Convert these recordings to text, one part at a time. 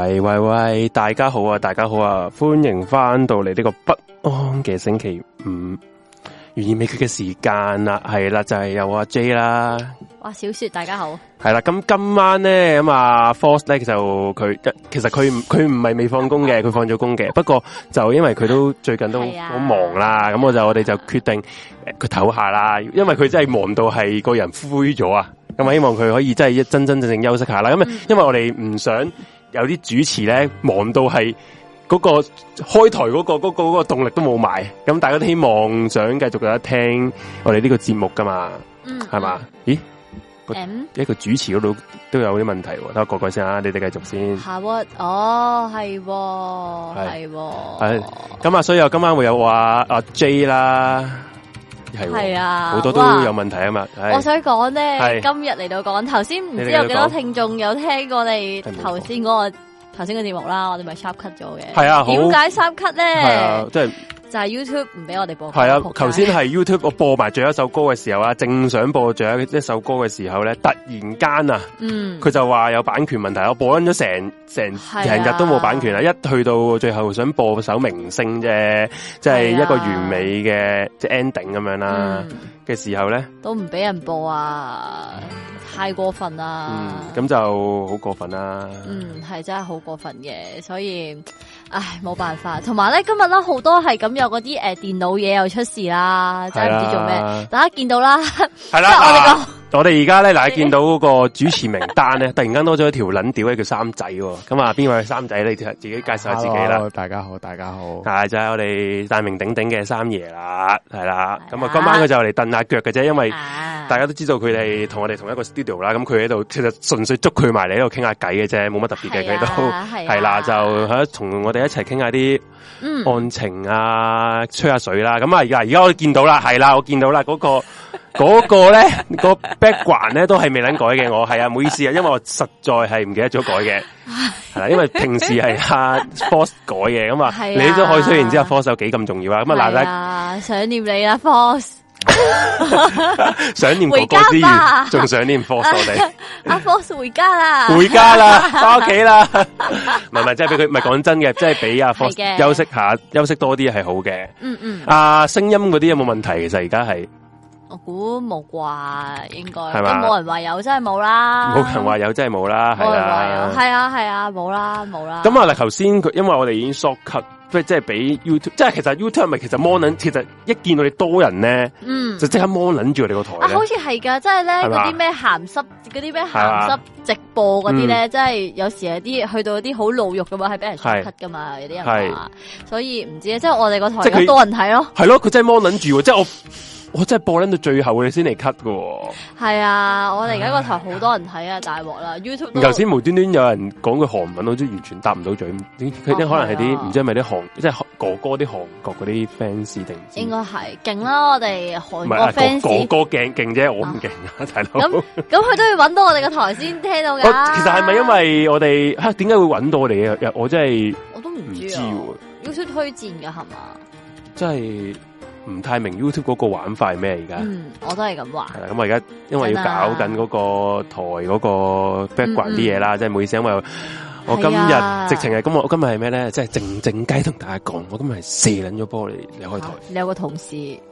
喂喂喂，大家好啊，大家好啊，歡迎翻到嚟呢個不安嘅星期五，懸疑未決嘅時間、啊是啊就是啊、啦，係啦，就係有我阿 J 啦，哇，小雪，大家好，係啦、啊，咁今晚咧咁啊，Force 咧就佢，其實佢佢唔係未放工嘅，佢放咗工嘅，不，的 不過就因為佢都最近都好忙啦，咁、啊、我就我哋就決定佢唞下啦，因為佢真係忙到係個人灰咗啊，咁啊、嗯，希望佢可以真係真真正正休息一下啦，咁、嗯、因為我哋唔想。有啲主持咧忙到係嗰個開台嗰、那個動、那個那個動力都冇埋，咁大家都希望想繼續有得聽我哋呢個節目噶嘛，嗯，係嘛吧？嗯、咦，M? 一個主持嗰度都有啲問題，等我過過先啊，你哋繼續先。下 o 哦，a 喎，係哦，係、哦，係、哦，係是，咁、哦、啊，所以我今晚會有話阿 J 啦。嗯係啊，好的多都有問題啊嘛！啊的我想講呢的講咧，今日嚟到講頭先，唔知有幾多聽眾有聽過你頭先嗰個頭先嘅節目啦？我哋咪 sharp cut 咗嘅。係啊，點解 sharp cut 咧？即係。就是就係 YouTube 唔俾我哋播，係啊，頭先係 YouTube 我播埋最後一首歌嘅時候啊，正想播最後一首歌嘅時候咧，突然間啊，嗯，佢就話有版權問題，我播咗成成成日都冇版權啦，係啊，一去到最後想播首明星啫，即係一個完美嘅即係 ending 咁樣啦嘅時候咧，都唔俾人播啊，太過分啦，嗯，咁就好過分啦，嗯，係真係好過分嘅，所以。唉，冇辦法，同埋咧今日咧好多係咁有嗰啲誒電腦嘢又出事啦，的真係唔知做咩，大家見到啦，即係的 我哋個、啊。我哋而家咧嗱，見到嗰個主持名單咧，突然間多咗一條捻屌咧叫三仔喎，哦。咁啊，邊位三仔呢？你自己介紹下自己啦。Hello, hello, 大家好，大家好。係，啊，就係、是，我哋大名鼎鼎嘅三爺啦，係啦。咁啊，今晚佢就嚟蹬下腳嘅啫，因為大家都知道佢哋同我哋同一個 studio 啦。咁佢喺度，其實純粹捉佢埋嚟喺度傾下偈嘅啫，冇乜特別嘅佢都係啦，就喺同我哋一齊傾下啲。嗯、案情啊，吹下水啦。咁啊，而家而家我見到啦，係啦、啊，我見到啦，嗰、那個嗰、那個咧 個 background 咧都係未捻改嘅。我係啊，唔好意思啊，因為我實在係唔記得咗改嘅。係啦、 啊，因為平時係啊 force 改嘅咁啊，你都可以雖然知阿、啊、force 幾咁重要啊。咁啊，嗱，想念你啦、啊、force。 想念哥哥之餘，仲想念 Force 我哋、啊。阿 Force 回家啦，回家啦，翻屋企啦。唔係唔係，即係俾佢，唔係講真嘅，即係俾阿 Force 休息下，休息多啲係好嘅。嗯嗯、啊。阿聲音嗰啲有冇問題？其實而家係。我估冇啩，應該冇人話有，真係冇啦。冇人話有，真係冇啦。冇人話有，係啊係啊，冇啦冇啦。咁啊，嗱，頭先佢，因為我哋已經 short cut，即係俾 YouTube，即係其實 YouTube 咪其實 mon，其實一見到你多人咧，就即刻 mon 住我哋個台咧。啊，好似係噶，即係咧嗰啲咩鹹濕，嗰啲咩鹹濕直播嗰啲咧，即係有時有啲去到啲好露肉嘅話，係俾人 short cut 噶嘛，有啲人，所以唔知，即係我哋個台即係多人睇咯，係咯，佢真係 mon 住，即係我。我真係播緊到最後你先嚟 cut 嘅，係啊！我哋而家個台好多人睇啊，大鑊啦！YouTube 頭先無端端有人講佢韓文，我真完全答唔到嘴。佢可能係啲唔知係咪啲韓即係哥哥啲韓國嗰啲 fans 定？應該係勁啦！我哋韓國 fans 哥哥勁勁啫，我唔勁啊，大佬。咁咁佢都要揾到我哋個台先聽到嘅。其實係咪因為我哋？點解會揾到我哋嘅？我真係我都唔知，YouTube 推薦嘅係嘛？即係。唔太明 YouTube 嗰個玩法係咩而家？嗯，我都係咁話。咁、嗯、我而家因為要搞緊嗰個台嗰個 background 啲嘢啦、啊，即係唔好意思，因為我今日、啊、直情係今日，我今日係咩咧？即係靜靜雞同大家講，我今日係射撚咗玻璃離開台。你有個同事。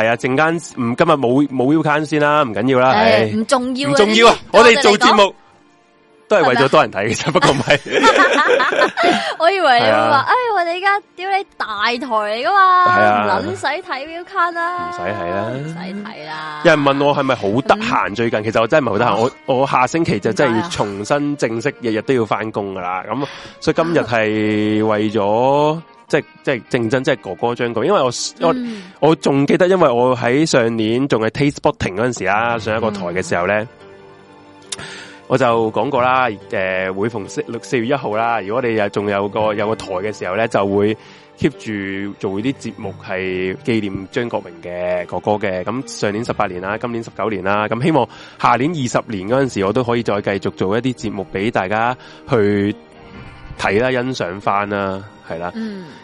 係啊，陣間唔今日冇冇 U 卡先啦，唔緊要啦，唔重要，唔重要啊！我哋做節目都係為咗多人睇嘅，只不過唔係。我以為你會話，哎，我哋而家屌你大台嚟噶嘛，冇使睇 U 卡啦，唔使睇啦，唔使睇啦。有人問我係咪好得閒最近，其實我真係唔係好得閒，我我下星期就真係要重新正式日日都要返工噶啦。咁所以今日係為咗。即係即正真，即係哥哥張國榮，因為我、嗯、我我仲記得，因為我喺上年仲係 Taste b o t i n g 嗰陣時啦、啊，上一個台嘅時候咧，嗯、我就講過啦，誒、呃，每逢四六四月一號啦，如果你又仲有個有個台嘅時候咧，就會 keep 住做啲節目係紀念張國榮嘅哥哥嘅。咁上年十八年啦，今年十九年啦，咁希望下年二十年嗰陣時，我都可以再繼續做一啲節目俾大家去睇啦、欣賞翻啦，係啦。嗯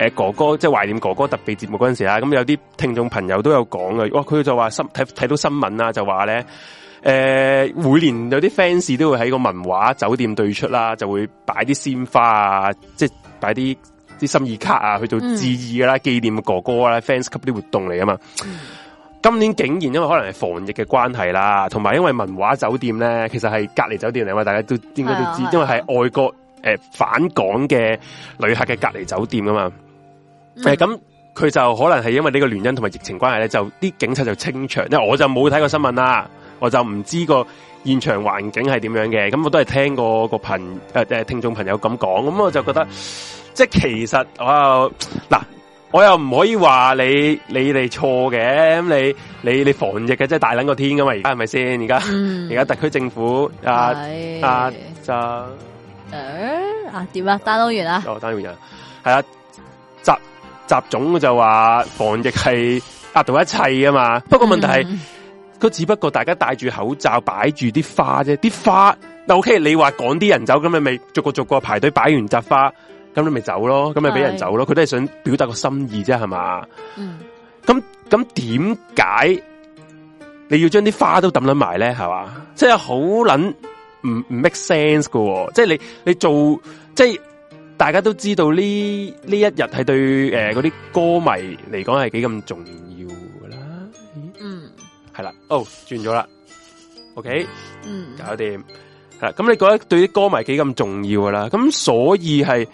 誒哥哥，即係懷念哥哥特備節目嗰陣時啦，咁有啲聽眾朋友都有講嘅，哇！佢就話新睇睇到新聞啦、啊，就話咧，誒、呃、每年有啲 fans 都會喺個文華酒店對出啦，就會擺啲鮮花啊，即係擺啲啲心意卡啊，去做致意嘅啦，紀、嗯、念嘅哥哥啊，fans 級啲活動嚟啊嘛。嗯、今年竟然因為可能係防疫嘅關係啦，同埋因為文華酒店咧，其實係隔離酒店嚟嘛，大家都應該都知道，是啊是啊、因為係外國誒返、呃、港嘅旅客嘅隔離酒店啊嘛。誒，咁佢、嗯呃、就可能係因為呢個聯姻同埋疫情關係咧，就啲警察就清場，因為我就冇睇過新聞啦，我就唔知個現場環境係點樣嘅。咁我都係聽過個朋誒誒、呃、聽眾朋友咁講，咁我就覺得，即係其實我嗱，我又唔可以話你你哋錯嘅，咁你你你防疫嘅真係大捻個天噶嘛？而家係咪先？而家而家特區政府啊啊就誒啊點啊？單啦，單刀人係啊，執、啊。習總就話防疫係壓倒一切啊嘛，不過問題係，佢只不過大家戴住口罩擺住啲花啫，啲花 OK，你話趕啲人走咁咪咪逐個逐個排隊擺完紮花，咁你咪走咯，咁咪俾人走咯，佢都係想表達個心意啫，係嘛，咁咁點解你要將啲花都抌撚埋咧，係嘛，即係好捻唔唔 make sense 噶，哦，即係你你做即係。大家都知道呢呢一日係對誒嗰啲歌迷嚟講係幾咁重要噶啦，嗯，係啦，嗯，哦，轉咗啦，OK，嗯，搞掂，係啦，咁你覺得對啲歌迷幾咁重要噶啦？咁所以係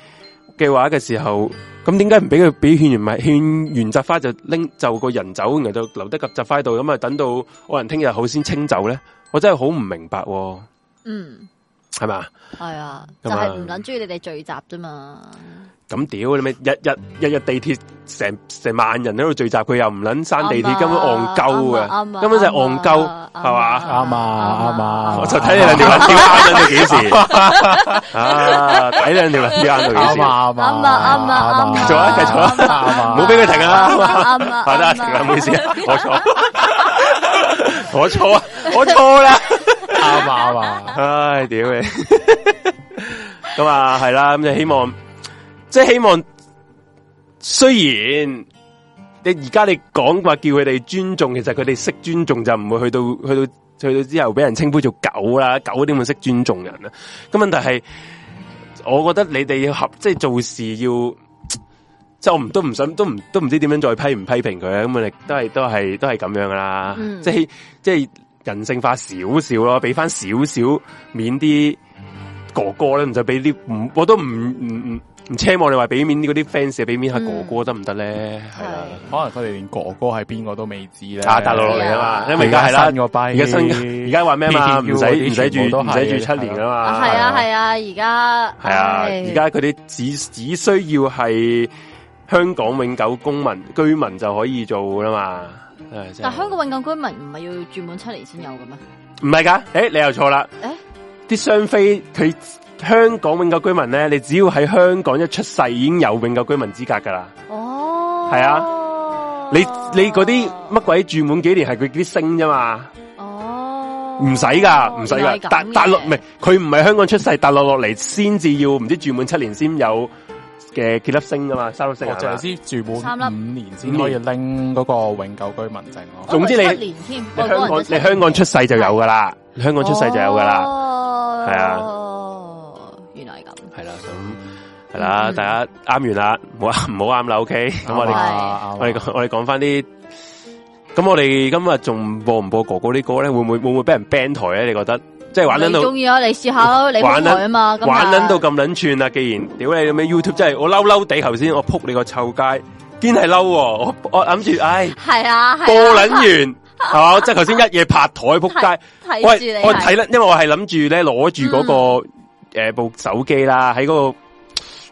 嘅話嘅時候，咁點解唔俾佢俾勸完咪勸完澤花就拎就個人走，然後就留得及澤花度咁啊？就等到我人聽日好先清走咧，我真係好唔明白，啊，嗯。係咪？係啊，就係唔捻中意你哋聚集啫嘛。咁屌你咪日日日日地鐵成成萬人喺度聚集，佢又唔捻閂地鐵，根本戇鳩啊，根本就係戇鳩，係嘛？啱啊啱啊！我就睇你兩條條眼，等你幾時？睇你兩條條眼，等你幾時？啱啊啱啊！啱啊啱啊！繼續啊繼續啊！唔好俾佢停啊！啱啊，係得，唔好意思，我錯，我錯，我錯啦。阿媽啊，唉屌你！咁啊係啦，咁就希望，即係希望。雖然你而家你講話叫佢哋尊重，其實佢哋識尊重就唔會去到去到去到之後俾人稱呼做狗啦。狗點會識尊重人啊？咁問題係，我覺得你哋要合，即係做事要，即係我唔都唔想，都唔都唔知點樣再批唔批評佢啊？咁我哋都係都係都係咁樣啦。即係即係。就是人性化少少咯，俾翻少少面啲哥哥咧，唔使俾啲唔，我都唔唔唔唔奢望你話俾面啲嗰啲 fans，俾面下哥哥得唔得咧？係啦，可能佢哋連哥哥係邊個都未知咧。啊大陸落嚟啊嘛，因為而家係啦，而家新而家話咩嘛？唔使唔使住唔使住七年啊嘛？係啊係啊，而家係啊，而家佢哋只只需要係香港永久公民居民就可以做啦嘛。就是、但香港永久居民唔係要住滿七年先有嘅咩？唔係噶，誒、欸，你又錯啦。誒、欸，啲雙非佢香港永久居民咧，你只要喺香港一出世已經有永久居民資格噶啦。哦，係啊，你你嗰啲乜鬼住滿幾年係佢啲升啫嘛？哦，唔使噶，唔使噶，但但落唔係，佢唔係香港出世，大陸落嚟先至要唔知住滿七年先有。嘅結粒星噶嘛，三粒星。我就先住滿五年先可以拎嗰個永久居民證。我，一年你香港，你香港出世就有噶啦，香港出世就有噶啦。哦，原來係咁。係啦，咁係啦，大家啱完啦，唔好唔好啱啦，OK。咁我哋我哋我哋講翻啲。咁我哋今日仲播唔播哥哥啲歌咧？會唔會會唔會俾人 ban 台咧？你覺得？即係玩捻到，你中意啊！你試下，你玩捻啊嘛！玩捻到咁捻串啊！既然屌你咁咩 YouTube，即係我嬲嬲地，頭先我扑你個臭街，堅係嬲。我我諗住，唉，係啊，播捻完係即係頭先一夜拍台扑街，睇住你。我睇咧，因為我係諗住咧攞住嗰個誒部手機啦，喺嗰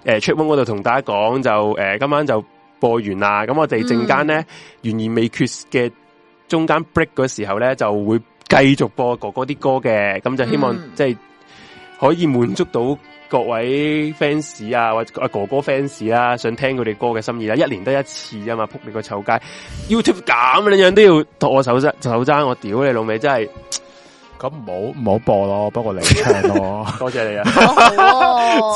個誒出波嗰度同大家講，就誒今晚就播完啦。咁我哋陣間咧，懸而未決，嘅中間 break 嗰時候咧，就會。繼續播哥哥啲歌嘅，咁就希望、嗯、即係可以滿足到各位 fans 啊，或者阿哥哥 fans 啦、啊，想聽佢哋歌嘅心意啦、啊。一年得一次啊嘛，仆你個臭街！YouTube 咁樣樣都要托我手踭，手踭我屌你老味，真係～咁唔好唔好播咯，不過你唱咯，多謝你啊！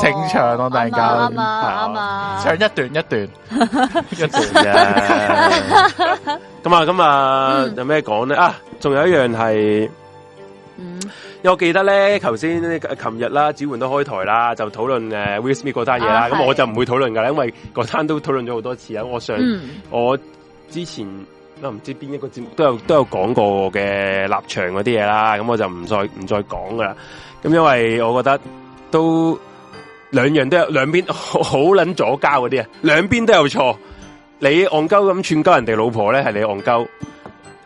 請唱咯，大家啱啱啱啊！唱一段一段一段嘅咁啊，咁啊，有咩講咧？啊，仲有一樣係，嗯，因為我記得咧，頭先琴日啦，子煥都開台啦，就討論誒，WeChat 嗰單嘢啦，咁我就唔會討論噶啦，因為嗰單都討論咗好多次啊，我想我之前。我唔知邊一個節目都有都有講過嘅立場嗰啲嘢啦，咁我就唔再唔再講噶啦。咁因為我覺得都兩樣都有，兩邊好撚捻左膠嗰啲啊，兩邊都有錯。你戇鳩咁串鳩人哋老婆咧，係你戇鳩，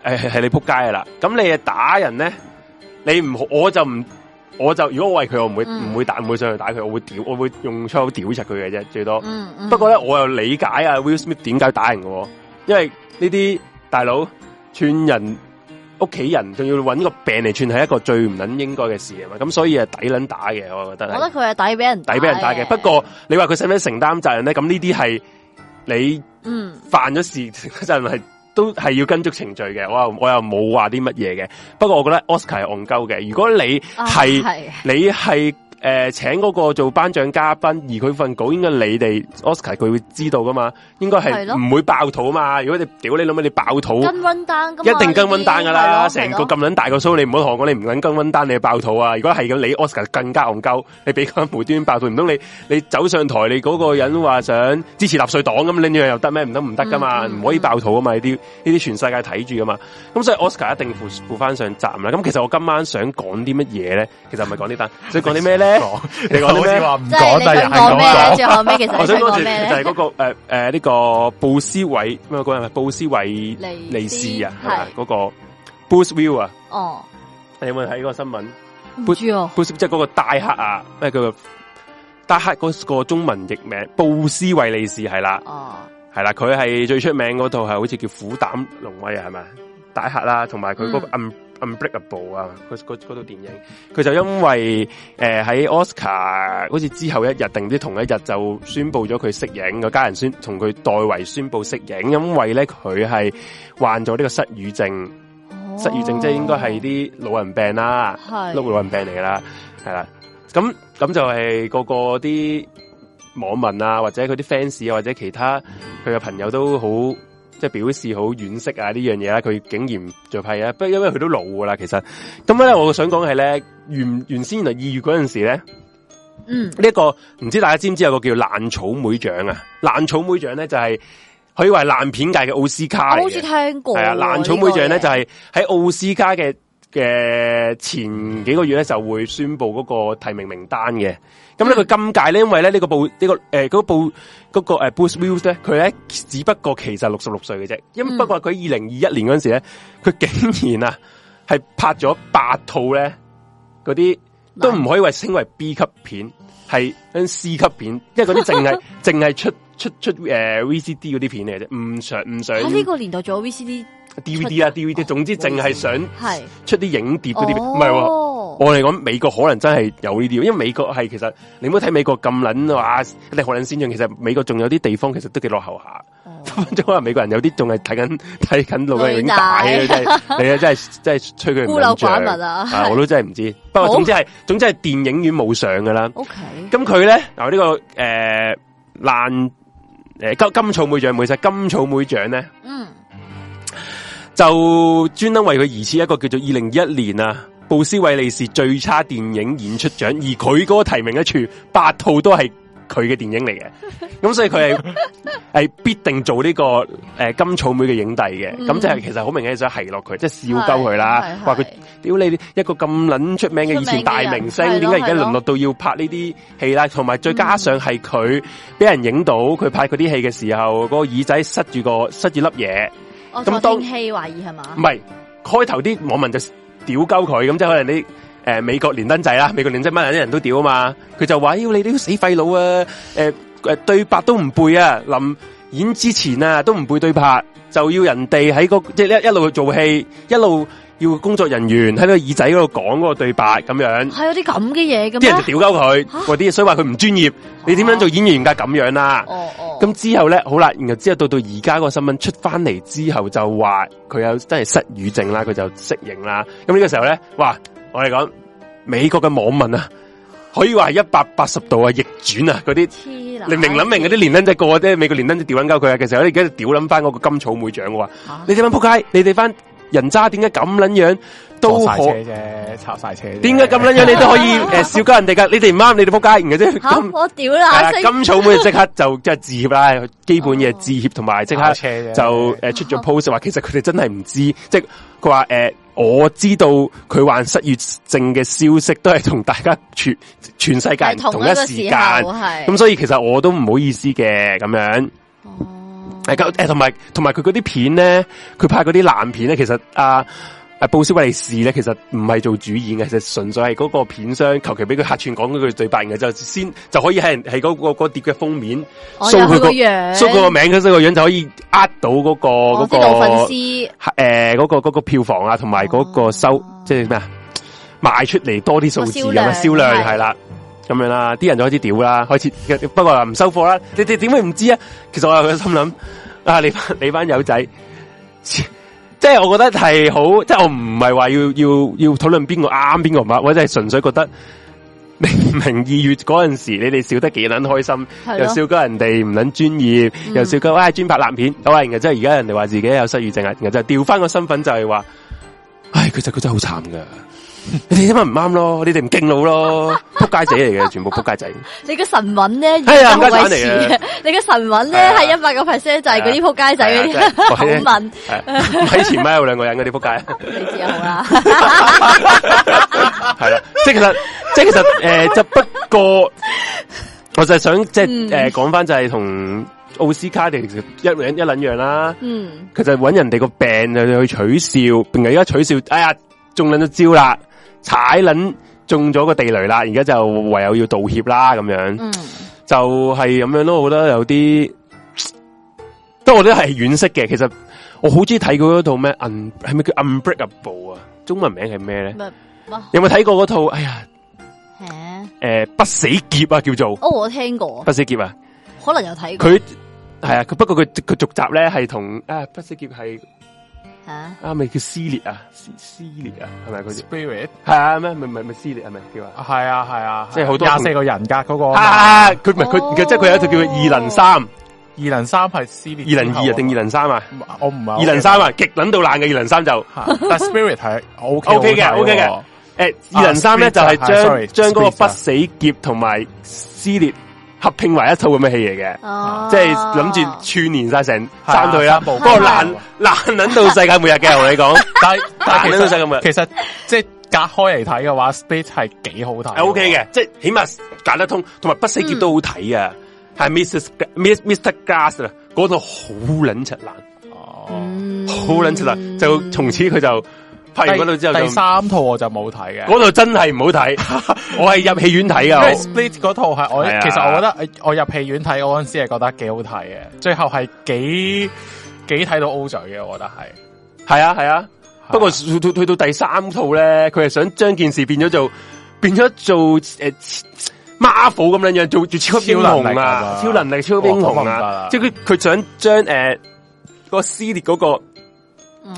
誒係你撲街噶啦。咁你啊打人咧，你唔好我就唔我就如果我為佢，我唔會唔、嗯、會打，唔會上去打佢，我會屌，我會用槍屌柒佢嘅啫，最多。嗯嗯不過咧，我又理解啊 Will Smith 點解打人，因為呢啲。大佬串人屋企人，仲要揾個病嚟串，係一個最唔捻應該嘅事啊嘛！咁所以係抵捻打嘅，我覺得。我覺得佢係抵俾人，抵俾人打嘅。打嘅，不過你話佢使唔使承擔責任咧？咁呢啲係你嗯犯咗事，就係、嗯、都係要跟足程序嘅。我我又冇話啲乜嘢嘅。不過我覺得 Oscar 係戇鳩嘅。如果你係你係。誒、呃，請嗰個做頒獎嘉賓，而佢份稿應該你哋 Oscar 佢會知道噶嘛，應該係唔會爆肚嘛。如果你屌你諗下，你爆肚，跟溫單一定跟溫單噶啦，成個咁卵大個 show，你唔好同我講你唔撚跟溫單，你爆肚啊！如果係咁，你 Oscar 更加戇鳩，你俾佢無端端爆肚，唔通你你走上台，你嗰個人話想支持納粹黨咁，拎住又得咩？唔得唔得噶嘛，唔、嗯、可以爆肚啊嘛，呢啲呢啲全世界睇住噶嘛。咁所以 Oscar 一定負負翻上責啦。咁其實我今晚想講啲乜嘢咧？其實唔係講啲單，即係講啲咩咧？ 講 你說好似話唔講，是但係講咩？最後尾其實我想講住就係嗰、那個誒誒呢個布斯韋咩嗰、那個、人？布斯韋利利士啊，係嗰個 Boost View 啊。哦，你有冇睇嗰個新聞？Boost 即係嗰個大客啊，咩叫大客？嗰個中文譯名布斯韋利士係啦，哦，係啦，佢係最出名嗰套係，好似叫虎膽龍威係咪？大客啦，同埋佢個。個暗。嗯 Unbreakable 啊，佢佢嗰套電影，佢就因為誒喺、呃、Oscar 好似之後一日定啲同一日就宣布咗佢息影，個家人宣同佢代為宣布息影，因為咧佢係患咗呢個失語症，哦、失語症即係應該係啲老人病啦，係老是老人病嚟噶啦，係啦，咁咁就係個個啲網民啊，或者佢啲 fans 啊，或者其他佢嘅朋友都好。即係表示好惋惜啊！呢樣嘢啦，佢竟然就批啊，不過因為佢都老噶啦。其實咁樣咧，我想講係咧，原原先原來二月嗰陣時咧，嗯，呢一個唔知大家知唔知有個叫爛草莓獎啊？爛草莓獎咧就係可以話爛片界嘅奧斯卡，我好似聽過係啊！爛草莓獎咧就係喺奧斯卡嘅嘅前幾個月咧就會宣布嗰個提名名單嘅。咁呢佢尷尬咧，嗯、因為咧呢個部，呢個誒嗰部嗰個誒 Bruce Willis 咧，佢咧只不過其實六十六歲嘅啫，因為不過佢二零二一年嗰陣時咧，佢竟然啊係拍咗八套咧，嗰啲都唔可以話稱為 B 級片，係跟 C 級片，因為嗰啲淨係淨係出出出誒、呃、VCD 嗰啲片嚟嘅啫，唔上唔上。喺呢、啊這個年代做 VCD。D V D 啦，D V D，總之淨係想出啲影碟嗰啲，唔係，我嚟講美國可能真係有呢啲，因為美國係其實你唔好睇美國咁撚啊你可能先進，其實美國仲有啲地方其實都幾落後下，可能美國人有啲仲係睇緊睇緊老嘅影已經大影帶真係，你真係吹佢，孤陋寡聞啊，我都真係唔知。不過總之係總之係電影院冇上噶啦。OK，咁佢咧，嗱呢個誒爛誒金金草莓獎，其實金草莓獎咧，嗯。就專登為佢而設一個叫做二零一一年啊，布斯韋利士最差電影演出獎，而佢嗰個提名一處八套都係佢嘅電影嚟嘅，咁所以佢係係必定做呢、這個誒金、呃、草莓嘅影帝嘅，咁即係其實好明顯想奚落佢，即、就、係、是、笑鳩佢啦，話佢屌你一個咁撚出名嘅以前大明星，點解而家淪落到要拍呢啲戲啦？同埋再加上係佢俾人影到佢拍佢啲戲嘅時候，嗰個耳仔塞住個塞住粒嘢。咁當戲懷疑係嘛？唔係開頭啲網民就屌鳩佢，咁即係可能啲誒、呃、美國連登仔啦，美國連登仔乜人啲人都屌啊嘛！佢就話：，咦、哎、你呢個死廢佬啊！誒、呃、誒對白都唔背啊！臨演之前啊都唔背對白，就要人哋喺、嗰個即係一一路去做戲，一路。一路叫工作人員喺個耳仔嗰度講嗰個對白咁樣，係有啲咁嘅嘢，咁啲人就屌鳩佢，嗰啲蛤所以話佢唔專業，啊、你點樣做演員噶咁樣啦、啊哦？哦哦，咁之後咧，好啦，然後之後到到而家個個新聞出翻嚟之後就，就話佢有真係失語症啦，佢就適應啦。咁呢個時候咧，哇，我哋講美國嘅網民啊，可以話係一百八十度啊逆轉啊，嗰啲明明諗明嗰啲連登仔過啲美國連登仔屌捻鳩佢啊嘅時候，而家屌捻翻嗰個金草莓獎嘅話，你哋翻撲街，你哋翻。人渣點解咁捻樣都可啫？插晒車，點解咁捻樣你都可以誒笑鳩人哋噶？你哋唔啱，你哋仆街完嘅啫。我屌啦！金草妹即刻就即係致歉啦，基本嘢致歉，同埋即刻就誒出咗 post 話，其實佢哋真係唔知，即係佢話誒我知道佢患失憶症嘅消息都係同大家全全世界同一時間係，咁所以其實我都唔好意思嘅咁樣。誒，同埋，同埋佢啲片咧，佢拍啲爛片咧，其實阿阿布斯威利士咧，其實唔係做主演嘅，其實純粹係嗰個片商求其俾佢客串講嗰句對白嘅，就先就可以喺人係嗰個碟嘅封面，show 佢個樣 show 佢個名 show 佢個樣就可以呃到嗰，那個嗰個誒個個票房啊，同埋嗰個收即係咩啊，賣出嚟，多啲數字啊，銷量係啦。料的咁樣啦，啲人就開始屌啦，開始不過唔收貨啦。你哋點會唔知啊？其實我有心諗，啊，你你班友仔，即係我覺得係好，即係我唔係話要要要討論邊個啱邊個唔啱，我真係純粹覺得，明明二月嗰陣時，你哋笑得幾捻開心，對了 又笑過人哋唔捻專業，又笑過唉專拍爛片，咁啊，然後即係而家人哋話自己有失語症啊，然後就調翻個身份就係話，唉，其實佢真係好慘噶。你點解唔啱咯？你哋唔勁老咯，撲街仔嚟嘅，全部撲街仔。你個神韻咧係啊，撲街仔嚟嘅。你個神韻咧係一百個 percent 就係嗰啲撲街仔嗰啲。我好問，喺前排有兩個人嗰啲撲街。你知好啦，係啦，即係其實，即係其實，誒，只不過，我就係想即係誒，講翻就係同奧斯卡哋一兩一兩樣啦。嗯，其實揾人哋個病就去取笑，定係而家取笑，哎呀，仲捻咗招啦。踩撚中咗個地雷啦，而家就唯有要道歉啦咁樣，嗯、就係咁樣咯。我覺得有啲，不過我都係惋惜嘅。其實我好中意睇佢嗰套咩，係咪叫 Unbreakable 啊？中文名係咩咧？啊、有冇睇過嗰套？哎呀，誒、啊欸，不死劫啊，叫做哦，我聽過不死劫啊，可能有睇過。佢係啊，佢不過佢佢續集咧係同誒不死劫係。吓啊，咪叫撕裂啊，撕裂啊，係咪嗰啲？Spirit 係啊，咩咪咪咪撕裂啊，咪叫啊，係啊係啊，即係好多廿四個人噶嗰個，啊佢唔係佢，即係佢有一套叫二零三，二零三係撕裂，二零二啊定二零三啊？我唔係二零三啊，極捻到爛嘅二零三就，但係 Spirit 係 OK OK 嘅 OK 嘅，誒二零三咧就係將將嗰個不死劫同埋撕裂。合拼埋一套咁嘅戲嚟嘅，即係諗住串連晒成三對啦，不過難，難諗到世界末日嘅，我同你講，但係但係都係咁其實即係隔開嚟睇嘅話，space 係幾好睇，係 OK 嘅，即係起碼揀得通，同埋不死劫都好睇啊。係 Mrs. Miss Mr. Glass 啦，嗰度好捻出難，哦，好捻出難，就從此佢就。睇度之後，第三套我就冇睇嘅。嗰度真係唔好睇，我係入戲院睇噶。Split 嗰套係我，其實我覺得我入戲院睇嗰陣時係覺得幾好睇嘅。最後係幾幾睇到 O 嘴嘅，我覺得係係啊係啊。不過去到第三套咧，佢係想將件事變咗做變咗做誒 Marvel 咁樣樣，做超英雄啊，超能力超英雄即係佢佢想將誒個撕裂嗰個。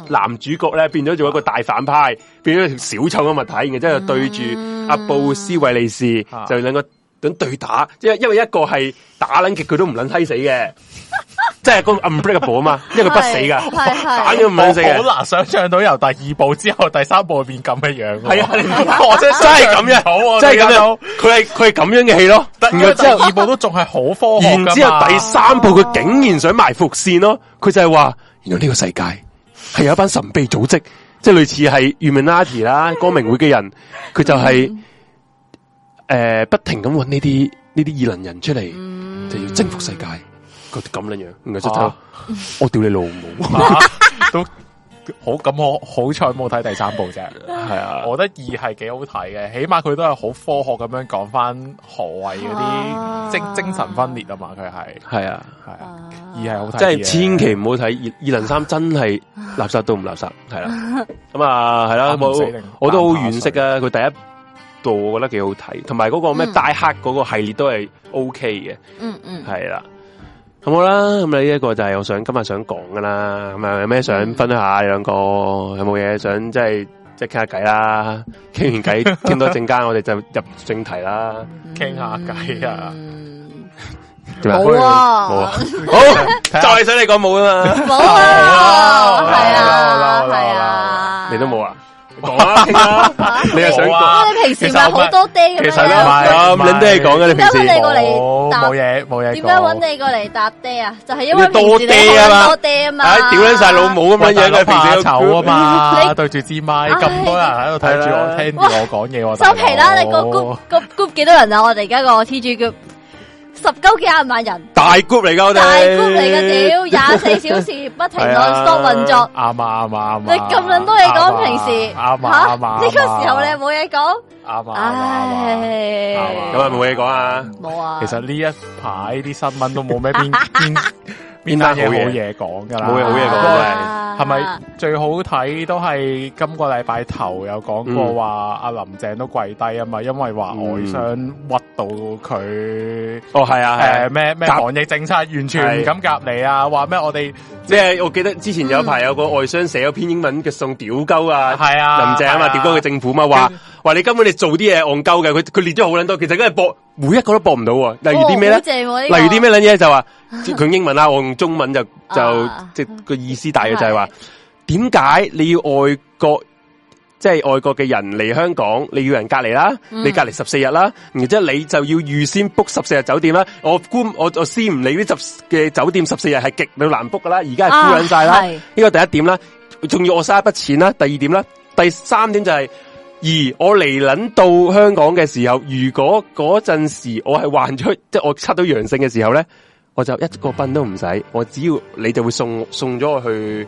男主角咧，變咗做一個大反派，變咗條小丑嘅物體，然之後對住阿布斯維利士，就兩個等對打，即係因為一個係打撚極佢都唔捻梯死嘅，即係個 unbreakable 啊嘛，因為佢不死噶，打都唔死嘅。好難想象到由第二部之後第三部變咁嘅樣，係啊，真係咁樣，好啊，真係咁樣。佢係佢係咁樣嘅戲咯，然之後第二部都仲係好科學，然之後第三部佢竟然想埋伏綫咯，佢就係話原來呢個世界。係有一班神秘組織，即係類似係 Illuminati 啦， 光明會嘅人，佢就係、是、誒、mm. 呃、不停咁搵呢啲呢啲異能人出嚟，mm. 就要征服世界，咁樣、mm. 樣。就是啊、我屌你老母！ 好，咁我好彩冇睇第三部啫，係 啊，我覺得二係幾好睇嘅，起碼佢都係好科學咁樣講翻何謂嗰啲精精神分裂啊嘛，佢係係啊係啊，二係好睇，uh。即係千祈唔好睇二二零三真係垃圾都唔垃圾，係啦，咁啊係啦，我我都好惋惜啊，佢第一度我覺得幾好睇，同埋嗰個咩大黑嗰個系列都係 O K 嘅，嗯嗯，係啦。好啦，咁你呢一個就係我想今日想講噶啦，咁啊有咩想分享下兩個，有冇嘢想即係即係傾下偈啦，傾完偈傾多陣間，我哋就入正題啦，傾下偈啊，好啊，好啊，好，再想你講冇啊嘛，冇啊，係啊，係啊，你都冇啊。講啊！你又想講？其實好多爹咁樣。唔係咁，你都係講嘅。你平時講。點解揾你過嚟搭？冇嘢，冇嘢。點解揾你過嚟搭爹啊？就係因為面對住好多爹啊嘛。哎，屌你晒老母啊嘛！乜嘢都平時醜啊嘛！你對住支麥，咁多人喺度睇住我，聽住我講嘢我。收皮啦！你個 group 個 group 幾多人啊？我哋而家個 T G group。十九幾廿萬人，大 group 嚟噶，我哋大 group 嚟噶，屌廿四小時不停運作，運作，啱嘛啱嘛啱嘛，你咁樣都係講平時，啱嘛啱嘛，呢個時候你冇嘢講，啱嘛，唉，咁又冇嘢講啊，冇啊，其實呢一排啲新聞都冇咩變。邊單嘢好嘢講噶啦沒、啊，冇嘢好嘢講係咪，最好睇都係今個禮拜頭有講過話阿、嗯、林鄭都跪低啊嘛，因為話外商屈到佢，哦係啊，誒咩咩防疫政策完全唔敢夾你啊，話咩對 我哋即係我記得之前有排有個外商寫咗篇英文嘅，送屌鳩啊，嗯、林鄭啊嘛，屌鳩嘅政府嘛話。說嗯話你根本你做啲嘢戇鳩嘅，佢佢列咗好卵多，其實梗係博每一個都博唔到。例如啲咩咧？啊這個、例如啲咩呢？卵嘢就話佢 英文啦，我用中文就就、啊、即個意思大嘅就係話點解你要外國即係、就是、外國嘅人嚟香港，你要人隔離啦，嗯、你隔離十四日啦，然之後你就要預先 book 十四日酒店啦。我估我我先唔理呢十嘅酒店十四日係極到難 book 噶啦，而家係少卵晒啦。呢、啊、個第一點啦，仲要我嘥一筆錢啦。第二點啦，第三點就係、是。而我嚟諗到香港嘅時候，如果嗰陣時我係患咗，即係我測到陽性嘅時候咧，我就一個賓都唔使，我只要你就會送送咗我去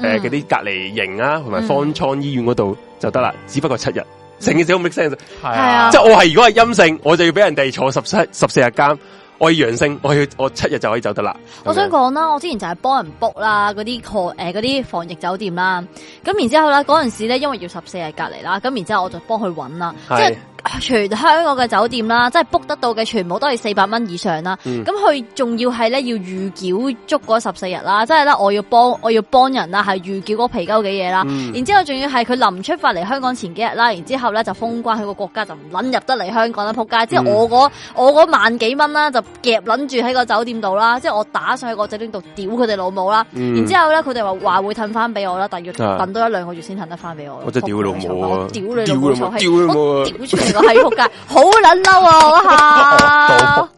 誒嗰啲隔離營啊，同埋方艙醫院嗰度就得啦。嗯、只不過七日，成件事好 make sense 係啊即，即係我係如果係陰性，我就要俾人哋坐十七十四日監。我係陽性，我要我七日就可以走得啦。我想講啦，這樣 我之前就係幫人 book 啦，嗰啲誒啲防疫酒店啦。咁然之後咧，嗰陣時咧，因為要十四日隔離啦，咁然之後我就幫佢搵啦，是即係。全香港嘅酒店啦，即係 book 得到嘅全部都係四百蚊以上啦。咁佢仲要係咧要預繳足嗰十四日啦，即係咧，我要幫我要幫人啦，係預繳嗰皮鳩嘅嘢啦。嗯、然之後仲要係佢臨出發嚟香港前幾日啦，然之後咧就封關喺個國家就唔撚入得嚟香港啦，仆街！即係我嗰、嗯、我嗰萬幾蚊啦，就夾撚住喺個酒店度啦，即係我打上去個酒店度屌佢哋老母啦。嗯、然之後咧佢哋話話會褪翻俾我啦，但係要等多一兩個月先褪得翻俾我。我真係屌老母他啊！屌你老，老母！吵 喺撲街，好撚嬲啊！我吓、啊，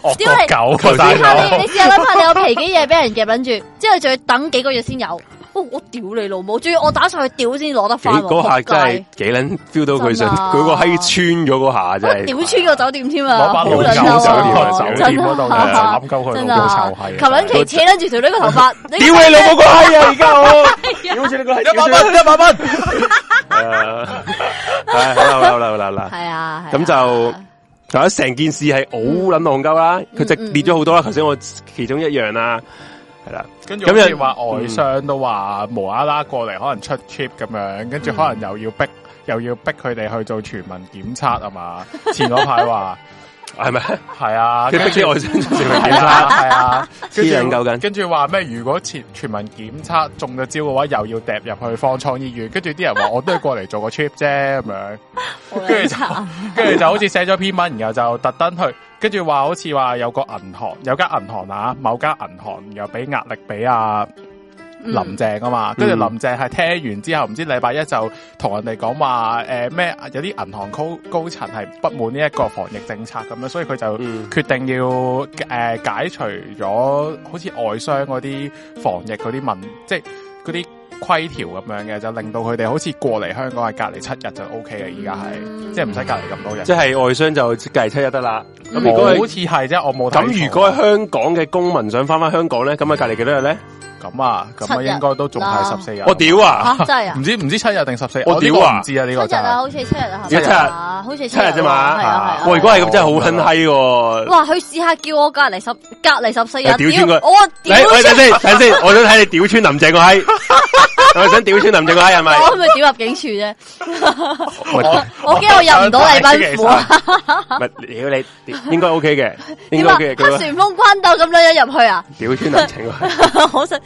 好屌你？你下邊，你試下諗下，你有皮幾嘢俾人夾捻住，之後仲要等幾個月先有。我屌你老母！仲要我打上去屌先攞得翻。嗰下真係幾捻 feel 到佢想佢個閪穿咗嗰下真係。屌穿個酒店添啊！好捻啊！手掂嗰度攬鳩佢個臭係。頭捻皮扯緊住條女個頭髮。屌你老母個閪啊！而家我屌住你個一百蚊一百蚊。好啦好啦啦啦！係啊。咁就，咁成件事係好捻戇鳩啦。佢直跌咗好多啦。頭先我其中一樣啦。係啦，跟住好似話外商都話無啦啦過嚟，可能出 trip 咁樣，跟住可能又要逼，又要逼佢哋去做全民檢測啊嘛？前嗰排話係咪？係啊，佢逼外商做全民檢測，係啊，黐緊緊。跟住話咩？如果全全民檢測中咗招嘅話，又要入入去方艙醫院。跟住啲人話，我都係過嚟做個 trip 啫咁樣，跟住就跟住就好似寫咗篇文，然後就特登去。跟住話好似話有個銀行有間銀行啊，某間銀行又俾壓力俾啊林鄭啊嘛，跟住、嗯、林鄭係聽完之後，唔知禮拜一就同人哋講話誒咩？有啲銀行高高層係不滿呢一個防疫政策咁樣，所以佢就決定要誒、嗯呃、解除咗好似外商嗰啲防疫嗰啲問，即係嗰啲。規條咁樣嘅，就令到佢哋好似過嚟香港係隔離七日就 O K 嘅，依家係，即係唔使隔離咁多日，即係外商就隔離七日得啦。咁、嗯、好似係啫，我冇。咁如果係香港嘅公民想返返香港咧，咁啊隔離幾多日咧？ 咁啊，咁啊，應該都仲係十四日。我屌啊！真係唔知唔知七日定十四日。我屌啊！唔知啊呢個七日啊，好似七日啊，七日啊，好似七日啫嘛。我如果係咁，真係好狠閪嘅。哇！佢試下叫我隔篱十隔篱十四日。屌穿佢！我屌！睇睇先睇先，我想睇你屌穿林鄭個閪。我想屌穿林鄭個閪係咪？我係咪屌入警署啫。我驚我入唔到禮賓府啊！屌你，應該 OK 嘅。點啊？旋風關刀咁樣樣入去啊？屌穿林鄭個閪，可惜。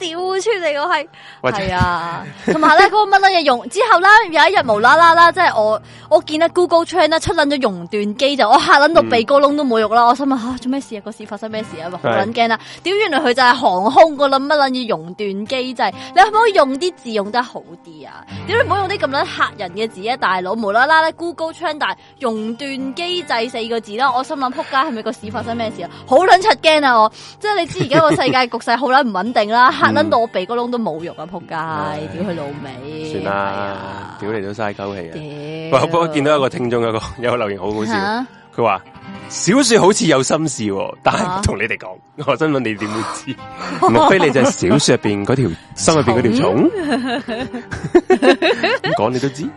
屌出嚟，我係係啊，同埋咧嗰個乜捻嘢用？之後咧，有一日無啦啦啦，即係我我見咧 Google Trend 咧出捻咗熔斷機，就我吓捻到鼻哥窿都冇肉啦。我心諗吓做咩事啊？事那個市發生咩事啊？好捻驚啊！屌，是的 原嚟佢就係航空個捻乜捻嘢熔斷機制？就你可唔可以用啲字用得好啲啊？屌，你唔好用啲咁捻吓人嘅字啊！大佬無啦啦咧 Google Trend 但熔斷機制四個字啦！我心諗仆街係咪個市發生咩事啊？好捻出驚啊！我即係你知而家個世界局勢好捻唔穩定啦。 諗到我鼻哥窿都冇肉啊，撲街！屌佢老味？算啦，屌你都嘥鳩氣啊！我不過見到一個聽眾，有個有個留言好好笑，佢話小說好似有心事，但係唔同你哋講。我真問你點會知？莫非你就係小說入邊嗰條心入邊嗰條蟲？咁講你都知。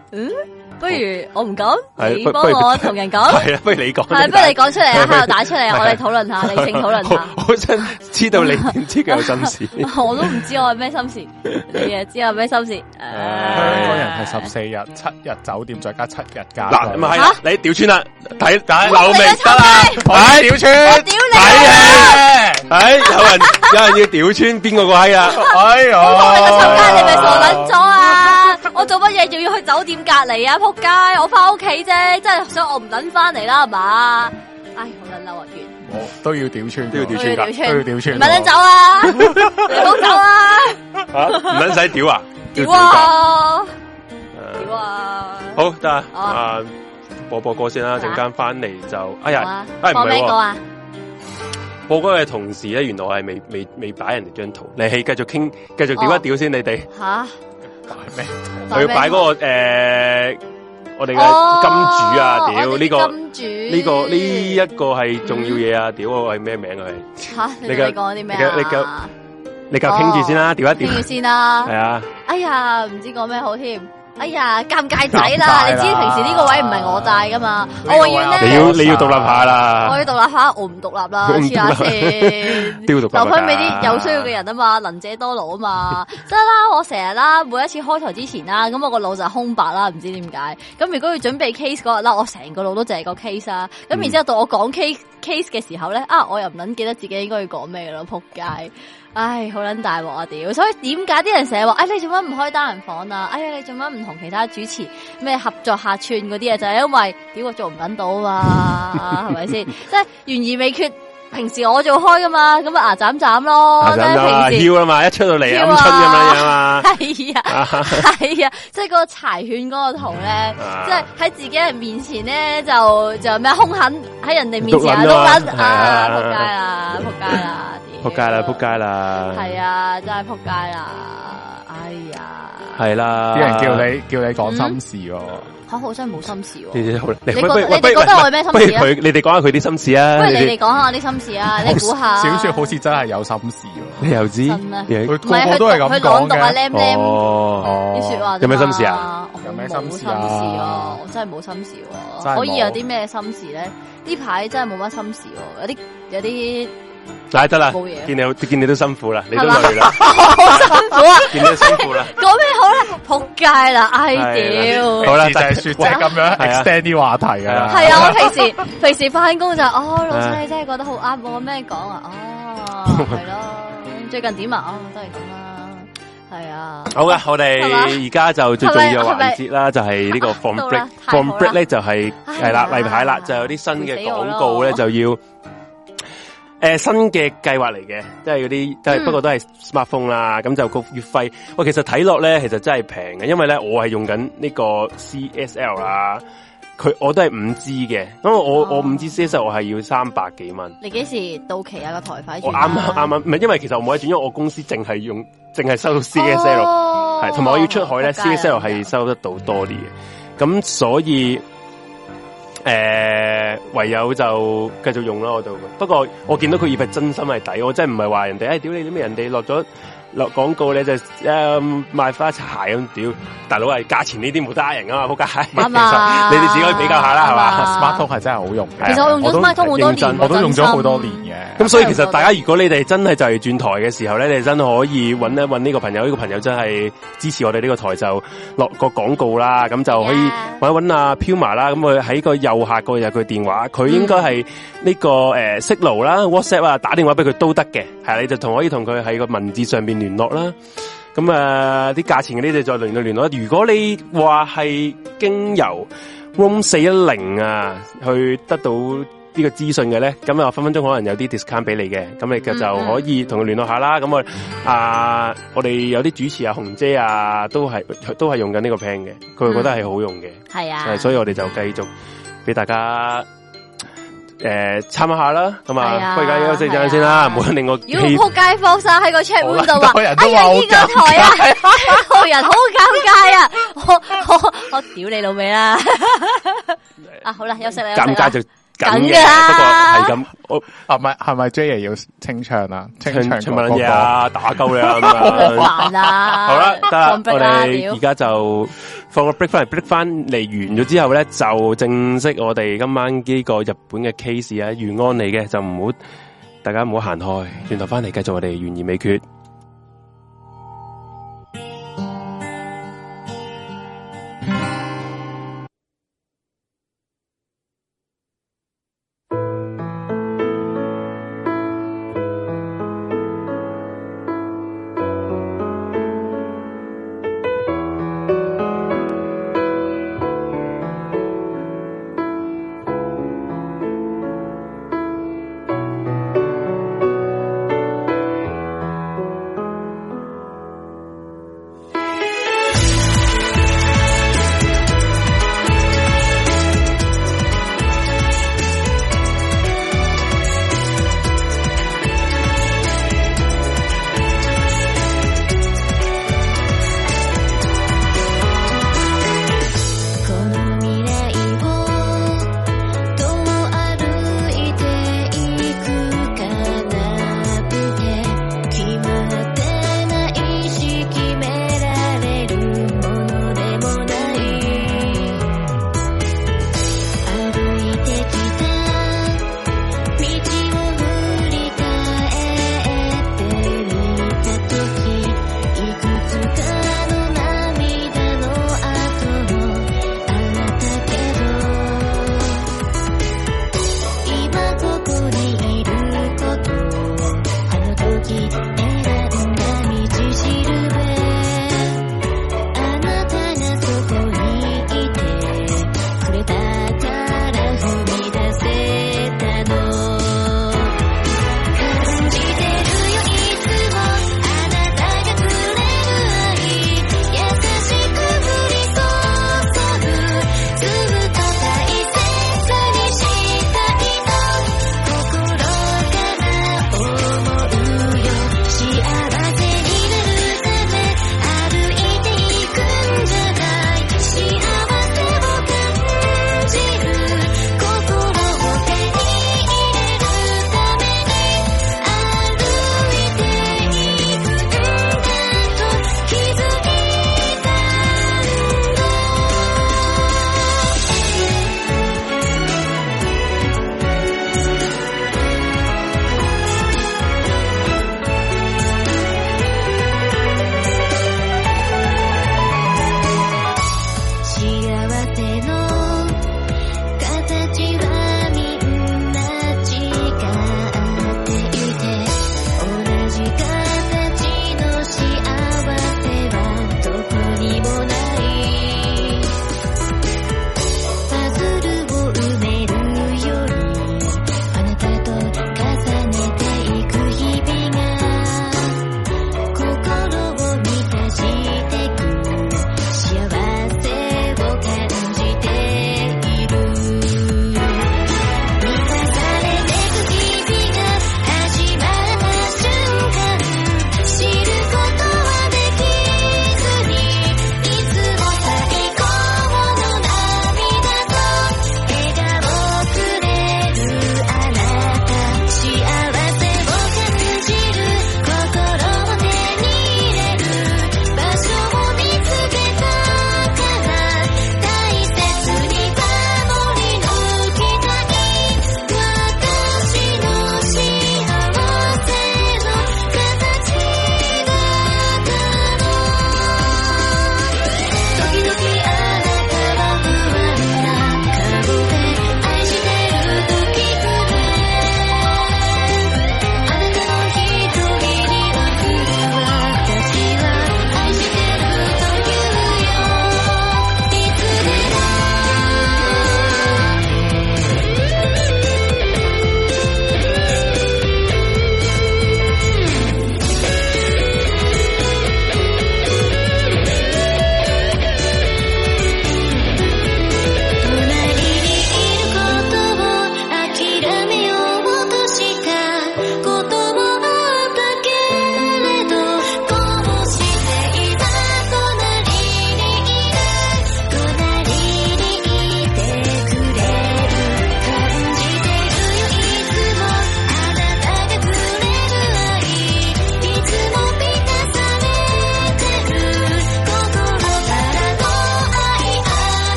不如我唔講，你幫我同人講。係啊，不如你講。係不如你講出嚟啊，喺度打出嚟啊，我哋討論下，理性討論下。我真知道你知佢有心事，我都唔知我係咩心事，你知我咩心事？香港人係十四日七日酒店再加七日假。嗱，係你屌穿啦，睇睇劉明得啦，屌穿，屌你，有人有人要屌穿邊個位啊？哎呀，你咪傻捻咗啊！我做乜嘢仲要去酒店隔籬啊？仆街！我翻屋企啫，真係所以，我唔等翻嚟啦，係嘛？唉，好撚嬲啊！我都要屌串，都要屌串噶，都要屌串。唔想走啊！好走啊！唔撚使屌啊？屌啊！屌啊！好得啊！啊！播播歌先啦，陣間翻嚟就哎呀，哎唔係喎。播歌嘅同事咧，原來係未未未擺人哋張圖，你係繼續傾，繼續屌一屌先，你哋吓。係咩？就要擺嗰個誒、呃，我哋嘅金主啊，屌呢個呢金主，呢個呢一，個係重要嘢啊，屌嗰個係咩名啊？佢你講啲咩啊？你夠你夠傾住先啦，屌一屌先啦，係啊！哎呀，唔知講咩好添。哎呀，尷尬仔啦！你知平時呢個位唔係我帶噶嘛，啊、我永遠咧，你要你要獨立下啦，我要獨立下，我唔獨立啦，試下先。便 留翻俾啲有需要嘅人啊嘛，能者多勞啊嘛，得 啦，我成日啦，每一次開台之前啦，咁我個腦就空白啦，唔知點解，咁如果要準備 case 嗰日啦，我成個腦都淨係個 case 啊，咁然之後到我講 case、嗯、case 嘅時候咧，啊，我又唔撚記得自己應該要講咩咯，扑街唉，好撚大鑊啊！屌，所以點解啲人成日話，唉、哎，你做乜唔開單人房啊？哎呀，你做乜唔同其他主持咩合作客串嗰啲啊？就係、是、因為屌我做唔緊到嘛，係咪先？即係懸而未決。平時我做開噶嘛，咁牙斬斬咯，牙斬斬咯，平時啊跳嘛，一出到嚟啊咁親咁樣樣嘛，係啊，係啊，即係個柴犬嗰個圖咧，即係喺自己人面前咧就就咩凶狠喺人哋面前啊，都得啊，扑街啦，扑街啦，扑 街啦，扑街啦，係啊，真係扑街啦，哎呀！係啦，啲人叫你叫你講心事喎，可好真係冇心事喎。你你你覺得我咩心事啊？佢你哋講下佢啲心事啊。不如你哋講下我啲心事啊。你估下，小雪好似真係有心事喎。你又知？唔係，佢都係咁講嘅。哦哦，啲說話有咩心事啊？有咩心事啊？我真係冇心事喎。可以有啲咩心事咧？呢排真係冇乜心事喎。有啲有啲。嗱得啦，見你見你都辛苦啦，你都累啦，好辛苦啊，見你都辛苦啦，講咩好啦，仆街啦，哎屌！好啦，就係說即咁樣 extend 啲話題噶啦，係啊，我平時平時翻工，就哦，老細真係覺得好啱，冇咩講啊，哦，係咯，最近點啊？都係咁啦，係啊，好嘅，我哋而家就最重要嘅環節啦，就係呢個 form break form break 咧，就係係啦，例牌啦，就有啲新嘅廣告咧，就要。誒、呃，新嘅計劃嚟嘅，即係嗰啲，都係、嗯、不過都係 smartphone 啦，咁就個月費，我、哦、其實睇落咧，其實真係平嘅，因為咧我係用緊呢個 C S L 啦，佢我都係五 G 嘅，咁我、哦、我五 G C S L 我係要三百幾蚊，你幾時到期啊個台費？我啱啱啱啱，唔係，因為其實我冇得轉，因為我公司淨係用，淨係收到 C S L，係、哦，同埋我要出海咧，C S L 係收得到多啲嘅，咁所以。誒、呃，唯有就繼續用咯，我度。不過我，我見到佢以為真心係抵，我真係唔係話人哋，誒、哎、屌你啲咩人哋落咗。落廣告咧就誒、嗯、賣翻鞋咁屌，大佬係價錢呢啲冇得人啊嘛，仆街。啱啊吧！其實你哋自己可以比較下啦，係嘛吧吧？Smart 通係真係好用嘅。其實我用咗好多年，我，我都用咗好多年嘅。咁心所以其實大家如果你哋真係就係轉台嘅時候咧，你哋真係可以揾一揾呢個朋友，呢、呢個朋友真係支持我哋呢個台就落個廣告啦，咁就可以揾揾阿 Puma 啦，咁佢喺個右下角有佢電話，佢應該係呢個誒 Signal 啦、mm. WhatsApp 啊，打電話俾佢都得嘅，係你就同可以同佢喺個文字上邊，聯絡啦，咁啊啲價錢你哋再聯絡聯絡。如果你話係經由 room 四一零啊去得到呢個資訊嘅咧，咁啊分分鐘可能有啲 discount 俾你嘅，咁你就可以同佢聯絡一下啦。咁、嗯嗯嗯嗯嗯、我啊，uh, 我哋有啲主持啊、紅姐啊，都係都係用緊呢個 plan 嘅，佢覺得係好用嘅，係、嗯嗯嗯嗯 sí、啊，所以我哋就繼續俾大家。誒，參、嗯、一下啦，咁、嗯、啊，而家休息陣先啦，唔好令我。如果仆街放晒，喺個 check in 度啊。哎呀，呢、哎、呀個台啊，好、啊、 人好尷尬啊，我 我屌你老味啦！ 嗯、啊，好啦，休息啦，尷尬就。咁嘅不過係咁，係咪係，咪 J y 要清唱啊？清唱乜嘢啊？打鳩你啊？好啦，得我哋而家就放個 break 翻嚟，break 翻嚟完咗之後咧，就正式我哋今晚呢個日本嘅 case 啊，懸安嚟嘅，就唔好，大家唔好行開，轉頭翻嚟繼續我哋懸疑未決。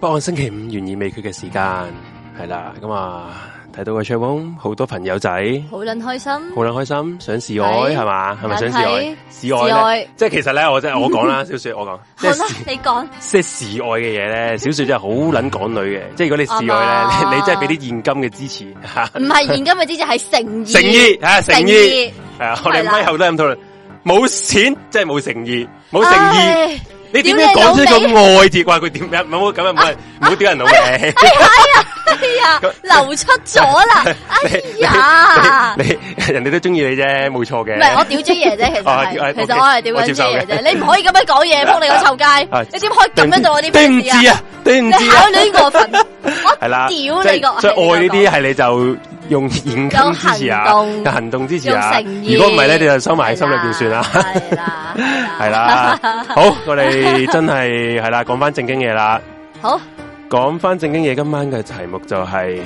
播我星期五懸而未決嘅時間係啦，咁啊睇到個 Patreon 好多朋友仔好捻開心，好捻開心，想示愛係嘛，係咪想示愛？示愛即係其實咧，我真係我講啦，小雪。我講，你講，即係示愛嘅嘢咧，小雪真係好捻港女嘅，即係如果你示愛咧，你真係俾啲現金嘅支持唔係現金嘅支持係誠意，誠意吓，誠意係啊，我哋咪後都咁討論，冇錢即係冇誠意，冇誠意。你點解講出個愛字？話佢點樣？唔好咁啊！唔好唔好屌人老嘢。哎呀哎呀，流出咗啦！哎呀，你人哋都中意你啫，冇錯嘅。唔係我屌尊爺啫，其實係，其實我係屌尊爺啫。你唔可以咁樣講嘢，扑你個臭街！你點可以咁樣做我啲？我唔知啊，我唔知啊。我過分係啦，屌你個！即係愛呢啲係你就。用現金支持啊，行動,行動支持啊，如果唔係咧，你就收埋喺心裏邊算啦。係啦，係啦。 好，我哋真係係啦，講翻 正經嘢啦。好，講翻正經嘢。今晚嘅題目就係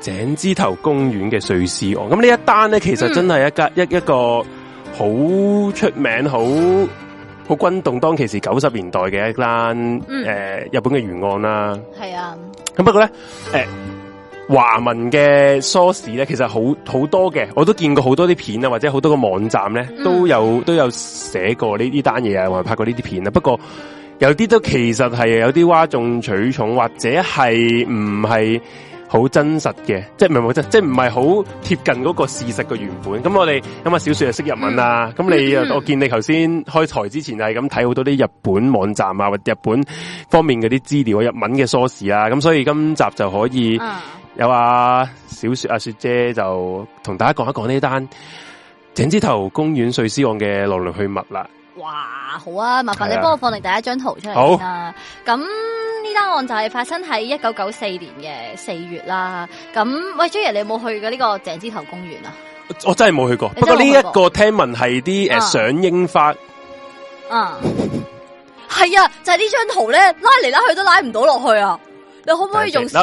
井之頭公園嘅碎屍案。咁呢一單咧，其實真係一家一一個好、嗯、出名、好好轟動當其時九十年代嘅一單誒、嗯呃、日本嘅懸案啦。係啊。咁不過咧，誒、呃。華文嘅 source 咧，其實好好多嘅，我都見過好多啲片啊，或者好多個網站咧，都有都有寫過呢呢單嘢，啊，或者拍過呢啲片啊。不過有啲都其實係有啲嘩眾取寵，或者係唔係好真實嘅，即係唔係即係唔係好貼近嗰個事實嘅原本。咁我哋咁啊，小說就識日文啊，咁、嗯、你、嗯、我見你頭先開台之前係咁睇好多啲日本網站啊，或日本方面嗰啲資料、日文嘅 source 啊，咁所以今集就可以。啊有啊，小雪阿、啊、雪姐就同大家講一講呢單井之頭公園碎屍案嘅來龍去脈啦。哇，好啊，麻煩你幫我放你第一張圖出嚟、啊、吧好啦。咁呢單案就係發生喺一九九四年嘅四月啦。咁喂 Jerry 你有冇去過呢個井之頭公園啊？我真係冇去過，去過不過呢一個聽聞係啲誒賞櫻花。啊，係啊，就係、是、呢張圖咧，拉嚟拉去都拉唔到落去啊！你可唔可以用？得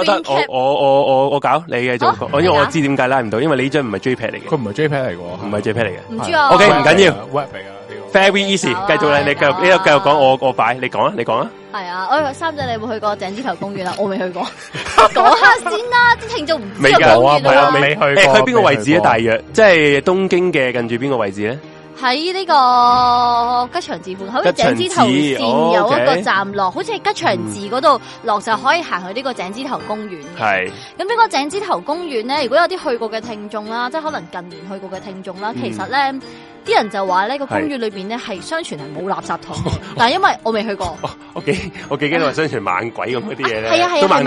我我我我搞你嘅做，因為我知點解拉唔到，因為呢張唔係 J 片嚟嘅，佢唔係 J 片嚟嘅，唔知啊。O K，唔緊要，very easy，繼續啦，你繼續，你又繼續講，我我擺，你講啊，你講啊。係啊，我呀，三仔，你有冇去過井子頭公園啊？我未去過，講下先啦，之前就唔未噶，冇啊啊，未去。誒，佢喺邊個位置啊？大約即係東京嘅近住邊個位置咧？喺呢個吉祥寺門口，喺井之頭線有一個站落，好似係吉祥寺嗰度落，嗯、就可以行去呢個井之頭公園。係咁，呢個井之頭公園咧，如果有啲去過嘅聽眾啦，即係可能近年去過嘅聽眾啦，其實咧。嗯啲人就話呢個公園裏面呢係相傳係冇垃圾桶，是但係因為我未去過， 我幾我幾驚話相傳猛鬼咁嗰啲嘢咧，啊啊、都猛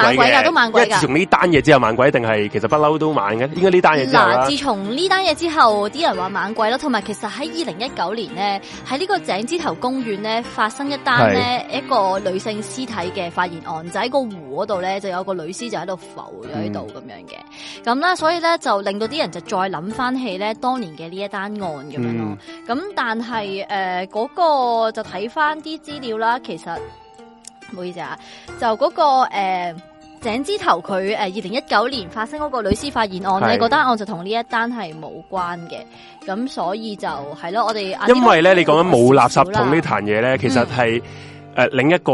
鬼嘅。一、啊啊、自從一呢單嘢、嗯、之後，猛鬼定係其實不嬲都猛嘅，應該呢單嘢。嗱，自從呢單嘢之後，啲人話猛鬼啦，同埋其實喺二零一九年呢，喺呢個井之頭公園呢，發生一單呢是一個女性屍體嘅發現案，就喺個湖嗰度咧就有個女屍就喺度浮咗喺度咁樣嘅，咁啦，所以咧就令到啲人就再諗翻起咧當年嘅呢一單案咁樣、嗯咁、嗯嗯、但係誒嗰個就睇翻啲資料啦，其實唔好意思啊，就嗰、那個誒、呃、井之頭佢誒二零一九年發生嗰個女屍發現案咧，嗰是單案就同呢一單係冇關嘅，咁所以就係咯，我哋因為咧你講緊冇垃圾桶呢壇嘢咧，嗯、其實係誒、呃、另一個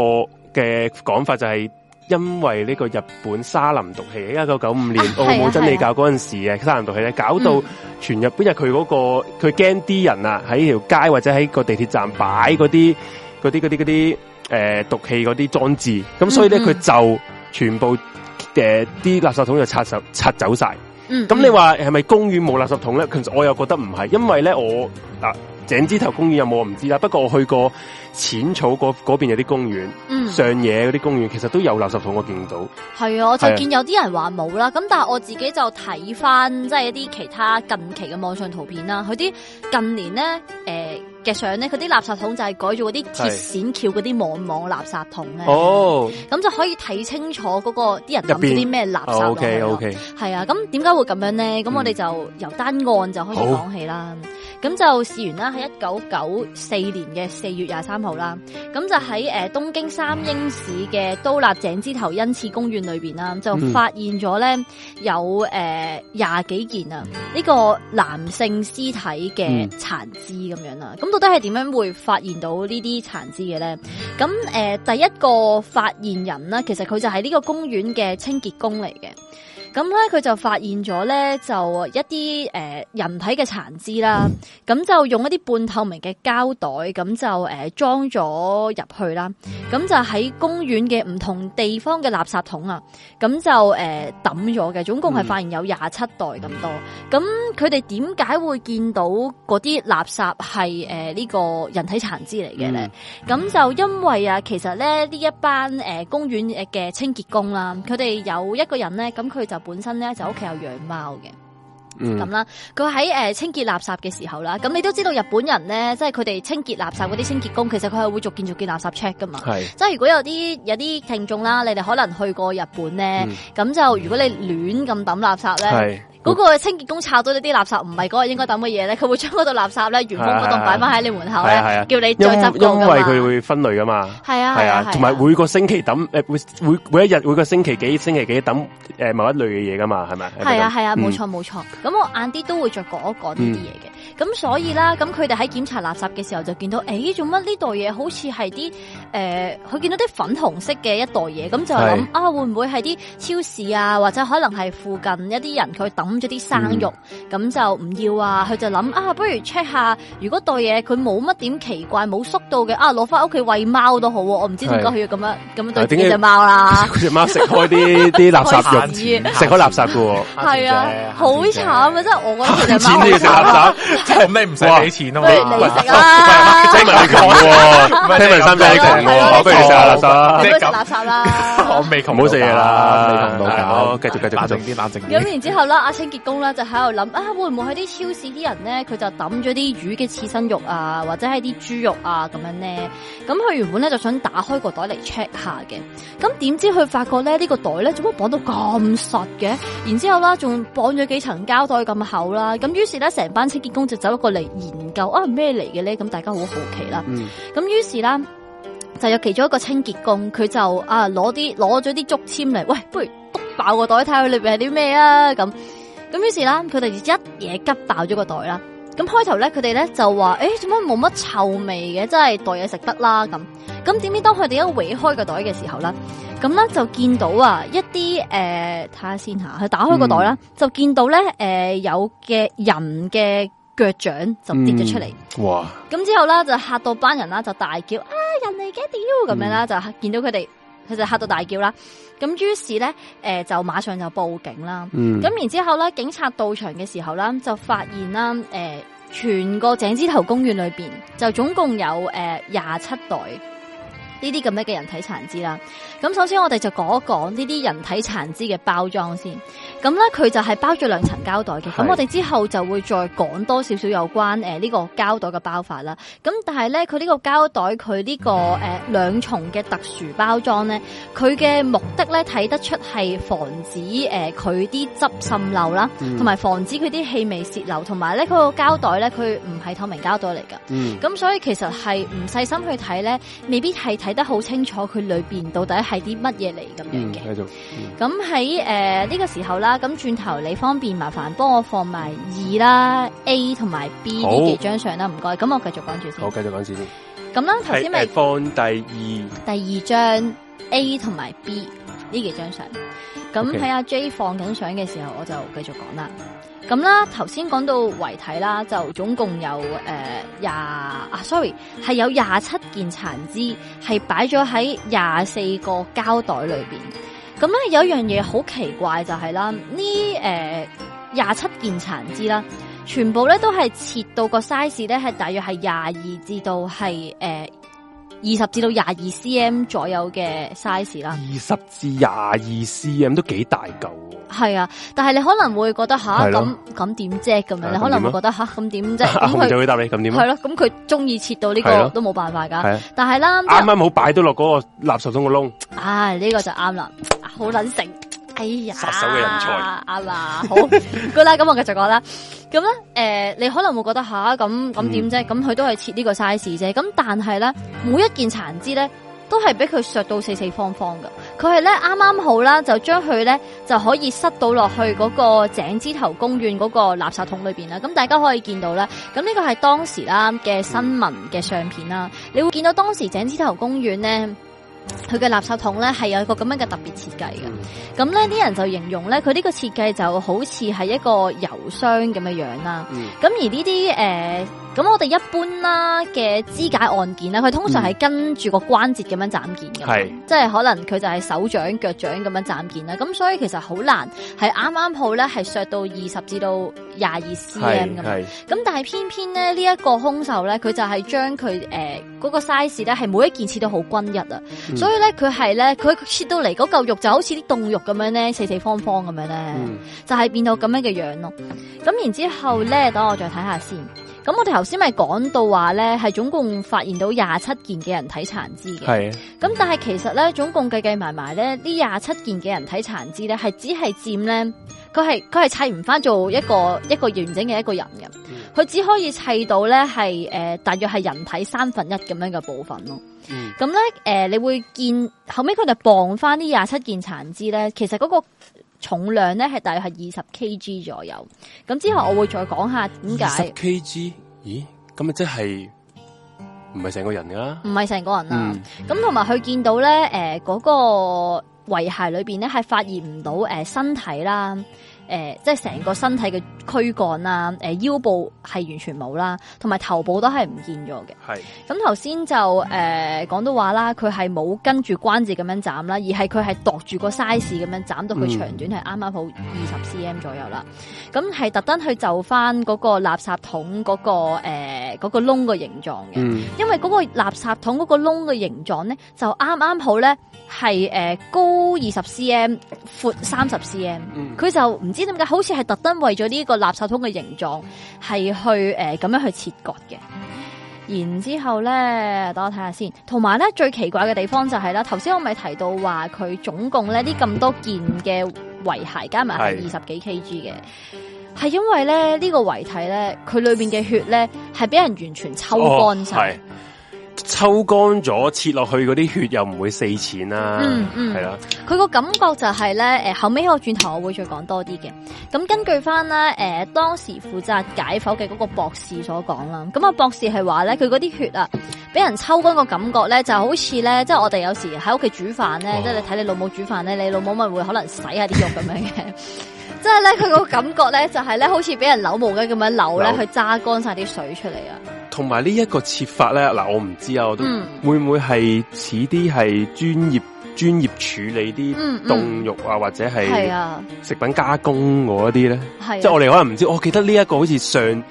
嘅講法就係、是。因為呢個日本沙林毒氣，一九九五年奧姆、啊啊哦、真理教嗰陣時嘅沙林毒氣咧，啊啊、搞到全日本日佢嗰個佢驚啲人啊，喺條街或者喺個地鐵站擺嗰啲啲啲啲誒毒氣嗰啲裝置，咁所以咧佢、嗯嗯、就全部誒啲、呃、垃圾桶就拆走拆走晒。咁、嗯嗯、你話係咪公園冇垃圾桶咧？其實我又覺得唔係，因為咧我啊井之頭公園有冇我唔知啦。不過我去過淺草嗰邊有啲公園，嗯、上野嗰啲公園其實都有垃圾桶，我見到。係啊，我就見有啲人話冇啦。咁是但係我自己就睇返即係一啲其他近期嘅網上圖片啦。佢啲近年咧誒。呃嘅相咧，佢啲垃圾桶就係改咗嗰啲鐵線橋嗰啲網網的垃圾桶咧，哦，咁、oh. 就可以睇清楚嗰、那個啲人攞啲咩垃圾嚟咯。係啊，咁點解會咁樣咧？咁、嗯、我哋就由單案就可以講起啦。咁好就事緣啦，喺一九九四年嘅四月廿三號啦，咁就喺誒、呃、東京三鷹市嘅都立井之頭恩賜公園裏邊啦，就發現咗咧、嗯、有誒廿幾件啊呢、這個男性屍體嘅殘肢咁樣啦，咁、嗯。到底係點樣會發現到這些的呢啲殘肢嘅咧？咁誒，呃，第一個發現人咧，其實佢就係呢個公園嘅清潔工嚟嘅。咁咧，佢就發現咗咧，就一啲誒人體嘅殘肢啦，咁就、嗯、用一啲半透明嘅膠袋，咁就誒裝咗入去啦，咁就喺公園嘅唔同地方嘅垃圾桶啊，咁就誒抌咗嘅，總共係發現有廿七袋咁多。咁佢哋點解會見到嗰啲垃圾係誒呢個人體殘肢嚟嘅咧？咁、嗯、就因為啊，其實咧呢一班誒公園誒嘅清潔工啦，佢哋有一個人咧，咁佢就。本身咧就屋企有養貓嘅，咁啦、嗯，佢喺誒清潔垃圾嘅時候啦，咁你都知道日本人咧，即係佢哋清潔垃圾嗰啲清潔工，其實佢係會逐件逐件垃圾 check 噶嘛，係即係如果有啲有啲聽眾啦，你哋可能去過日本咧，咁、嗯、就如果你亂咁抌垃圾咧。嗰個清潔工查到你啲垃圾唔係嗰個應該抌嘅嘢咧，佢會將嗰度垃圾咧原封不動擺翻喺你門口，啊啊啊，叫你再執用，因為佢會分類噶嘛。係啊，係啊，同埋，啊、每個星期抌誒，呃，每一日每個星期幾，啊、星期幾抌誒、呃、某一類嘅嘢噶嘛，係咪？係啊係啊，冇錯冇錯。咁、嗯、我晏啲都會再講一講呢啲嘢嘅。咁所以啦，咁佢哋喺檢查垃圾嘅時候就見到，誒，做乜呢袋嘢好似係啲誒，佢見到啲粉紅色嘅一袋嘢，咁就諗啊，會唔會係啲超市啊，或者可能係附近一啲人佢抌咗啲生肉，咁就唔要啊，佢就諗啊，不如 check 下，如果袋嘢佢冇乜點奇怪，冇縮到嘅，啊，攞翻屋企餵貓都好，我唔知點解佢要咁樣咁樣對呢隻貓啦，隻貓食開啲啲垃圾肉，食開垃圾噶，係啊，好慘啊，真係我嗰時隻貓。即係咩唔使俾錢啊嘛？聽明你講喎，聽明先至聽明喎，不如食垃圾啦！唔好食嘢啦，唔好食到咁，繼續繼續啲冷靜咁然之後啦，阿清潔工咧就喺度諗啊，會唔會喺啲超市啲人咧，佢就揼咗啲魚嘅刺身肉啊，或者係啲豬肉啊咁樣咧？咁佢原本咧就想打開個袋嚟 check 下嘅，咁點知佢發覺咧呢個袋咧做乜綁到咁實嘅？然之後啦，仲綁咗幾層膠袋咁厚啦，咁於是咧成班清潔工就就走咗過嚟研究啊咩嚟嘅咧？咁大家好好奇啦。咁於、嗯、是咧，就有其中一個清潔工，佢就啊攞啲攞咗啲竹籤嚟，喂，不如篤爆個袋睇下佢裏邊係啲咩啊？咁咁於是啦，佢哋一嘢急爆咗個袋啦。咁開頭咧，佢哋咧就話誒，做乜冇乜臭味嘅？真係袋嘢食得啦。咁咁點知當佢哋一搣開個袋嘅時候咧，咁咧就見到啊一啲誒，睇、呃、下先吓，佢打開個袋啦，嗯、就見到咧誒、呃、有嘅人嘅。腳掌就跌咗出嚟，嗯，哇！咁之後咧就嚇到班人啦，就大叫啊人嚟嘅屌！咁樣啦就吓見到佢哋，佢就嚇到大叫啦。咁於是咧誒、呃、就馬上就報警啦。咁、嗯、然之後咧警察到場嘅時候啦，就發現啦誒、呃、全個井之頭公園裏邊就總共有誒廿七袋呢啲咁樣嘅人體殘肢啦。咁首先我哋就講一講呢啲人體殘肢嘅包裝先。咁咧佢就係包咗兩層膠袋嘅。咁是我哋之後就會再講多少少有關誒呢、呃這個膠袋嘅包法啦。咁但係咧佢呢個膠袋佢呢、這個誒兩、呃、重嘅特殊包裝咧，佢嘅目的咧睇得出係防止誒佢啲汁滲漏啦，同埋、嗯、防止佢啲氣味泄漏。同埋咧佢個膠袋咧佢唔係透明膠袋嚟嘅。咁、嗯、所以其實係唔細心去睇咧，未必係睇得好清楚佢裏邊到底係。係啲乜嘢嚟咁樣嘅？繼續。咁喺誒呢個時候啦，咁轉頭你方便麻煩幫我放埋二啦 A 同埋 B 呢幾張相啦，唔該、嗯。咁好我繼續講住先。好，繼續講住先。咁啦，頭先咪放第二第二張 A 同埋 B 呢幾張相。咁睇下 J 放緊相嘅時候，我就繼續講啦。咁啦，頭先講到遺體啦，就總共有誒廿、呃、啊，sorry 係有廿七件殘肢係擺咗喺廿四個膠袋裏邊。咁咧有一樣嘢好奇怪就係、是、啦，呢誒廿七件殘肢啦，全部咧都係切到個 size 咧係大約係廿二至到係誒。呃二十至到廿二 cm 左右嘅 size 啦，二十至廿二 cm 都幾大嚿。係啊，但係你可能會覺得吓，咁咁點啫咁樣？啦你可能會覺得吓，咁點啫？阿、啊啊啊、紅就會答你咁點？係咯、啊，咁佢中意切到呢個啦都冇辦法噶。但係啦，啱啱好擺到落嗰個垃圾桶個窿。唉、啊，呢、這個就啱啦，好撚性。哎呀！殺手嘅人才、啊，阿、啊、嗱、啊、好啦，咁我繼續講啦。咁咧， 誒、呃，你可能會覺得吓，咁咁點啫？咁佢、嗯、都係切呢個 size 啫。咁但係咧，每一件殘肢咧，都係俾佢削到四四方方噶。佢係咧啱啱好啦，就將佢咧就可以塞到落去嗰個井之頭公園嗰個垃圾桶裏邊啦。咁大家可以見到咧，咁呢個係當時啦嘅新聞嘅相片啦。嗯、你會見到當時井之頭公園咧。佢嘅垃圾桶咧，係有一個咁樣嘅特別設計嘅，咁咧啲人就形容咧，佢呢個設計就好似係一個郵箱咁嘅樣啦。咁、嗯、而呢啲誒。呃咁我哋一般啦嘅肢解案件咧，佢通常係跟住個關節咁樣斬件嘅，嗯、即係可能佢就係手掌腳掌咁樣斬件啦。咁所以其實好難，係啱啱好咧，係削到二十至到廿二 cm 咁。咁但係偏偏咧呢一個凶手咧，佢就係將佢誒嗰個 size 咧，係每一件一、嗯、切到好均一啊。所以咧，佢係咧，佢切到嚟嗰嚿肉就好似啲凍肉咁樣咧，四四方方咁樣咧，嗯、就係變到咁樣嘅樣咯。咁然之後咧，等我再睇下先。咁我哋頭先咪講到話咧，係總共發現到廿七件嘅人體殘肢嘅。係。咁但係其實咧，總共計計埋埋咧，呢廿七件嘅人體殘肢咧，係只係佔咧，佢係佢係砌唔翻做一個一個完整嘅一個人嘅。佢、嗯、只可以砌到咧係誒，大約係人體三分一咁樣嘅部分咯。咁咧誒，你會見後尾佢就綁翻呢廿七件殘肢咧，其實嗰、嗰個。重量咧係大約係二十 Kg 左右，咁之後我會再講下點解。十 Kg？咦，咁啊即係唔係成個人噶啦？唔係成個人啦，咁同埋佢見到咧，誒嗰個遺骸裏邊咧係發現唔到誒身體啦。誒、呃，即係成個身體嘅軀幹啦，誒腰部係完全冇啦，同埋頭部都係唔見咗嘅。係是。咁頭先就誒講到話啦，佢係冇跟住關節咁樣斬啦，而係佢係度住個 size 咁樣斬到佢長短係啱啱好二十 cm 左右啦。咁係特登去就翻嗰個垃圾桶嗰，那個誒嗰，呃那個窿嘅形狀嘅，嗯、因為嗰個垃圾桶嗰個窿嘅形狀咧，就啱啱好咧係誒高二十 cm，闊三十 cm，佢、嗯、就唔。唔知點解，好似係特登為咗呢個垃圾桶嘅形狀，係去誒咁、呃、樣去切割嘅。然之後咧，等我睇下先。同埋咧，最奇怪嘅地方就係、是、啦，頭先我咪提到話，佢總共咧呢咁多件嘅遺骸加埋係二十幾 kg 嘅，係是的 因為咧呢個遺體咧，佢裏邊嘅血咧係俾人完全抽乾晒，哦。抽乾咗，切落去嗰啲血又唔會四錢啦，係啦。佢個感覺就係、是、咧，誒後尾我轉頭我會再講多啲嘅。咁根據翻咧，誒、呃、當時負責解剖嘅嗰個博士所講啦，咁啊博士係話咧，佢嗰啲血啊，俾人抽乾個感覺咧，就好似咧，即係我哋有時喺屋企煮飯咧，即係你睇你老母煮飯咧，你老母咪會可能洗一下啲肉咁樣嘅，即係咧佢個感覺咧就係咧，好似俾人扭毛嘅咁樣扭咧扭去揸乾晒啲水出嚟啊。同埋呢一個切法咧，嗱我唔知啊，我都會唔會係似啲係專業專業處理啲凍肉啊，嗯嗯、或者係食品加工嗰一啲咧？係啊、即係我哋可能唔知、哦。我記得呢一個好似上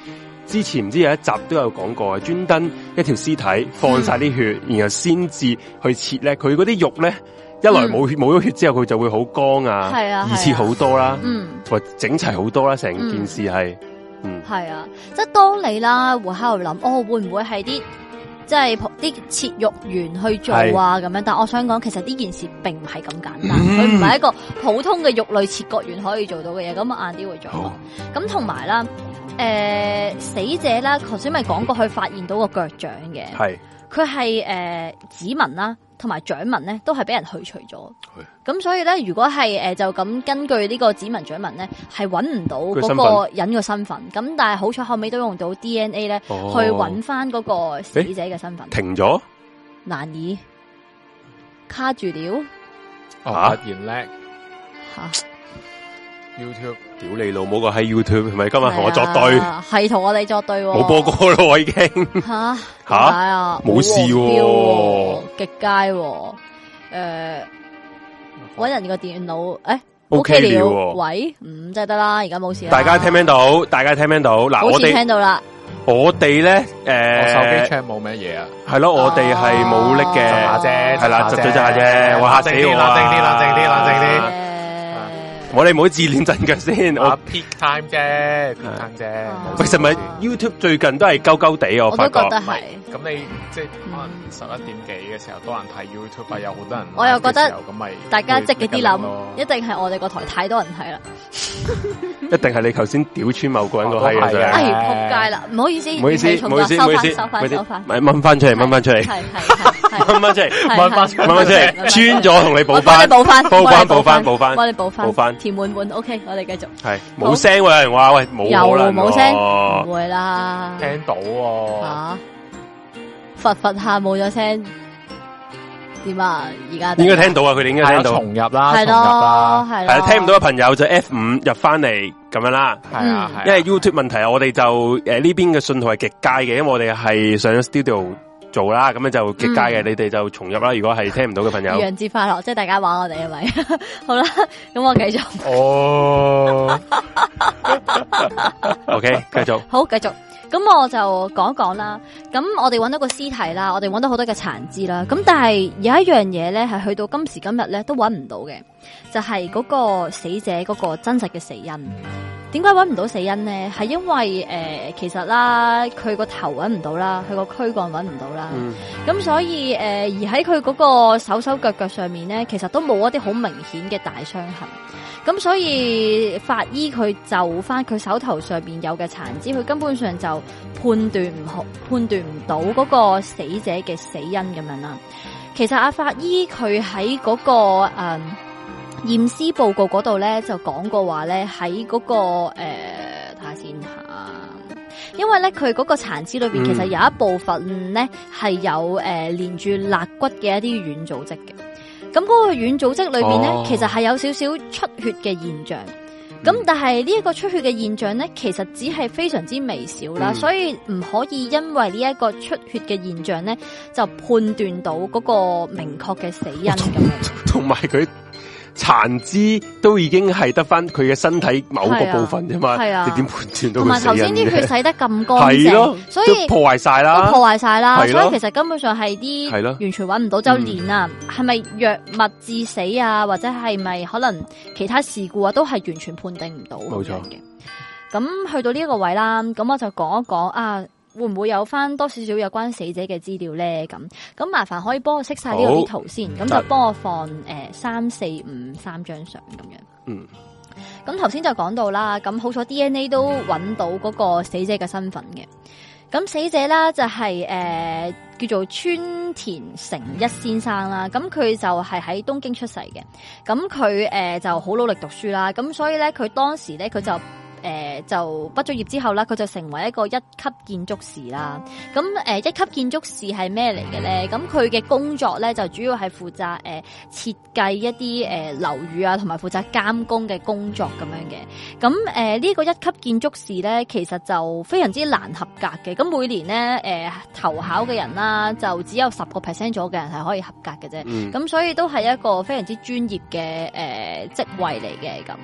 之前唔知有一集都有講過，專登一條屍體放晒啲血，嗯、然後先至去切咧。佢嗰啲肉咧，一來冇冇咗血之、嗯、後，佢就會好乾啊，易、啊、切好多啦、啊，同埋、啊啊嗯、整齊好多啦、啊，成件事係、嗯。係、嗯、啊，即係當你啦會喺度諗，哦會唔會係啲即係啲切肉員去做啊咁是的 樣？但我想講，其實呢件事並唔係咁簡單，佢唔係一個普通嘅肉類切割員可以做到嘅嘢。咁晏啲會做講、啊。咁同埋啦，誒、呃、死者啦，頭先咪講過佢發現到個腳掌嘅，佢係誒指紋啦。同埋掌紋咧，都係俾人去除咗。咁、嗯、所以咧，如果係誒、呃，就咁根據呢個指紋、掌紋咧，係揾唔到嗰個人嘅身份。咁但係好彩後尾都用到 DNA 咧，哦、去揾翻嗰個死者嘅身份、欸。停咗，難以卡住了。啊，然叻吓 YouTube。屌你老母個喺 YouTube，係咪今日同我作對？係同我哋作對。冇播歌咯，我已經。吓吓，冇事，極佳。誒，搵人個電腦，誒，OK 了。喂，唔真係得啦，而家冇事。大家聽唔聽到？大家聽唔聽到？嗱，我哋聽到啦。我哋咧，誒，手機 check 冇咩嘢啊？係咯，我哋係冇力嘅啫，係啦，就咗就下啫。我吓死我啊！冷靜啲，冷靜啲，冷靜啲。我哋唔好自戀陣㗎先，我 peak time 啫，peak time 啫。其實咪 YouTube 最近都係鳩鳩地，我發覺。我都覺得係。咁你即係可能十一點幾嘅時候，多人睇 YouTube 有好多人。我又覺得咁咪大家積極啲諗，一定係我哋個台太多人睇啦。一定係你頭先屌穿某個人個閪嘅係仆街啦，唔好意思，唔好意思，唔好意思，唔好意思，唔好意思，唔好意思，掹返出嚟，掹返出嚟，唔好意思，唔好錢滿滿，OK，我哋繼續。係冇聲，有人話喂冇啦，冇聲，唔會啦。聽到喎，吓，佛佛下冇咗聲，點啊？而家應該聽到啊，佢哋應該聽到重入啦，係咯，係係聽唔到嘅朋友就 F 五入翻嚟咁樣啦，係啊，因為 YouTube 問題，我哋就誒呢邊嘅信號係極佳嘅，因為我哋係上咗 studio。做啦，咁就極界嘅，嗯、你哋就重入啦。如果係聽唔到嘅朋友，愚人節快樂，即係大家玩我哋係咪？ 好啦，咁我繼續。哦 ，OK，繼續好。好，繼續。咁我就講一講啦。咁我哋揾到個屍體啦，我哋揾到好多嘅殘肢啦。咁但係有一樣嘢咧，係去到今時今日咧都揾唔到嘅，就係、是、嗰個死者嗰、嗰個真實嘅死因。點解揾唔到死因咧？係因為誒、呃，其實啦，佢個頭揾唔到啦，佢個軀幹揾唔到啦，咁、嗯、所以誒、呃，而喺佢嗰個手手腳腳上面咧，其實都冇一啲好明顯嘅大傷痕，咁所以法醫佢就翻佢手頭上邊有嘅殘肢，佢根本上就判斷唔好，判斷唔到嗰個死者嘅死因咁樣啦。其實阿、啊、法醫佢喺嗰個誒。呃驗屍報告嗰度咧就講過話咧喺嗰個誒睇下先吓，因為咧佢嗰個殘肢裏邊其實有一部分咧係、嗯、有誒、呃、連住肋骨嘅一啲軟組織嘅，咁嗰個軟組織裏邊咧、啊、其實係有少少出血嘅現象，咁、嗯、但係呢一個出血嘅現象咧其實只係非常之微小啦，嗯、所以唔可以因為呢一個出血嘅現象咧就判斷到嗰個明確嘅死因咁樣，同埋佢。殘肢都已經係得翻佢嘅身體某個部分啫嘛、啊，啊、你點判斷到佢死人？同埋頭先啲血洗得咁乾淨，啊、所以都破壞晒啦，都破壞晒啦，啊、所以其實根本上係啲完全揾唔到，就連啊，係咪藥物致死啊，或者係咪可能其他事故啊，都係完全判定唔到冇錯嘅。咁錯去到呢一個位啦，咁我就講一講啊。會唔會有翻多少少有關死者嘅資料咧？咁咁麻煩可以幫我熄晒呢啲圖先，咁好就幫我放誒三四五三張相咁樣。嗯，咁頭先就講到啦，咁好彩 DNA 都揾到嗰個死者嘅身份嘅。咁死者啦就係、是、誒、呃、叫做川田誠一先生啦。咁佢、嗯、就係喺東京出世嘅。咁佢誒就好努力讀書啦。咁所以咧，佢當時咧佢就。誒、呃，就畢咗業之後啦，佢就成為一個一級建築士啦。咁誒、呃，一級建築士係咩嚟嘅咧？咁佢嘅工作咧就主要係負責誒設計一啲誒樓宇啊，同埋負責監工嘅工作咁樣嘅。咁誒，呢、呃這個一級建築士咧，其實就非常之難合格嘅。咁每年咧，誒、呃，投考嘅人啦，就只有十個 percent 左右嘅人係可以合格嘅啫。咁、嗯、所以都係一個非常之專業嘅誒職位嚟嘅。咁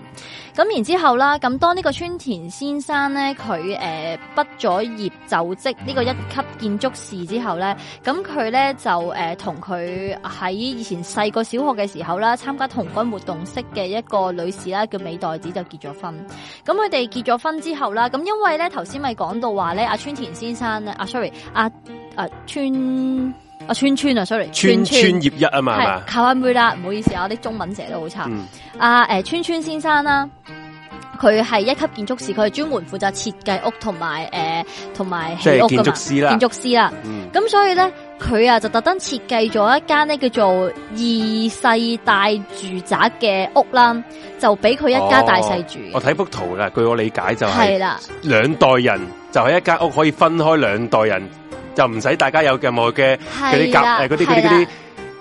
咁然之後啦，咁當呢個村川田先生咧，佢誒，畢咗業就職呢、這個一級建築士之後咧，咁佢咧就誒，同佢喺以前細個小學嘅時候啦，參加童軍活動識嘅一個女士啦，叫美代子就結咗婚。咁佢哋結咗婚之後啦，咁因為咧頭先咪講到話咧，阿川田先生咧，啊 sorry，阿、啊、阿、啊、川阿、啊川,啊、川川啊，sorry，川川葉一啊嘛係嘛，卡位妹啦，唔吧好意思、嗯、啊，我啲中文寫得好差。阿誒，川川先生啦。佢係一級建築、呃、師，佢係專門負責設計屋同埋誒同埋即係建築師啦，建築師啦。咁所以咧，佢啊就特登設計咗一間咧叫做二世大住宅嘅屋啦，就俾佢一家大細住，哦。我睇幅圖啦，據我理解就係啦，兩代人就係一間屋可以分開兩代人，就唔使大家有嘅，任何嘅嗰啲隔誒嗰啲嗰啲嗰啲。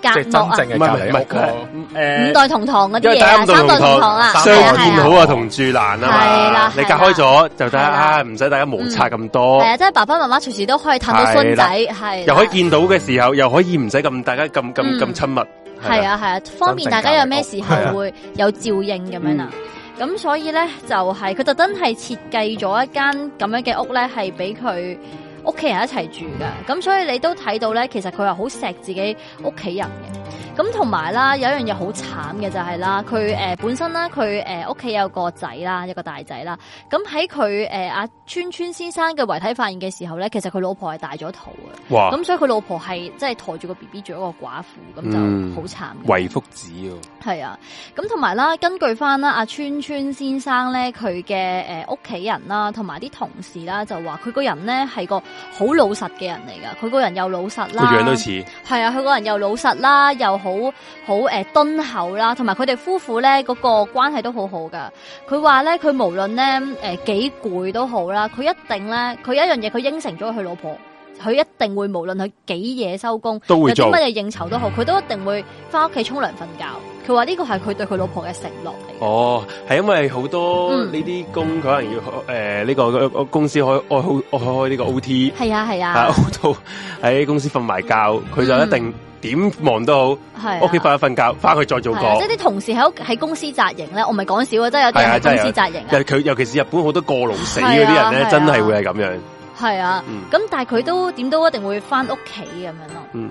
隔屋啊，唔係乜係五代同堂嗰啲嘢啊，三代同堂啊，相見好啊，同住難啊，係啦，你隔開咗就大家唔使大家摩擦咁多，係啊，即係爸爸媽媽隨時都可以探到孫仔，係，又可以見到嘅時候，又可以唔使咁大家咁咁咁親密，係啊係啊，方便大家有咩時候會有照應咁樣啊，咁所以咧就係佢特登係設計咗一間咁樣嘅屋咧，係俾佢。屋企人一齊住噶，咁所以你都睇到咧，其實佢係好錫自己屋企人嘅。咁同埋啦，有一樣嘢好慘嘅就係啦，佢誒、呃、本身啦，佢誒屋企有個仔啦，有一個大仔啦。咁喺佢誒阿川川先生嘅遺體發現嘅時候咧，其實佢老婆係大咗肚嘅。哇！咁所以佢老婆係即係抬住個 B B 做一個寡婦，咁就好慘。遺、嗯、腹子喎，係啊，咁同埋啦，根據翻啦阿川川先生咧，佢嘅誒屋企人啦、啊，同埋啲同事啦、啊，就話佢個人咧係個好老實嘅人嚟噶，佢個人又老實啦，樣都似，係啊，佢個人又老實啦，又。好好誒敦厚啦，同埋佢哋夫婦咧嗰個關係都好好噶。佢話咧，佢無論咧誒幾攰都好啦，佢一定咧，佢有一樣嘢佢應承咗佢老婆，佢一定會無論佢幾夜收工，做乜嘢應酬都好，佢都一定會翻屋企沖涼瞓覺。佢話呢個係佢對佢老婆嘅承諾嚟。哦，係因為好多呢啲工佢可能要誒呢個公司開開開呢個 OT，係啊係啊，喺公司瞓埋覺，佢就一定。點忙都好，屋企瞓一瞓覺，翻、啊、去再做嘅。即係啲同事喺屋喺公司紮營咧，我唔係講笑啊，啊，真係有啲人喺公司紮營。佢，尤其是日本好多過勞死嗰啲人咧，啊啊、真係會係咁樣。係啊，咁、嗯、但係佢都點都一定會翻屋企咁樣咯。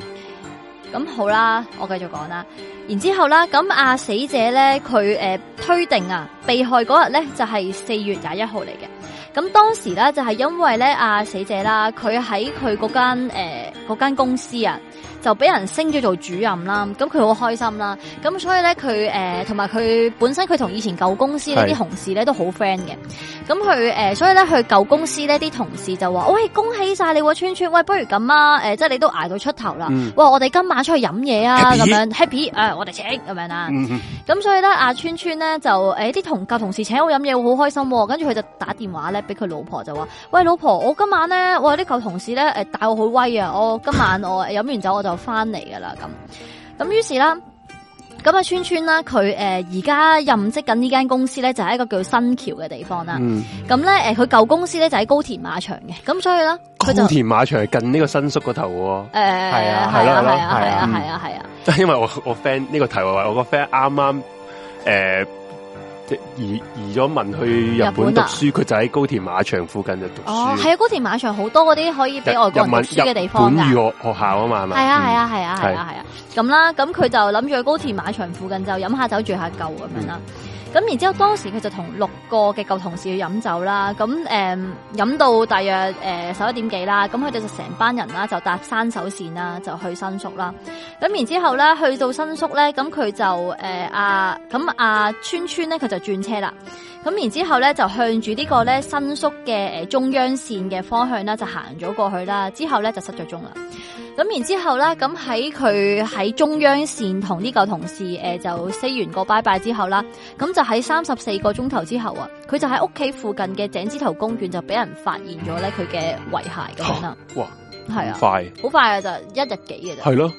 咁、嗯、好啦，我繼續講啦。然之後啦，咁阿、啊、死者咧，佢誒、呃、推定啊，被害嗰、就是、日咧就係四月廿一號嚟嘅。咁當時咧就係、是、因為咧阿、啊、死者啦，佢喺佢嗰間誒嗰間公司啊。就俾人升咗做主任啦，咁佢好開心啦。咁所以咧，佢誒，同埋佢本身佢同以前舊公司呢啲是同事咧都好 friend 嘅。咁佢誒，所以咧佢舊公司呢啲同事就話，喂，恭喜晒你、啊，阿川川！喂，不如咁啊，誒、呃，即係你都捱到出頭啦。嗯、哇，我哋今晚出去飲嘢啊，咁 Happy? 樣 happy，我哋請咁樣啊。咁、嗯、哼所以咧，阿川川咧就誒，啲、哎、同舊同事請我飲嘢，我好開心、啊。跟住佢就打電話咧，俾佢老婆就話，喂，老婆，我今晚咧，有啲舊同事咧，誒，帶我好威啊！我今晚我飲完酒我就，就翻嚟噶啦，咁咁於是啦，咁啊，村村啦，佢誒而家任職緊呢間公司咧，就喺一個叫新橋嘅地方啦。咁咧、嗯，誒，佢舊公司咧就喺高田馬場嘅，咁所以咧，高田馬場係近呢個新宿個頭嘅、哦。誒、哎呀，係啊，係啊，係啊，係啊，係啊，係啊。因為我我 friend 呢個題外話我個 friend 啱啱誒。呃移移咗民去日本讀書，佢、啊、就喺高田馬場附近就讀。哦，係啊、嗯，高田馬場好多嗰啲可以俾外國人讀書嘅地方噶。日本語學學校啊嘛，係咪？係啊，係啊，係啊，係啊，係啊。咁啦，咁佢就諗住去高田馬場附近就飲下酒、聚下舊咁樣啦。咁然之後，當時佢就同六個嘅舊同事去飲酒啦。咁誒飲到大約誒十一點幾啦。咁佢哋就成班人啦，就搭山手線啦，就去新宿啦。咁然之後咧，去到新宿咧，咁佢就誒阿咁阿川川咧，佢、呃啊啊、就轉車啦。咁然之後咧，就向住呢個咧新宿嘅誒中央線嘅方向啦，就行咗過去啦。之後咧，就失咗蹤啦。咁然之後咧，咁喺佢喺中央線同呢個同事誒就 say 完個拜拜之後啦，咁就喺三十四個鐘頭之後啊，佢就喺屋企附近嘅井之頭公園就俾人發現咗咧佢嘅遺骸咁樣啦。哇，係啊，快，好快啊，就一日幾嘅啫。係咯，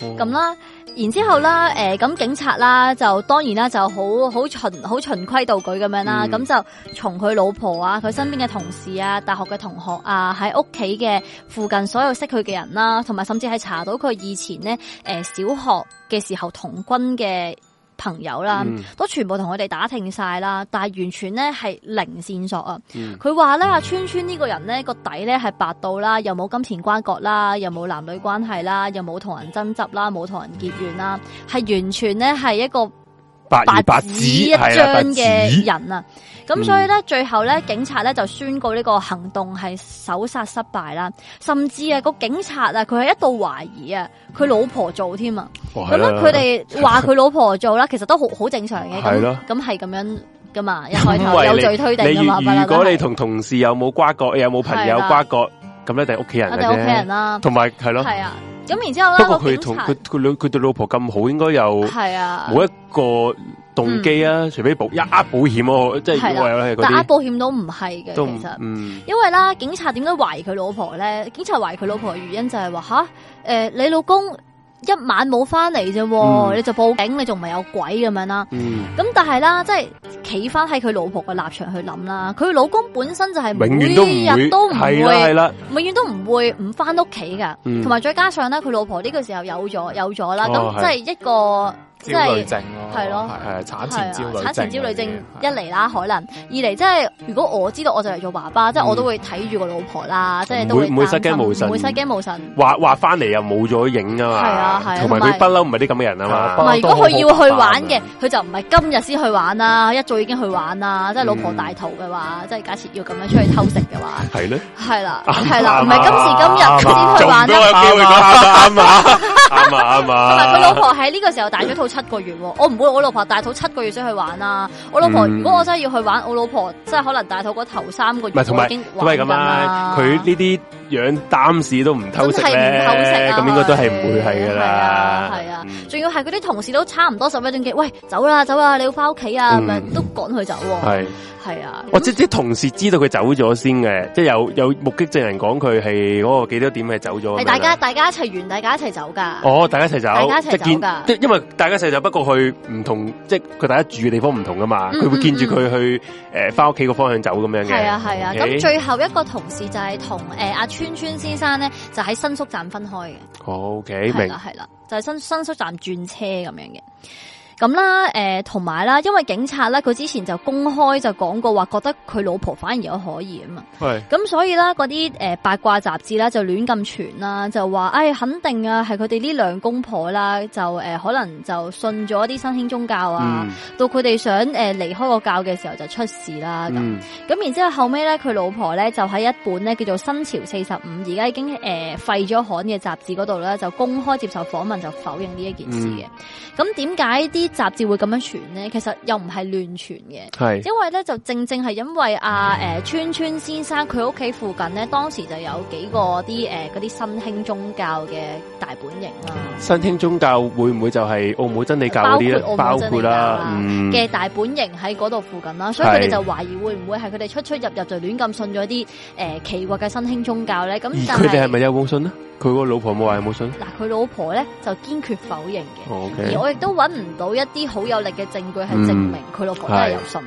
咁啦。然之後啦，誒、呃，咁警察啦，就當然啦，就好好循好循規蹈矩咁樣啦，咁就、嗯、從佢老婆啊，佢身邊嘅同事啊，大學嘅同學啊，喺屋企嘅附近所有識佢嘅人啦、啊，同埋甚至係查到佢以前咧，誒、呃，小學嘅時候同軍嘅。朋友啦，都全部同我哋打聽晒啦，但係完全咧係零線索啊！佢話咧阿川川呢村村個人咧個底咧係白到啦，又冇金錢瓜葛啦，又冇男女關係啦，又冇同人爭執啦，冇同人結怨啦，係完全咧係一個。八百紙一張嘅人啊，咁所以咧，最後咧，警察咧就宣告呢個行動係手殺失敗啦，甚至啊，個警察啊，佢係一度懷疑啊，佢老婆做添啊，咁咧，佢哋話佢老婆做啦，其實都好好正常嘅，係咯，咁係咁樣噶嘛，一開始有罪推定噶嘛。如果你同同事有冇瓜葛，有冇朋友瓜葛，咁一定屋企人，我哋屋企人啦，同埋係咯，係啊。咁然之後咧，不過佢同佢佢老佢對老婆咁好，應該有冇一個動機啊？嗯、除非保一呃保險囉、啊、即係嗰個有嘅，但呃保險都唔係嘅，都其實，嗯、因為啦，警察點解懷疑佢老婆咧？警察懷疑佢老婆嘅原因就係話吓，誒、呃，你老公。一晚冇翻嚟啫，嗯、你就報警，你仲咪有鬼咁樣啦？咁、嗯、但係啦，即係企翻喺佢老婆嘅立場去諗啦，佢老公本身就係永遠都唔會，係啦，永遠都唔會唔翻屋企噶，同埋、嗯、再加上咧，佢老婆呢個時候有咗，有咗啦，咁、哦、即係一個。焦慮症咯，係咯，係產前焦慮症。產前焦慮症一嚟啦，可能二嚟，即係如果我知道我就嚟做爸爸，即係我都會睇住個老婆啦，即係會唔會失驚無神？唔會失驚無神。話話翻嚟又冇咗影噶嘛，係啊係。同埋佢不嬲唔係啲咁嘅人啊嘛。唔係，如果佢要去玩嘅，佢就唔係今日先去玩啦，一早已經去玩啦。即係老婆大肚嘅話，即係假設要咁樣出去偷食嘅話，係咧，係啦，係啦，唔係今時今日先去玩啊？做咩有機會咁啱？啱啊，啱啊。同埋佢老婆喺呢個時候大咗肚。七個月喎，我唔會，我老婆大肚七個月先去玩啊！我老婆，如果我真係要去玩，嗯、我老婆真係可能大肚嗰頭三個月同埋，不已經玩緊啦。佢呢啲，啊養擔士都唔偷食咧，咁應該都係唔會係噶啦。係啊，仲要係嗰啲同事都差唔多十一點幾，喂，走啦走啦，你要翻屋企啊，咁咪都趕佢走。係，係啊。我即啲同事知道佢走咗先嘅，即係有有目擊證人講佢係嗰個幾多點係走咗。係大家大家一齊完，大家一齊走噶。哦，大家一齊走，大家一齊走噶。因為大家一齊走，不過佢唔同，即係佢大家住嘅地方唔同噶嘛，佢會見住佢去誒翻屋企個方向走咁樣嘅。係啊係啊。咁最後一個同事就係同誒阿。村村先生咧就喺新宿站分開嘅，OK，明啦，係啦，就係、是、新新宿站轉車咁樣嘅。咁啦，誒、呃，同埋啦，因為警察咧，佢之前就公開就講過話，覺得佢老婆反而有可疑啊嘛。係喂。咁所以啦，嗰啲誒八卦雜誌啦，就亂咁傳啦，就話，誒、哎，肯定啊，係佢哋呢兩公婆啦，就誒、呃，可能就信咗啲新興宗教啊，嗯、到佢哋想誒離、呃、開個教嘅時候就出事啦。咁咁、嗯、然之後後尾咧，佢老婆咧就喺一本呢叫做《新潮四十五》，而家已經誒廢咗刊嘅雜誌嗰度咧，就公開接受訪問就否認呢一件事嘅。咁點解啲？啲雜誌會咁樣傳咧，其實又唔係亂傳嘅，係，因為咧就正正係因為啊，誒、呃、川川先生佢屋企附近咧，當時就有幾個啲誒嗰啲新興宗教嘅大本營啦、啊。新興宗教會唔會就係澳門真理教啲？包括啦嘅大本營喺嗰度附近啦、啊，嗯、所以佢哋就懷疑會唔會係佢哋出出入入就亂咁信咗啲誒奇怪嘅新興宗教咧？咁但佢哋係咪有冇信呢？佢個老婆冇話有冇信？嗱，佢老婆咧就堅決否認嘅，Okay. 而我亦都揾唔到。一啲好有力嘅證據係證明佢老婆真係有信，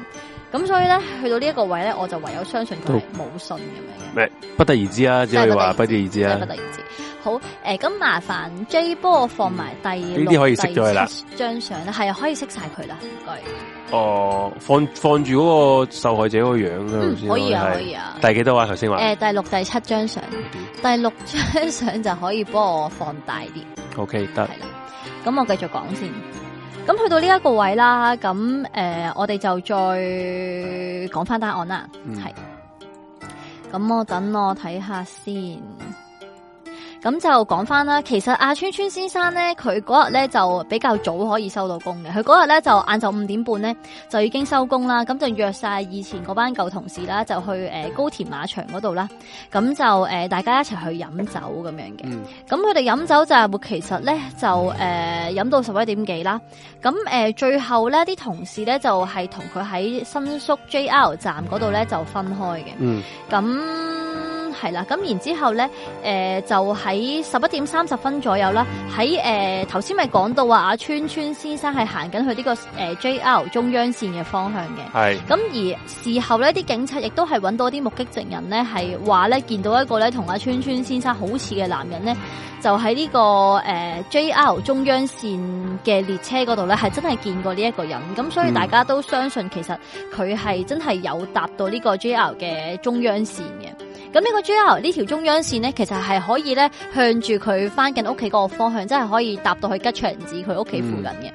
咁所以咧去到呢一個位咧，我就唯有相信佢係冇信咁樣嘅。不得而知啊，即係話不得而知啊，不得而知。好，誒，咁麻煩 J 幫我放埋第六，呢啲可以識咗啦，第七張相啦，係可以識晒佢啦，唔該。哦，放放住嗰個受害者個樣啦，可以啊，可以啊。第幾多啊？頭先話誒，第六、第七張相，第六張相就可以幫我放大啲。OK，得。咁我繼續講先。咁去到呢一個位啦，咁誒、呃，我哋就再講翻答案啦，係、嗯，咁我等我睇下先。咁就講翻啦，其實阿、啊、川川先生咧，佢嗰日咧就比較早可以收到工嘅，佢嗰日咧就晏晝五點半咧就已經收工啦，咁就約晒以前嗰班舊同事啦，就去誒、呃、高田馬場嗰度啦，咁就誒、呃、大家一齊去飲酒咁樣嘅，咁佢哋飲酒就係會其實咧就誒飲、呃、到十一點幾啦，咁誒、呃、最後咧啲同事咧就係同佢喺新宿 JR 站嗰度咧就分開嘅，咁、嗯。係啦，咁然之後咧，誒、呃、就喺十一點三十分左右啦，喺誒頭先咪講到話阿川川先生係行緊去呢個誒 JR 中央線嘅方向嘅，係是的。咁而事後咧，啲警察亦都係揾到啲目擊證人咧，係話咧見到一個咧同阿川川先生好似嘅男人咧，就喺呢、這個誒 JR 中央線嘅列車嗰度咧，係真係見過呢一個人。咁所以大家都相信其實佢係真係有搭到呢個 JR 嘅中央線嘅。咁呢個 JR 呢條中央線咧，其實係可以咧向住佢翻緊屋企嗰個方向，真係可以搭到去吉祥寺佢屋企附近嘅。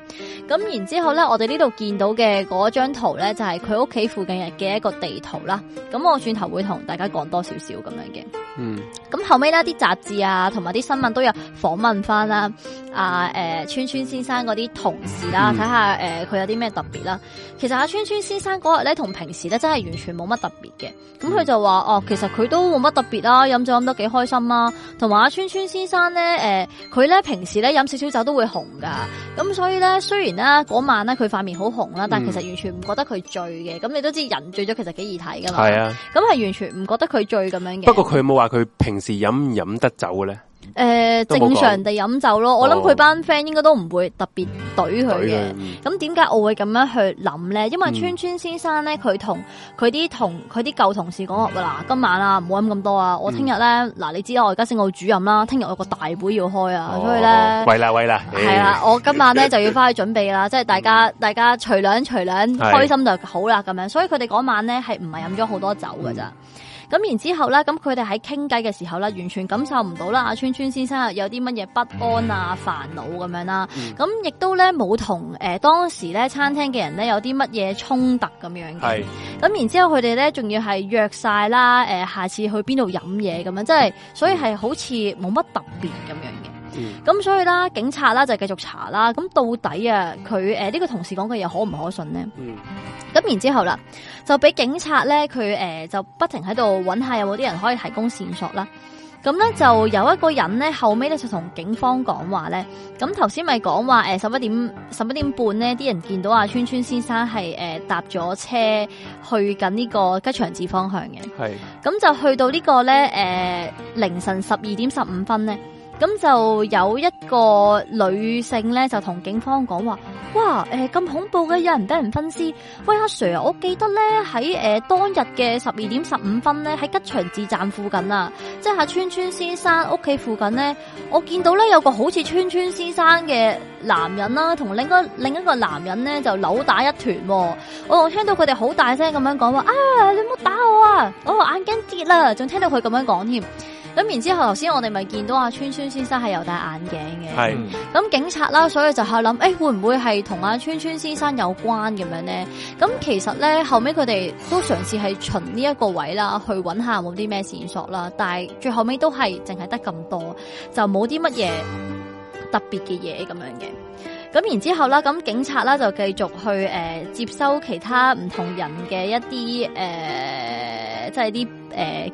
咁、嗯、然之後咧，我哋呢度見到嘅嗰張圖咧，就係佢屋企附近嘅一個地圖啦。咁我轉頭會同大家講多少少咁樣嘅。嗯。咁後尾咧，啲雜誌啊，同埋啲新聞都有訪問翻啦、啊。啊，誒、呃，川川先生嗰啲同事啦、啊，睇下誒，佢、呃、有啲咩特別啦。其實阿、啊、川川先生嗰日咧，同平時咧，真係完全冇乜特別嘅。咁佢就話，哦、啊，其實佢都。都冇乜特別啦、啊，飲酒飲得幾開心啊，同埋阿川川先生咧，誒、呃，佢咧平時咧飲少少酒都會紅噶，咁所以咧雖然咧嗰晚咧佢塊面好紅啦，但係其實完全唔覺得佢醉嘅，咁、嗯、你都知人醉咗其實幾易睇噶嘛，咁係是、啊、完全唔覺得佢醉咁樣嘅。不過佢有冇話佢平時飲唔飲得酒嘅咧？誒，正常地飲酒咯，我諗佢班 friend 應該都唔會特別懟佢嘅。咁點解我會咁樣去諗咧？因為川川先生咧，佢同佢啲同佢啲舊同事講㗎喇。今晚啊，唔好飲咁多啊！我聽日咧，嗱，你知我而家升我主任啦，聽日我有個大會要開啊，所以咧，喂啦喂啦，係啦，我今晚咧就要翻去準備啦，即係大家大家隨兩隨兩開心就好啦，咁樣。所以佢哋嗰晚咧係唔係飲咗好多酒噶咋？咁然之後咧，咁佢哋喺傾偈嘅時候咧，完全感受唔到啦，阿、啊、川川先生有啲乜嘢不安啊、嗯、煩惱咁樣啦。咁亦都咧冇同誒當時咧餐廳嘅人咧有啲乜嘢衝突咁樣嘅。咁是然之後佢哋咧仲要係約曬啦，誒、呃、下次去邊度飲嘢咁樣，即係所以係好似冇乜特別咁樣嘅。咁、嗯、所以啦，警察啦就繼續查啦。咁到底啊，佢誒呢個同事講嘅嘢可唔可信呢？咁、嗯、然之後啦，就俾警察咧，佢誒、呃、就不停喺度揾下有冇啲人可以提供線索啦。咁咧就有一個人咧，後尾咧就同警方講話咧。咁頭先咪講話誒十一點十一點半咧，啲人見到阿川川先生係誒、呃、搭咗車去緊呢個吉祥寺方向嘅。係咁是就去到個呢個咧誒凌晨十二點十五分咧。咁就有一個女性咧，就同警方講話：，哇，誒、呃、咁恐怖嘅，有人俾人分屍！喂阿 Sir，我記得咧喺誒當日嘅十二點十五分咧喺吉祥寺站附近啊，即係阿川川先生屋企附近咧，我見到咧有個好似川川先生嘅男人啦、啊，同另一個另一個男人咧就扭打一團、啊哦，我仲聽到佢哋好大聲咁樣講話：，啊，你唔好打我啊！我眼鏡跌啦，仲聽到佢咁樣講添。咁然之後，頭先我哋咪見到阿、啊、川川先生係有戴眼鏡嘅，咁是警察啦，所以就係諗，誒、哎、會唔會係同阿川川先生有關咁樣咧？咁其實咧後尾佢哋都嘗試係循呢一個位啦，去揾下冇啲咩線索啦，但係最後尾都係淨係得咁多，就冇啲乜嘢特別嘅嘢咁樣嘅。咁然之後啦，咁警察啦就繼續去誒、呃、接收其他唔同人嘅一啲誒、呃，即係啲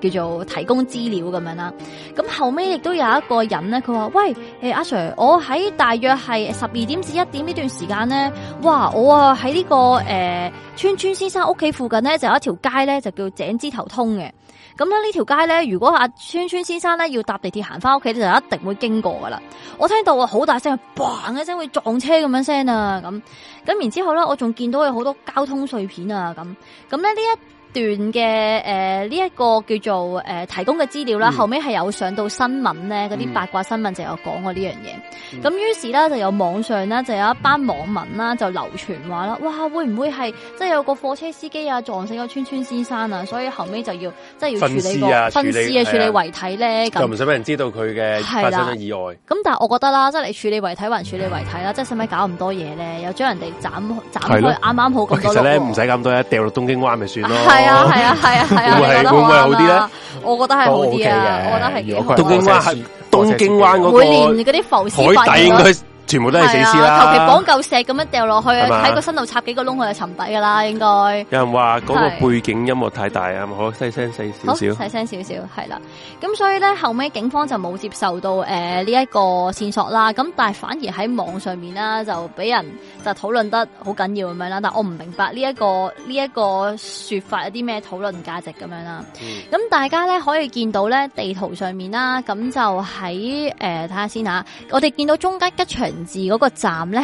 誒叫做提供資料咁樣啦。咁後尾亦都有一個人咧，佢話：喂，欸、阿 Sir，我喺大約係十二點至一點呢段時間咧，哇，我啊喺呢個誒、呃、村村先生屋企附近咧，就有一條街咧，就叫井之頭通嘅。咁咧，呢條街咧，如果阿川川先生咧要搭地鐵行翻屋企咧，就一定會經過㗎喇。我聽到啊好大聲，砰一聲會撞車咁樣聲啊，咁咁然之後咧，我仲見到有好多交通碎片啊，咁咁咧呢一。段嘅，誒呢一個叫做誒提供嘅資料啦，後尾係有上到新聞咧，嗰啲八卦新聞就有講過呢樣嘢。咁於是咧就有網上咧就有一班網民啦就流傳話啦，哇，會唔會係即係有個貨車司機啊撞死個村村先生啊，所以後尾就要即係要處理個分屍啊處理遺體咧，咁又唔使俾人知道佢嘅發生意外。咁但係我覺得啦，即係你處理遺體還處理遺體啦，即係使咪搞咁多嘢咧？又將人哋斬斬開啱啱好咁多咧，唔使咁多咧，掉落東京灣咪算咯。係、哦、啊，係啊，係啊，係啊，我覺得好啲啦、啊，OK、我覺得係好啲啊，我覺得係。東京灣係東京灣嗰啲浮海底應該。全部都係死屍啦、啊！求其綁嚿石咁樣掉落去，喺個吧身度插幾個窿，佢就沉底噶啦，應該。有人話嗰個背景音樂太大啊，可細聲細少少。細聲少少，係啦。咁所以咧，後尾警方就冇接受到誒呢一個線索啦。咁但係反而喺網上面啦，就俾人就討論得好緊要咁樣啦。但我唔明白呢、這、一個呢一、這個說法有啲咩討論價值咁樣啦。咁、嗯、大家咧可以見到咧地圖上面啦、啊，咁就喺誒睇下先吓。我哋見到中間一場字嗰個站咧，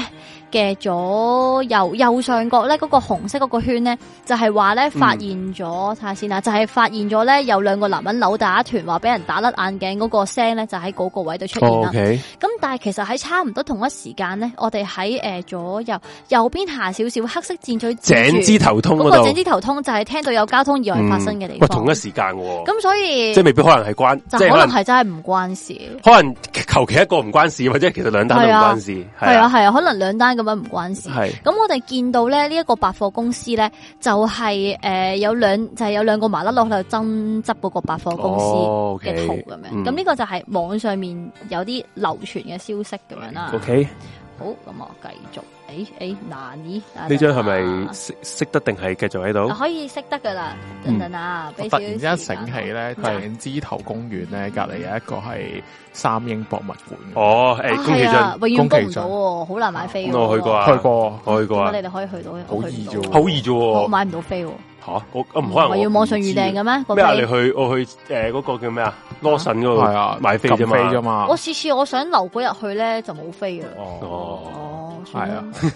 嘅左右右上角咧，嗰個紅色嗰個圈咧，就係話咧發現咗，睇下先啦。就係發現咗咧，有兩個男人扭打一團，話俾人打甩眼鏡嗰個聲咧，就喺嗰個位度出現啦。咁但係其實喺差唔多同一時間咧，我哋喺誒左右右邊下少少黑色箭嘴井之頭痛嗰度，井之頭痛就係聽到有交通意外發生嘅地方。同一時間嘅，咁所以即係未必可能係關，即可能係真係唔關事。可能求其一個唔關事，或者其實兩單都唔關事。係啊，係啊，可能兩單唔關事，咁是我哋見到咧呢一、這個百貨公司咧，就係、是、誒、呃、有兩就係、是、有兩個麻甩佬喺度爭執嗰個百貨公司嘅圖咁、oh, okay. 樣，咁呢、嗯、個就係網上面有啲流傳嘅消息咁樣啦。Okay. 好，咁啊，繼續，誒誒，難以。呢張係咪識識得定係繼續喺度？可以識得噶啦，等等啊，突然間醒起咧，井之頭公園咧，隔籬有一個係三鷹博物館。哦，誒，宮崎駿，宮崎駿，好難買飛。我去過，去過，去過啊！我哋可以去到，好易啫，好易啫，我買唔到飛。吓、啊，我唔可能係要網上預訂嘅咩？咩、呃那個、啊？你去我去誒，嗰個叫咩啊？Lawson 嗰個買飛啫嘛？嘛？我次次我想留嗰日去咧，就冇飛㗎喇。哦哦，係、哦、啊提。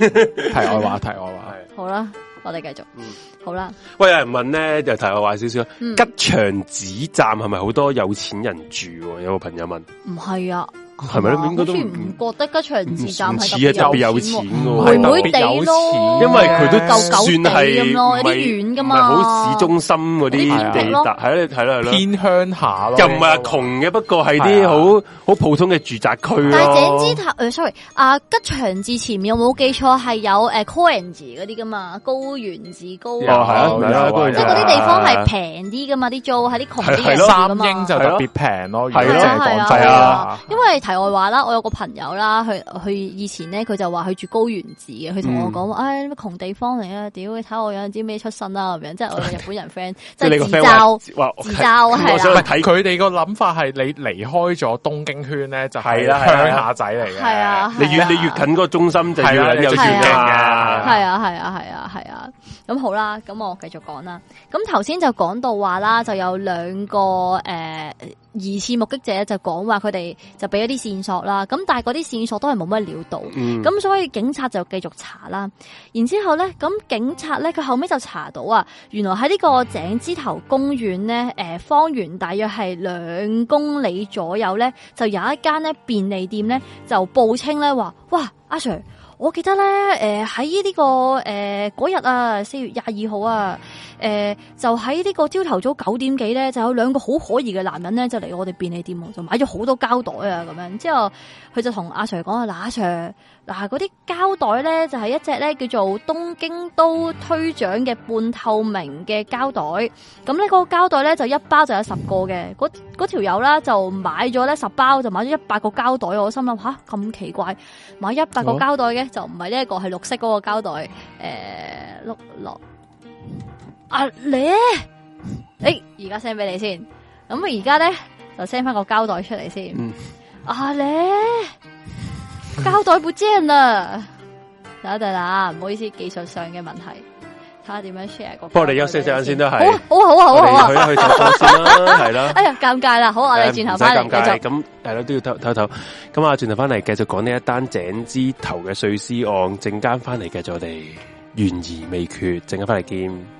題外話，題外話。好啦，我哋繼續。嗯、好啦。喂，有人問咧，就題外話少少。嗯、吉祥寺站係咪好多有錢人住？有個朋友問。唔係啊。係咪咧？好似唔覺得吉祥寺站係特別有錢喎，妹妹地咯，因為佢都夠狗咁咯，有啲遠噶嘛的。好市中心嗰啲地咯，係咯係咯係咯，偏鄉下咯，又唔係窮嘅，不過係啲好好普通嘅住宅區咯。但係井之頭誒，sorry，啊吉祥寺前面有冇記錯係有 coins 嗰啲噶嘛？啊、高原寺、高啊，係即係嗰啲地方係平啲噶嘛？啲租係啲窮啲三英就特別平咯，係啊啊，因為係我話啦，我有個朋友啦，佢佢以前咧，佢就話佢住高原寺嘅，佢同我講，哎，咁窮地方嚟啊，屌你睇我有啲咩出身啦咁樣，即係我哋日本人 friend，即係自嘲，自嘲係啦。睇佢哋個諗法係你離開咗東京圈咧，就係啦，鄉下仔嚟嘅。係啊，你越你越近嗰個中心就越嚟又越靚嘅。係啊，係啊，係啊，係啊。咁好啦，咁我繼續講啦。咁頭先就講到話啦，就有兩個誒。疑似目擊者就講話佢哋就俾一啲線索啦，咁但係嗰啲線索都係冇乜料到，咁、嗯、所以警察就繼續查啦。然之後咧，咁警察咧佢後尾就查到啊，原來喺呢個井之頭公園咧，誒、呃，方圓大約係兩公里左右咧，就有一間咧便利店咧，就報稱咧話，哇，阿 Sir。我記得咧，誒喺呢個誒嗰、呃、日啊，四月廿二號啊，誒、呃、就喺呢個朝頭早九點幾咧，就有兩個好可疑嘅男人咧，就嚟我哋便利店就買咗好多膠袋啊，咁樣之後佢就同阿 Sir 講啊，嗱 Sir。嗱，嗰啲膠袋咧就係、是、一隻咧叫做東京都推獎嘅半透明嘅膠袋，咁呢嗰個膠袋咧就一包就有十個嘅，嗰嗰條友啦就買咗咧十包就買咗一百個膠袋，我心諗吓咁奇怪，買一百個膠袋嘅就唔係呢一個係綠色嗰個膠袋，誒碌落，阿咧、啊，誒而家 send 俾你先，咁而家咧就 send 翻個膠袋出嚟先，阿咧、嗯。啊.交代不正啦，等等啦，唔好意思，技術上嘅問題，睇下點樣 share 個你。不過我哋休息陣先都係，好好好好好。去去直播先啦，係啦。哎呀，尷尬啦，好，好我哋轉頭翻嚟繼續。唔使尷尬，咁係啦，都要偷偷偷。咁啊，轉頭翻嚟繼續講呢一單井之頭嘅碎屍案，正間翻嚟繼續我哋懸而未決，正間翻嚟見。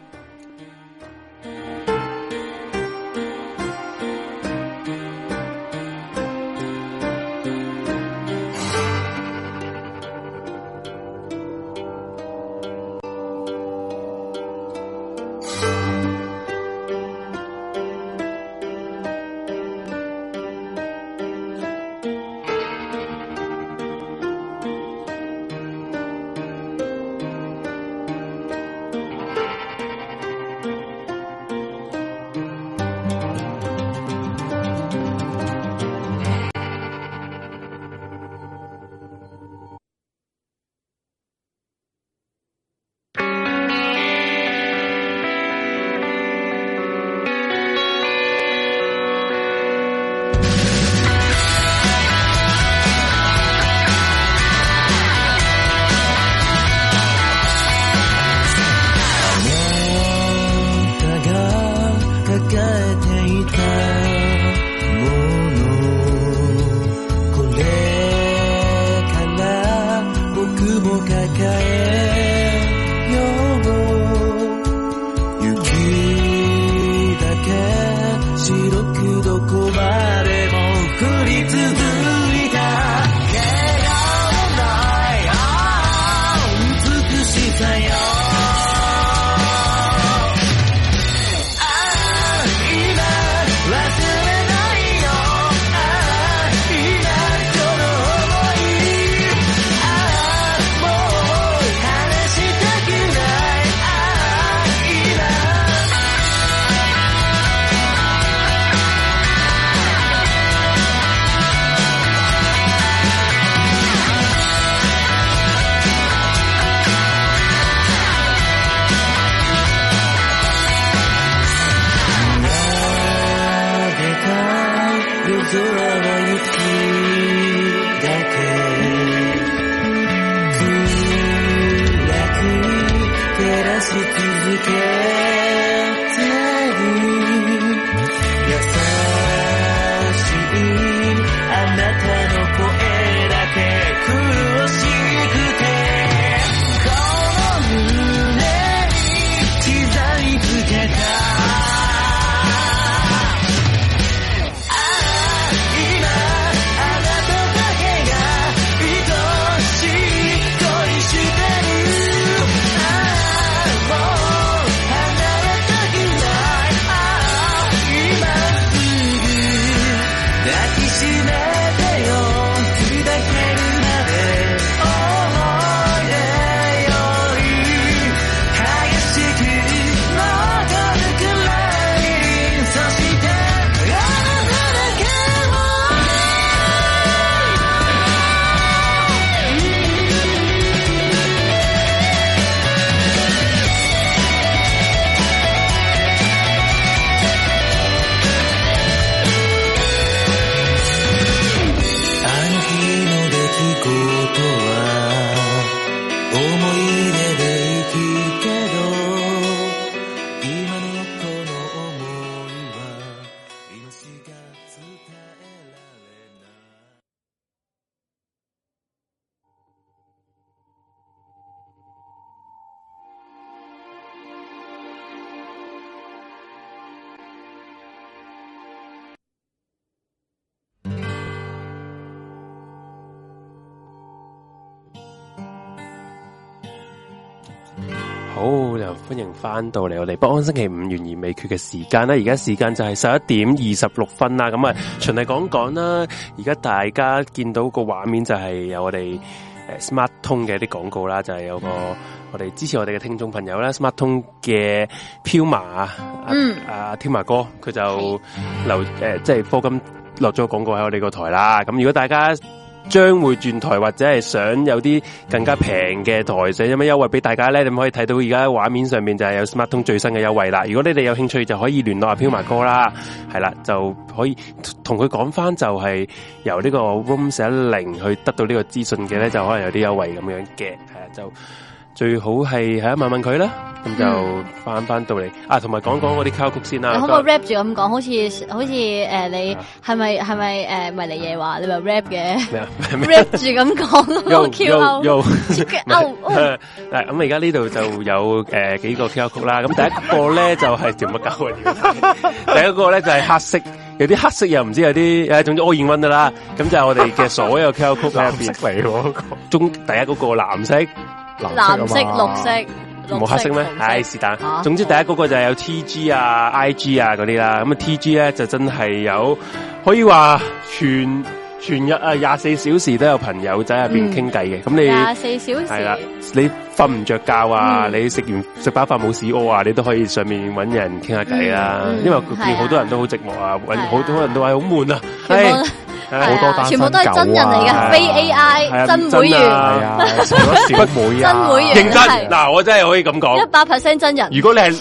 到嚟，我哋北安星期五懸而未決嘅時間咧，而家時間就係十一點二十六分啦。咁啊，循例講講啦。而家大家見到個畫面就係有我哋誒 Smart 通嘅一啲廣告啦，就係、是、有個我哋支持我哋嘅聽眾朋友啦、mm.，Smart 通嘅飄馬啊，嗯、啊，阿飄馬哥佢就留誒，即係播咁落咗廣告喺我哋個台啦。咁如果大家。將會轉台或者係想有啲更加平嘅台，想有咩優惠俾大家咧？你可以睇到而家畫面上面，就係有 Smart 通最新嘅優惠啦。如果你哋有興趣，就可以聯絡阿飄麥哥啦。係啦，就可以同佢講翻，就係由呢個 Room 四一零去得到呢個資訊嘅咧，就可能有啲優惠咁樣嘅，係啊就。最好係係啊，問問佢啦，咁就翻翻到嚟啊，同埋講講我啲 QR code 先啦。你可唔可以 rap 住咁講？好似好似誒，你係咪係咪誒，咪你嘢話你咪 rap 嘅？rap 住咁講。又又勾。嗱，咁而家呢度就有誒幾個 QR code 啦。咁第一個咧就係條乜狗啊？第一個咧就係黑色，有啲黑色又唔知有啲誒，總之 all in one 啦。咁就係我哋嘅所有 QR code 喺入邊嚟嗰個中第一嗰個藍色。藍色、綠色，冇、啊、色黑色咩？唉色，是但，啊、總之第一個，個就係有 T G 啊、嗯、I G 啊嗰啲啦。咁啊 T G 咧就真係有，可以話全。全日啊，廿四小時都有朋友仔喺入邊傾偈嘅。咁你廿四小時係啦，你瞓唔着覺啊，你食完食飽飯冇屎屙啊，你都可以上面揾人傾下偈啊！因為佢見好多人都好寂寞啊，好多人都話好悶啊。唉，好多全部都係真人嚟嘅，非 AI 真會員，時不會員，認真嗱，我真係可以咁講，一百 percent 真人。如果你係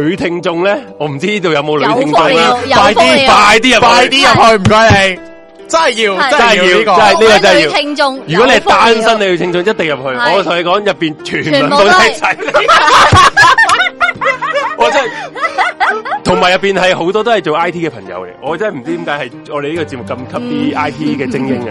女聽眾咧，我唔知呢度有冇女聽眾啦。快啲，快啲入，快啲入去，唔該你。真係要，是真係要呢、呢個，呢是個真係要。如果你係聽眾，如果你係單身，你要聽眾，一定入去。是我同你講，入邊全，全部都一齊。 我真係。同埋入邊係好多都係做 I T 嘅朋友嚟，我真係唔知點解係我哋呢個節目咁吸啲 I T 嘅精英嘅。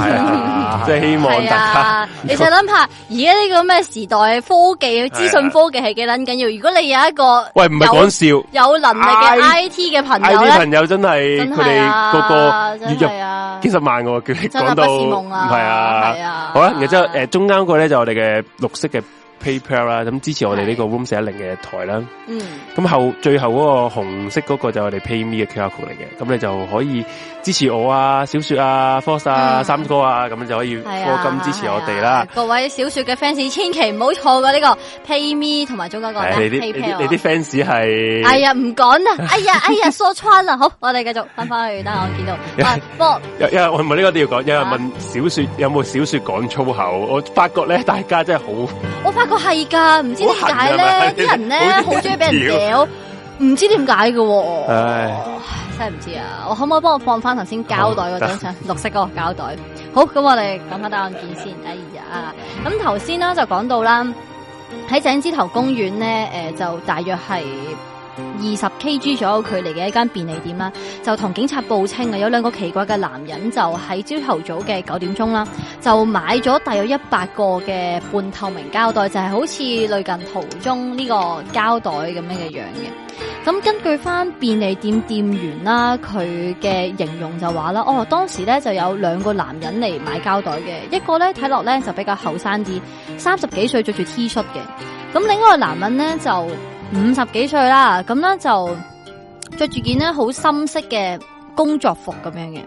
係啊，即係希望大家。你就諗下而家呢個咩時代，科技資訊科技係幾捻緊要？如果你有一個喂，唔係講笑，有能力嘅 I T 嘅朋友，I T 朋友真係佢哋個個月入幾十萬嘅，叫你講到係啊，係啊。好啦，然之後誒，中間嗰個咧就我哋嘅綠色嘅。PayPal 啦，咁支持我哋呢個 Room 四一零嘅台啦。的嗯，咁後最後嗰個紅色嗰個就係我哋 PayMe 嘅 QR code 嚟嘅，咁你就可以。支持我啊！小說啊，Force 啊，三哥啊，咁樣就可以課金支持我哋啦。各位小說嘅 fans，千祈唔好錯過呢個 pay me 同埋中間嗰個。你啲你啲 fans 係？哎呀，唔講啦！哎呀，哎呀，說穿啦！好，我哋繼續翻翻去。等我見到啊，播。有人問呢個都要講，有人問小說有冇小說講粗口？我發覺咧，大家真係好。我發覺係噶，唔知點解咧，啲人咧好中意俾人屌，唔知點解噶。唉。真係唔知啊！我可唔可以幫我放翻頭先膠袋嗰張相， 綠色嗰個膠袋。好，咁我哋講下單案件先。哎呀，咁頭先啦就講到啦，喺井之頭公園咧，誒、呃、就大約係二十 K G 左右距離嘅一間便利店啦，就同警察報稱啊，有兩個奇怪嘅男人就喺朝頭早嘅九點鐘啦，就買咗大約一百個嘅半透明膠袋，就係、是、好似類近圖中呢個膠袋咁樣嘅樣嘅。咁根據翻便利店店員啦，佢嘅形容就話啦，哦，當時咧就有兩個男人嚟買膠袋嘅，一個咧睇落咧就比較後生啲，三十幾歲着住 T 恤嘅，咁另外一個男人咧就。五十幾歲啦，咁咧就着住件咧好深色嘅工作服咁樣嘅，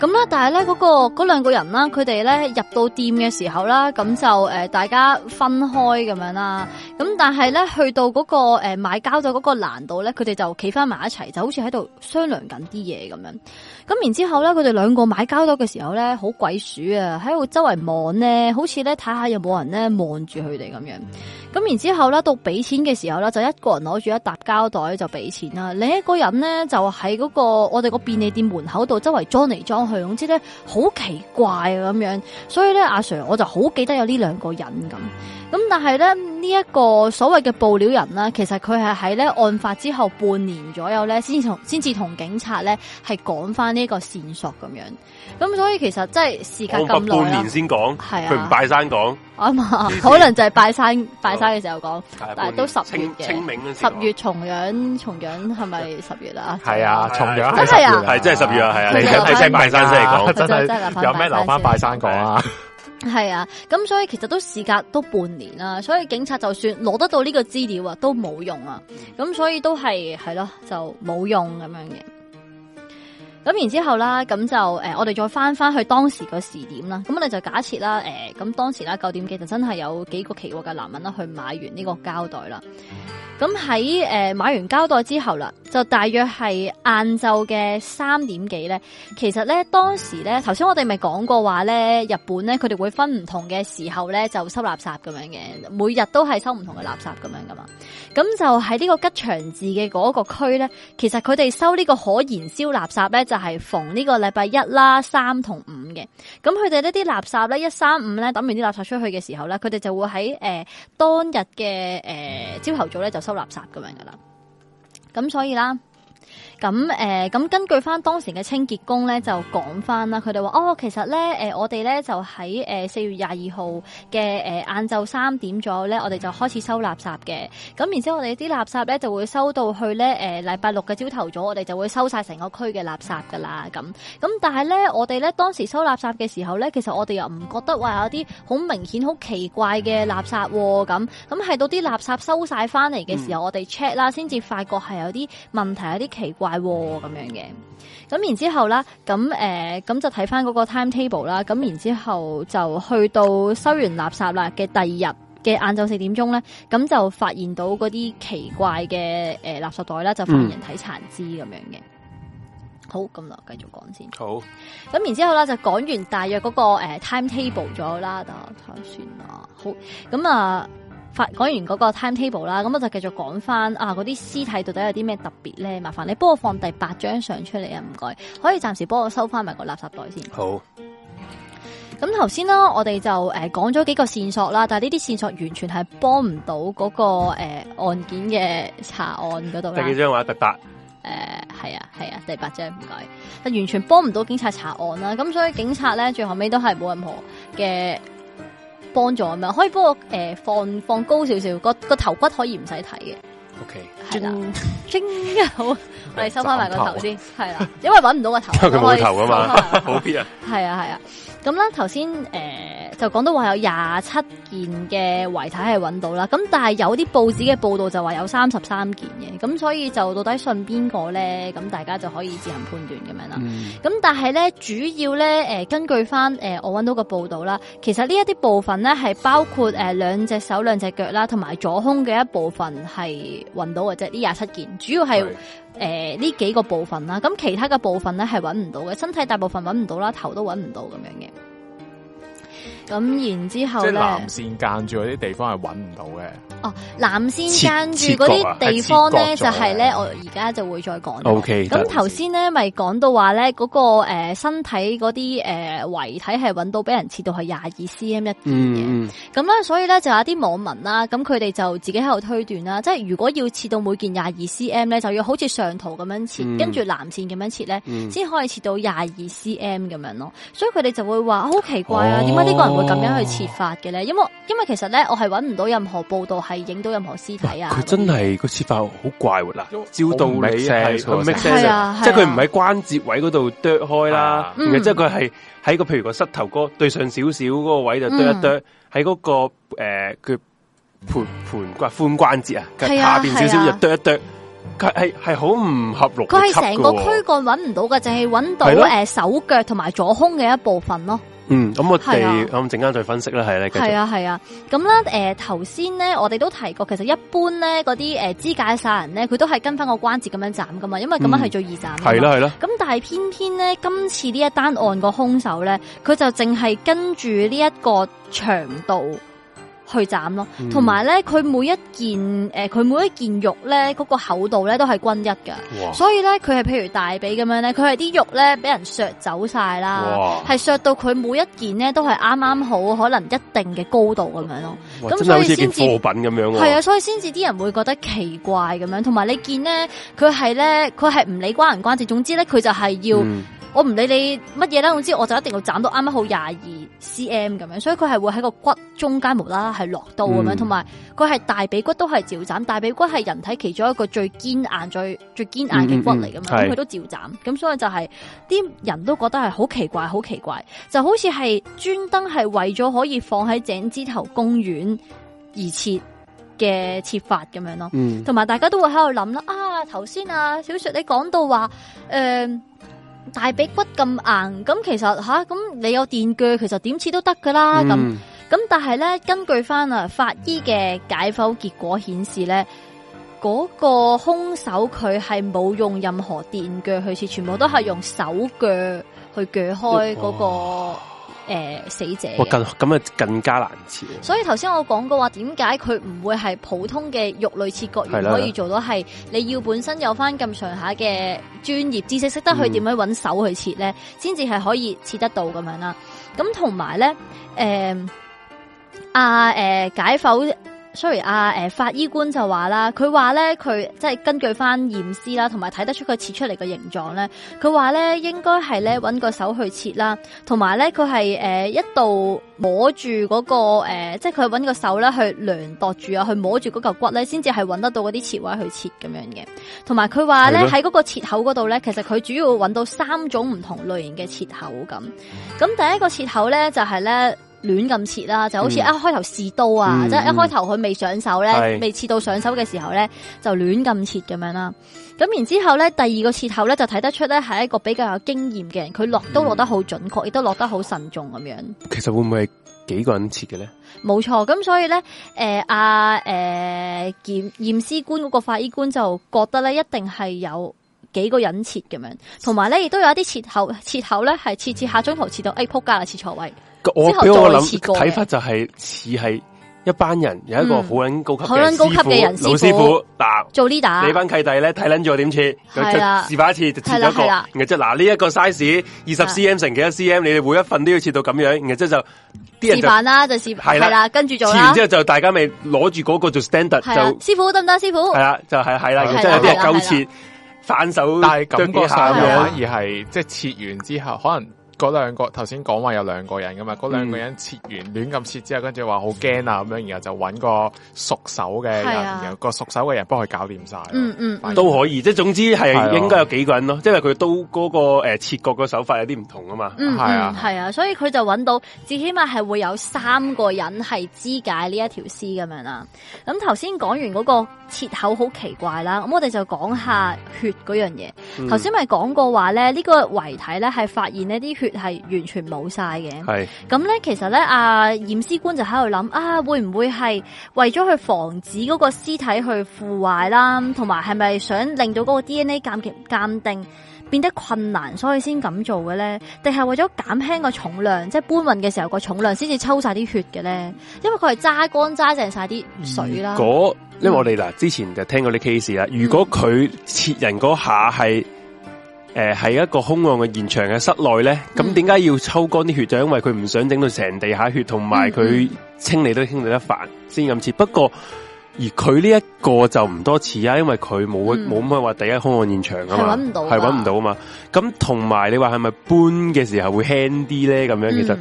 咁咧但係咧嗰個嗰兩個人啦，佢哋咧入到店嘅時候啦，咁就誒、呃、大家分開咁樣啦。咁、嗯、但係咧，去到嗰、那個誒、呃、買膠袋嗰個難度咧，佢哋就企翻埋一齊，就好似喺度商量緊啲嘢咁樣。咁然之後咧，佢哋兩個買膠袋嘅時候咧、啊，好鬼鼠啊！喺度周圍望咧，好似咧睇下有冇人咧望住佢哋咁樣。咁然之後咧，到俾錢嘅時候咧，就一個人攞住一沓膠袋就俾錢啦，另一個人咧就喺嗰、那個我哋個便利店門口度周圍裝嚟裝去，總之咧好奇怪啊咁樣。所以咧，阿 Sir 我就好記得有呢兩個人咁。咁但係咧呢一個所謂嘅報料人咧，其實佢係喺咧案發之後半年左右咧，先同先至同警察咧係講翻呢一個線索咁樣。咁所以其實真係時間咁耐，半年先講，係啊，佢唔拜山講可能就係拜山拜山嘅時候講，但係都十月嘅，十月重陽，重陽係咪十月啊？係啊，重陽真係啊，真係十月啊，係啊，你你拜山先嚟講，真係有咩留翻拜山講啊？係啊，咁所以其實都事隔都半年啦，所以警察就算攞得到呢個資料啊，都冇用啊，咁所以都係係咯，就冇用咁樣嘅。咁然之後啦，咁就誒、呃，我哋再翻翻去當時個時點啦，咁我哋就假設啦，誒、呃，咁當時啦九點幾就真係有幾個奇怪嘅男人啦去買完呢個膠袋啦。咁喺誒買完膠袋之後啦，就大約係晏晝嘅三點幾咧。其實咧當時咧，頭先我哋咪講過話咧，日本咧佢哋會分唔同嘅時候咧就收垃圾咁樣嘅，每日都係收唔同嘅垃圾咁樣噶嘛。咁就喺呢個吉祥寺嘅嗰一個區咧，其實佢哋收呢個可燃燒垃圾咧就係、是、逢呢個禮拜一啦、三同五嘅。咁佢哋呢啲垃圾咧一三五咧抌完啲垃圾出去嘅時候咧，佢哋就會喺誒、呃、當日嘅誒朝頭早咧就。收垃圾咁樣噶啦，咁所以啦。咁誒，咁、呃、根據翻當時嘅清潔工咧，就講翻啦。佢哋話：哦，其實咧，誒、呃，我哋咧就喺誒四月廿二號嘅誒晏晝三點左右咧，我哋就開始收垃圾嘅。咁然之後，我哋啲垃圾咧就會收到去咧誒禮拜六嘅朝頭早，我哋就會收晒成個區嘅垃圾噶啦。咁咁，但係咧，我哋咧當時收垃圾嘅時候咧，其實我哋又唔覺得話有啲好明顯好奇怪嘅垃圾咁、啊。咁係到啲垃圾收晒翻嚟嘅時候，嗯、我哋 check 啦，先至發覺係有啲問題，有啲奇怪。咁、哎、樣嘅，咁然之後啦，咁誒，咁、呃、就睇翻嗰個 timetable 啦，咁然之後就去到收完垃圾啦嘅第二日嘅晏晝四點鐘咧，咁就發現到嗰啲奇怪嘅誒、呃、垃圾袋啦，就發現人體殘肢咁樣嘅。嗯、好，咁啦，繼續講先。好，咁然之後啦，就講完大約嗰、那個誒 timetable 咗啦，睇、呃、下算啦。好，咁啊。呃發講完嗰個 timetable 啦，咁我就繼續講翻啊嗰啲屍體到底有啲咩特別咧？麻煩你幫我放第八張相出嚟啊！唔該，可以暫時幫我收翻埋個垃圾袋先。好。咁頭先啦，我哋就誒講咗幾個線索啦，但係呢啲線索完全係幫唔到嗰個誒、呃、案件嘅查案嗰度嘅。第幾張話第八？誒、呃，係啊，係啊，第八張唔該，但完全幫唔到警察查案啦。咁所以警察咧最後尾都係冇任何嘅。幫助咁樣，可以幫我誒、呃、放放高少少，個個頭骨可以唔使睇嘅。O K 係啦，真 好， 我哋收翻埋個頭先，係啦、啊，因為揾唔到個頭。佢冇 頭噶嘛，好邊啊？係啊，係啊。咁啦，頭先誒就講到話有廿七件嘅遺體係揾到啦，咁但係有啲報紙嘅報道就話有三十三件嘅，咁所以就到底信邊個咧？咁大家就可以自行判斷咁樣啦。咁、嗯、但係咧，主要咧誒根據翻誒我揾到個報道啦，其實呢一啲部分咧係包括誒兩隻手兩隻腳啦，同埋左胸嘅一部分係揾到，或者呢廿七件主要係。誒、呢、呃、幾個部分啦，咁其他嘅部分咧，係揾唔到嘅，身體大部分揾唔到啦，頭都揾唔到咁樣嘅，咁然之後咧，即係藍線間住嗰啲地方係揾唔到嘅。哦，藍線間住嗰啲地方咧，就係咧，我而家就會再講。OK，咁頭先咧，咪講、嗯、到話、那、咧、個，嗰、呃、個身體嗰啲誒遺體係揾到俾人切到係廿二 C M 一件嘅。咁咧、嗯，嗯、所以咧就有啲網民啦、啊，咁佢哋就自己喺度推斷啦、啊，即係如果要切到每件廿二 C M 咧，就要好似上圖咁樣切，嗯、跟住藍線咁樣切咧，先、嗯、可以切到廿二 C M 咁樣咯。所以佢哋就會話好奇怪啊，點解呢個人會咁樣去切法嘅咧？因為因為其實咧，我係揾唔到任何報道係。係影到任何屍體啊，啊！佢真係、那個設法好怪活啦，照到尾啊，佢搣聲，即係佢唔喺關節位嗰度啄開啦，然後即係佢係喺個譬如個膝頭哥對上少少嗰個位就啄一啄，喺嗰個誒佢盤盤髖關節啊，下邊少少就啄一啄。佢係係好唔合邏輯，佢係成個軀幹搵唔到嘅，淨係搵到誒、啊呃、手腳同埋左胸嘅一部分咯。嗯，咁我哋咁陣間再分析咧，係咧。係啊，係啊，咁咧，誒、呃，頭先咧，我哋都提過，其實一般咧，嗰啲誒肢解殺人咧，佢都係跟翻個關節咁樣斬噶嘛，因為咁樣係最易斬。係啦、嗯，係啦、啊。咁但係偏偏咧，今次呢一單案個凶手咧，佢就淨係跟住呢一個長度。去斬咯，同埋咧，佢每一件誒，佢、呃、每一件肉咧，嗰個厚度咧都係均一噶，哇所以咧，佢係譬如大髀咁樣咧，佢係啲肉咧俾人削走晒啦，係哇削到佢每一件咧都係啱啱好，可能一定嘅高度咁樣咯，咁所以先至貨品咁樣，係才啊，所以先至啲人會覺得奇怪咁樣，同埋你見咧，佢係咧，佢係唔理關唔關節，總之咧，佢就係要。嗯我唔理你乜嘢啦，總之我就一定要斬到啱啱好廿二 cm 咁樣，所以佢係會喺個骨中間無啦啦係落刀咁樣，同埋佢係大髀骨都係照斬，大髀骨係人體其中一個最堅硬、最最堅硬嘅骨嚟噶嘛，咁佢、嗯嗯、都照斬，咁是所以就係、是、啲人都覺得係好奇怪、好奇怪，就好似係專登係為咗可以放喺井之頭公園而設嘅設法咁樣咯。同埋、嗯、大家都會喺度諗啦，啊頭先啊小雪你講到話誒。呃大髀骨咁硬，咁其實吓咁、啊、你有電鋸，其實點切都得㗎啦。咁咁、嗯、但係咧，根據翻啊法醫嘅解剖結果顯示咧，嗰、那個凶手佢係冇用任何電鋸去切，全部都係用手鋸去鋸開嗰、那個。誒、呃，死者，我更咁啊，就更加難切。所以頭先我講過話，點解佢唔會係普通嘅肉類切割員的可以做到？係你要本身有翻咁上下嘅專業知識，識得去點樣揾手去切咧，先至係可以切得到咁樣啦。咁同埋咧，誒、呃，阿、啊、誒、呃、解剖。Sorry 啊，誒、呃，法醫官就話啦，佢話咧，佢即係根據翻驗屍啦，同埋睇得出佢切出嚟嘅形狀咧，佢話咧應該係咧搵個手去切啦，同埋咧佢係誒一度摸住嗰、嗰個誒、呃，即係佢搵個手咧去量度住啊，去摸住嗰嚿骨咧，先至係搵得到嗰啲切位去切咁樣嘅，同埋佢話咧喺嗰個切口嗰度咧，其實佢主要搵到三種唔同類型嘅切口咁，咁第一個切口咧就係、係、咧。亂咁切啦，就好似一開頭試刀啊，嗯、即係一開頭佢未上手咧，未、嗯、切到上手嘅時候咧，就亂咁切咁樣啦。咁然後之後咧，第二個切頭咧就睇得出咧係一個比較有經驗嘅人，佢落刀落得好準確，亦、嗯、都落得好慎重咁樣。其實會唔會係幾個人切嘅咧？冇錯，咁所以咧，誒阿誒驗驗屍官嗰個法醫官就覺得咧，一定係有幾個人切咁樣，同埋咧亦都有一啲切頭切頭咧係切切下中途切到哎仆街啦，切錯位。我，後再切睇法，就係似係一班人有一個好捻高級、好捻高級嘅人老師傅。嗱，做呢你班契弟咧睇捻住我點切，係啦，示範一次就切咗一個。然後即係嗱呢一個 size，二十 cm 乘幾多 cm，你哋每一份都要切到咁樣。然後即係就啲人示範啦，就示範，係啦，跟住做。切完之後就大家咪攞住嗰個做 standard，就師傅得唔得？師傅係啦，就係係啦，然係有啲人鳩切反手，但係感覺上而係即係切完之後可能。嗰兩個頭先講話有兩個人噶嘛，嗰兩個人切完、嗯、亂咁切之後，跟住話好驚啊咁樣，然後就揾個熟手嘅人，啊、然後個熟手嘅人幫佢搞掂晒、嗯，嗯嗯，都可以，即係、嗯、總之係應該有幾個人咯，即係佢都嗰、嗰個、呃、切角嘅手法有啲唔同啊嘛。嗯，係啊，係、嗯、啊，所以佢就揾到，至起碼係會有三個人係肢解呢一條屍咁樣啦。咁頭先講完嗰個切口好奇怪啦，咁我哋就講下血嗰樣嘢。頭先咪講過話咧，呢個、圍呢個遺體咧係發現咧啲血。係完全冇晒嘅，咁咧其實咧，阿驗屍官就喺度諗啊，會唔會係為咗去防止嗰個屍體去腐壞啦，同埋係咪想令到嗰個 DNA 鑑定鑑定變得困難，所以先咁做嘅咧？定係為咗減輕個重量，即係搬運嘅時候個重量，先至抽晒啲血嘅咧？因為佢係揸乾揸淨晒啲水啦。如果因為我哋嗱、嗯、之前就聽過啲 case 啦，如果佢切人嗰下係。誒，係、呃、一個兇案嘅現場嘅室內咧，咁點解要抽乾啲血，血？就因為佢唔想整到成地下血，同埋佢清理都清理得煩，先咁似。不過而佢呢一個就唔多似啊，因為佢冇冇咁話第一兇案現場啊嘛，係搵唔到的，係搵唔到啊嘛。咁同埋你話係咪搬嘅時候會輕啲咧？咁樣其實，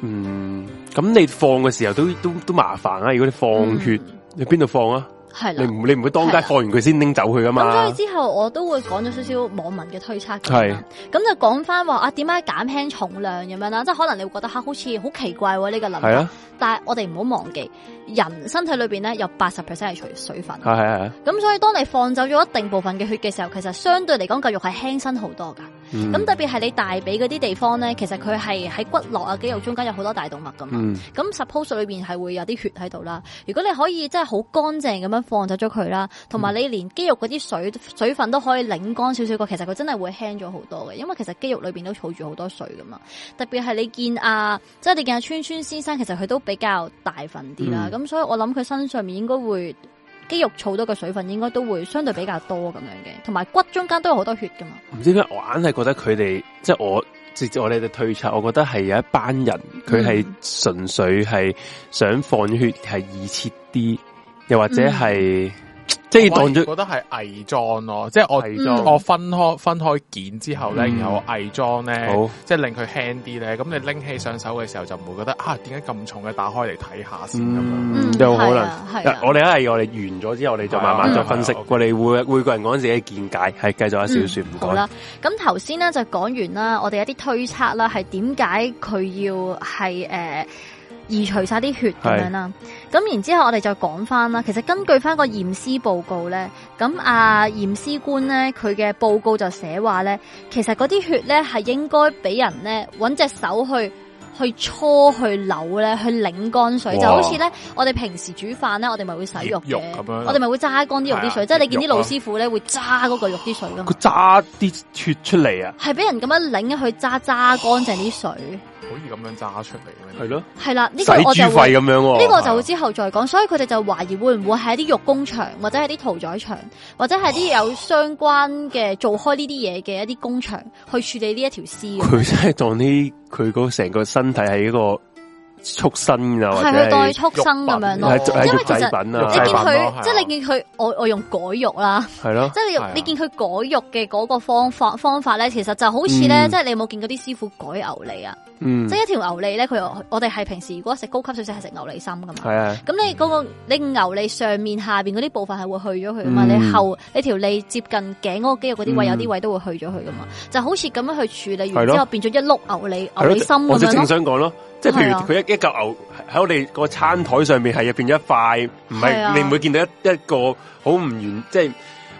嗯，咁、嗯、你放嘅時候都都都麻煩啊！如果你放血、嗯、你邊度放啊？係啦，你唔你唔會當街放完佢先拎走佢噶嘛？咁所以之後我都會講咗少少網民嘅推測。係是的，咁就講翻話啊，點解減輕重量咁樣啦？即、就、係、是、可能你會覺得吓，好似好奇怪喎、啊、呢、這個諗法。是的 但係我哋唔好忘記。人身體裏面咧有八十 percent 係除水分的，係咁、啊、所以當你放走咗一定部分嘅血嘅時候，其實相對嚟講，嚿肉係輕身好多噶。咁、嗯、特別係你大髀嗰啲地方咧，其實佢係喺骨骼啊、肌肉中間有好多大動脈噶嘛。咁、嗯、suppose 裏面係會有啲血喺度啦。如果你可以真係好乾淨咁樣放走咗佢啦，同埋你連肌肉嗰啲水水分都可以擰乾少少過，其實佢真係會輕咗好多嘅。因為其實肌肉裏面都儲住好多水噶嘛。特別係你見啊，即、就、係、是、你見阿、啊、川川先生，其實佢都比較大份啲啦。嗯咁所以我諗佢身上面應該會肌肉儲多嘅水分，應該都會相對比較多咁樣嘅，同埋骨中間都有好多血噶嘛。唔知點解我硬係覺得佢哋，即係我直接我哋嘅推測，我覺得係有一班人佢係純粹係想放血係易切啲，又或者係。嗯即係我住，覺得係偽裝咯，即係我，我分開分開件之後咧，然後偽裝咧，即係令佢輕啲咧。咁你拎起上手嘅時候就唔會覺得啊，點解咁重嘅？打開嚟睇下先咁樣，有可能。我哋係我哋完咗之後，你就慢慢再分析，我哋會每個人講自己嘅見解，係繼續一少少唔該。啦，咁頭先咧就講完啦，我哋一啲推測啦，係點解佢要係誒。移除晒啲血咁樣啦，咁然之後我哋就講翻啦。其實根據翻個驗屍報告咧，咁，啊驗屍官咧佢嘅報告就寫話咧，其實嗰啲血咧係應該俾人咧搵隻手去去搓去扭咧，去擰乾水，就好似咧我哋平時煮飯咧，我哋咪會洗肉嘅，我哋咪會揸乾啲肉啲水，即係你見啲老師傅咧會揸嗰個肉啲水噶，佢揸啲血出嚟啊，係俾人咁樣擰去揸揸乾淨啲水。可以咁樣炸出嚟。係咯，係啦，呢個係豬肺咁樣。呢、呢個就會之後再講。所以佢哋就懷疑會唔會係一啲肉工場，或者係啲屠宰場，或者係啲有相關嘅做開呢啲嘢嘅一啲工場去處理呢一條屍喎。佢真係當呢，佢個成個身體係一個。畜生又係佢代畜生咁樣咯，因為其實你見佢，即係你見佢，我我用改肉啦，係咯，即係你你見佢改肉嘅嗰個方法，方法咧，其實就好似咧，即係你有冇見過啲師傅改牛脷啊？即係一條牛脷咧，佢我哋係平時如果食高級水，食係食牛脷心噶嘛，咁你嗰個你牛脷上面下邊嗰啲部分係會去咗佢噶嘛，你後你條脷接近頸嗰個肌肉嗰啲位，有啲位都會去咗佢噶嘛，就好似咁樣去處理完之後變咗一碌牛脷牛脷心咁樣。即係譬如佢一一嚿牛喺我哋個餐台上面係入邊一塊，唔係你唔會見到一個一個好唔圓，即係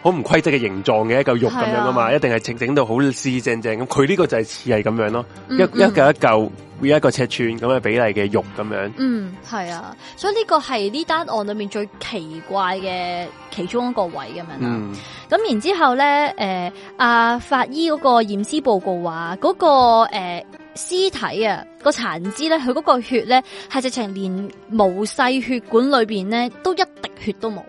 好唔規則嘅形狀嘅一嚿肉咁是、啊、樣啊嘛，一定係整整到好四四正正咁。佢呢個就係似係咁樣咯，嗯嗯一塊一嚿一嚿，會有一個尺寸咁嘅比例嘅肉咁樣。嗯，係啊，所以呢個係呢單案裏面最奇怪嘅其中一個位咁樣啦。咁、嗯、然之後咧，誒、呃，阿、啊、法醫嗰個驗屍報告話嗰、那個誒。呃屍體啊，個殘肢咧，佢嗰個血咧，係直情連毛細血管裏邊咧，都一滴血都冇。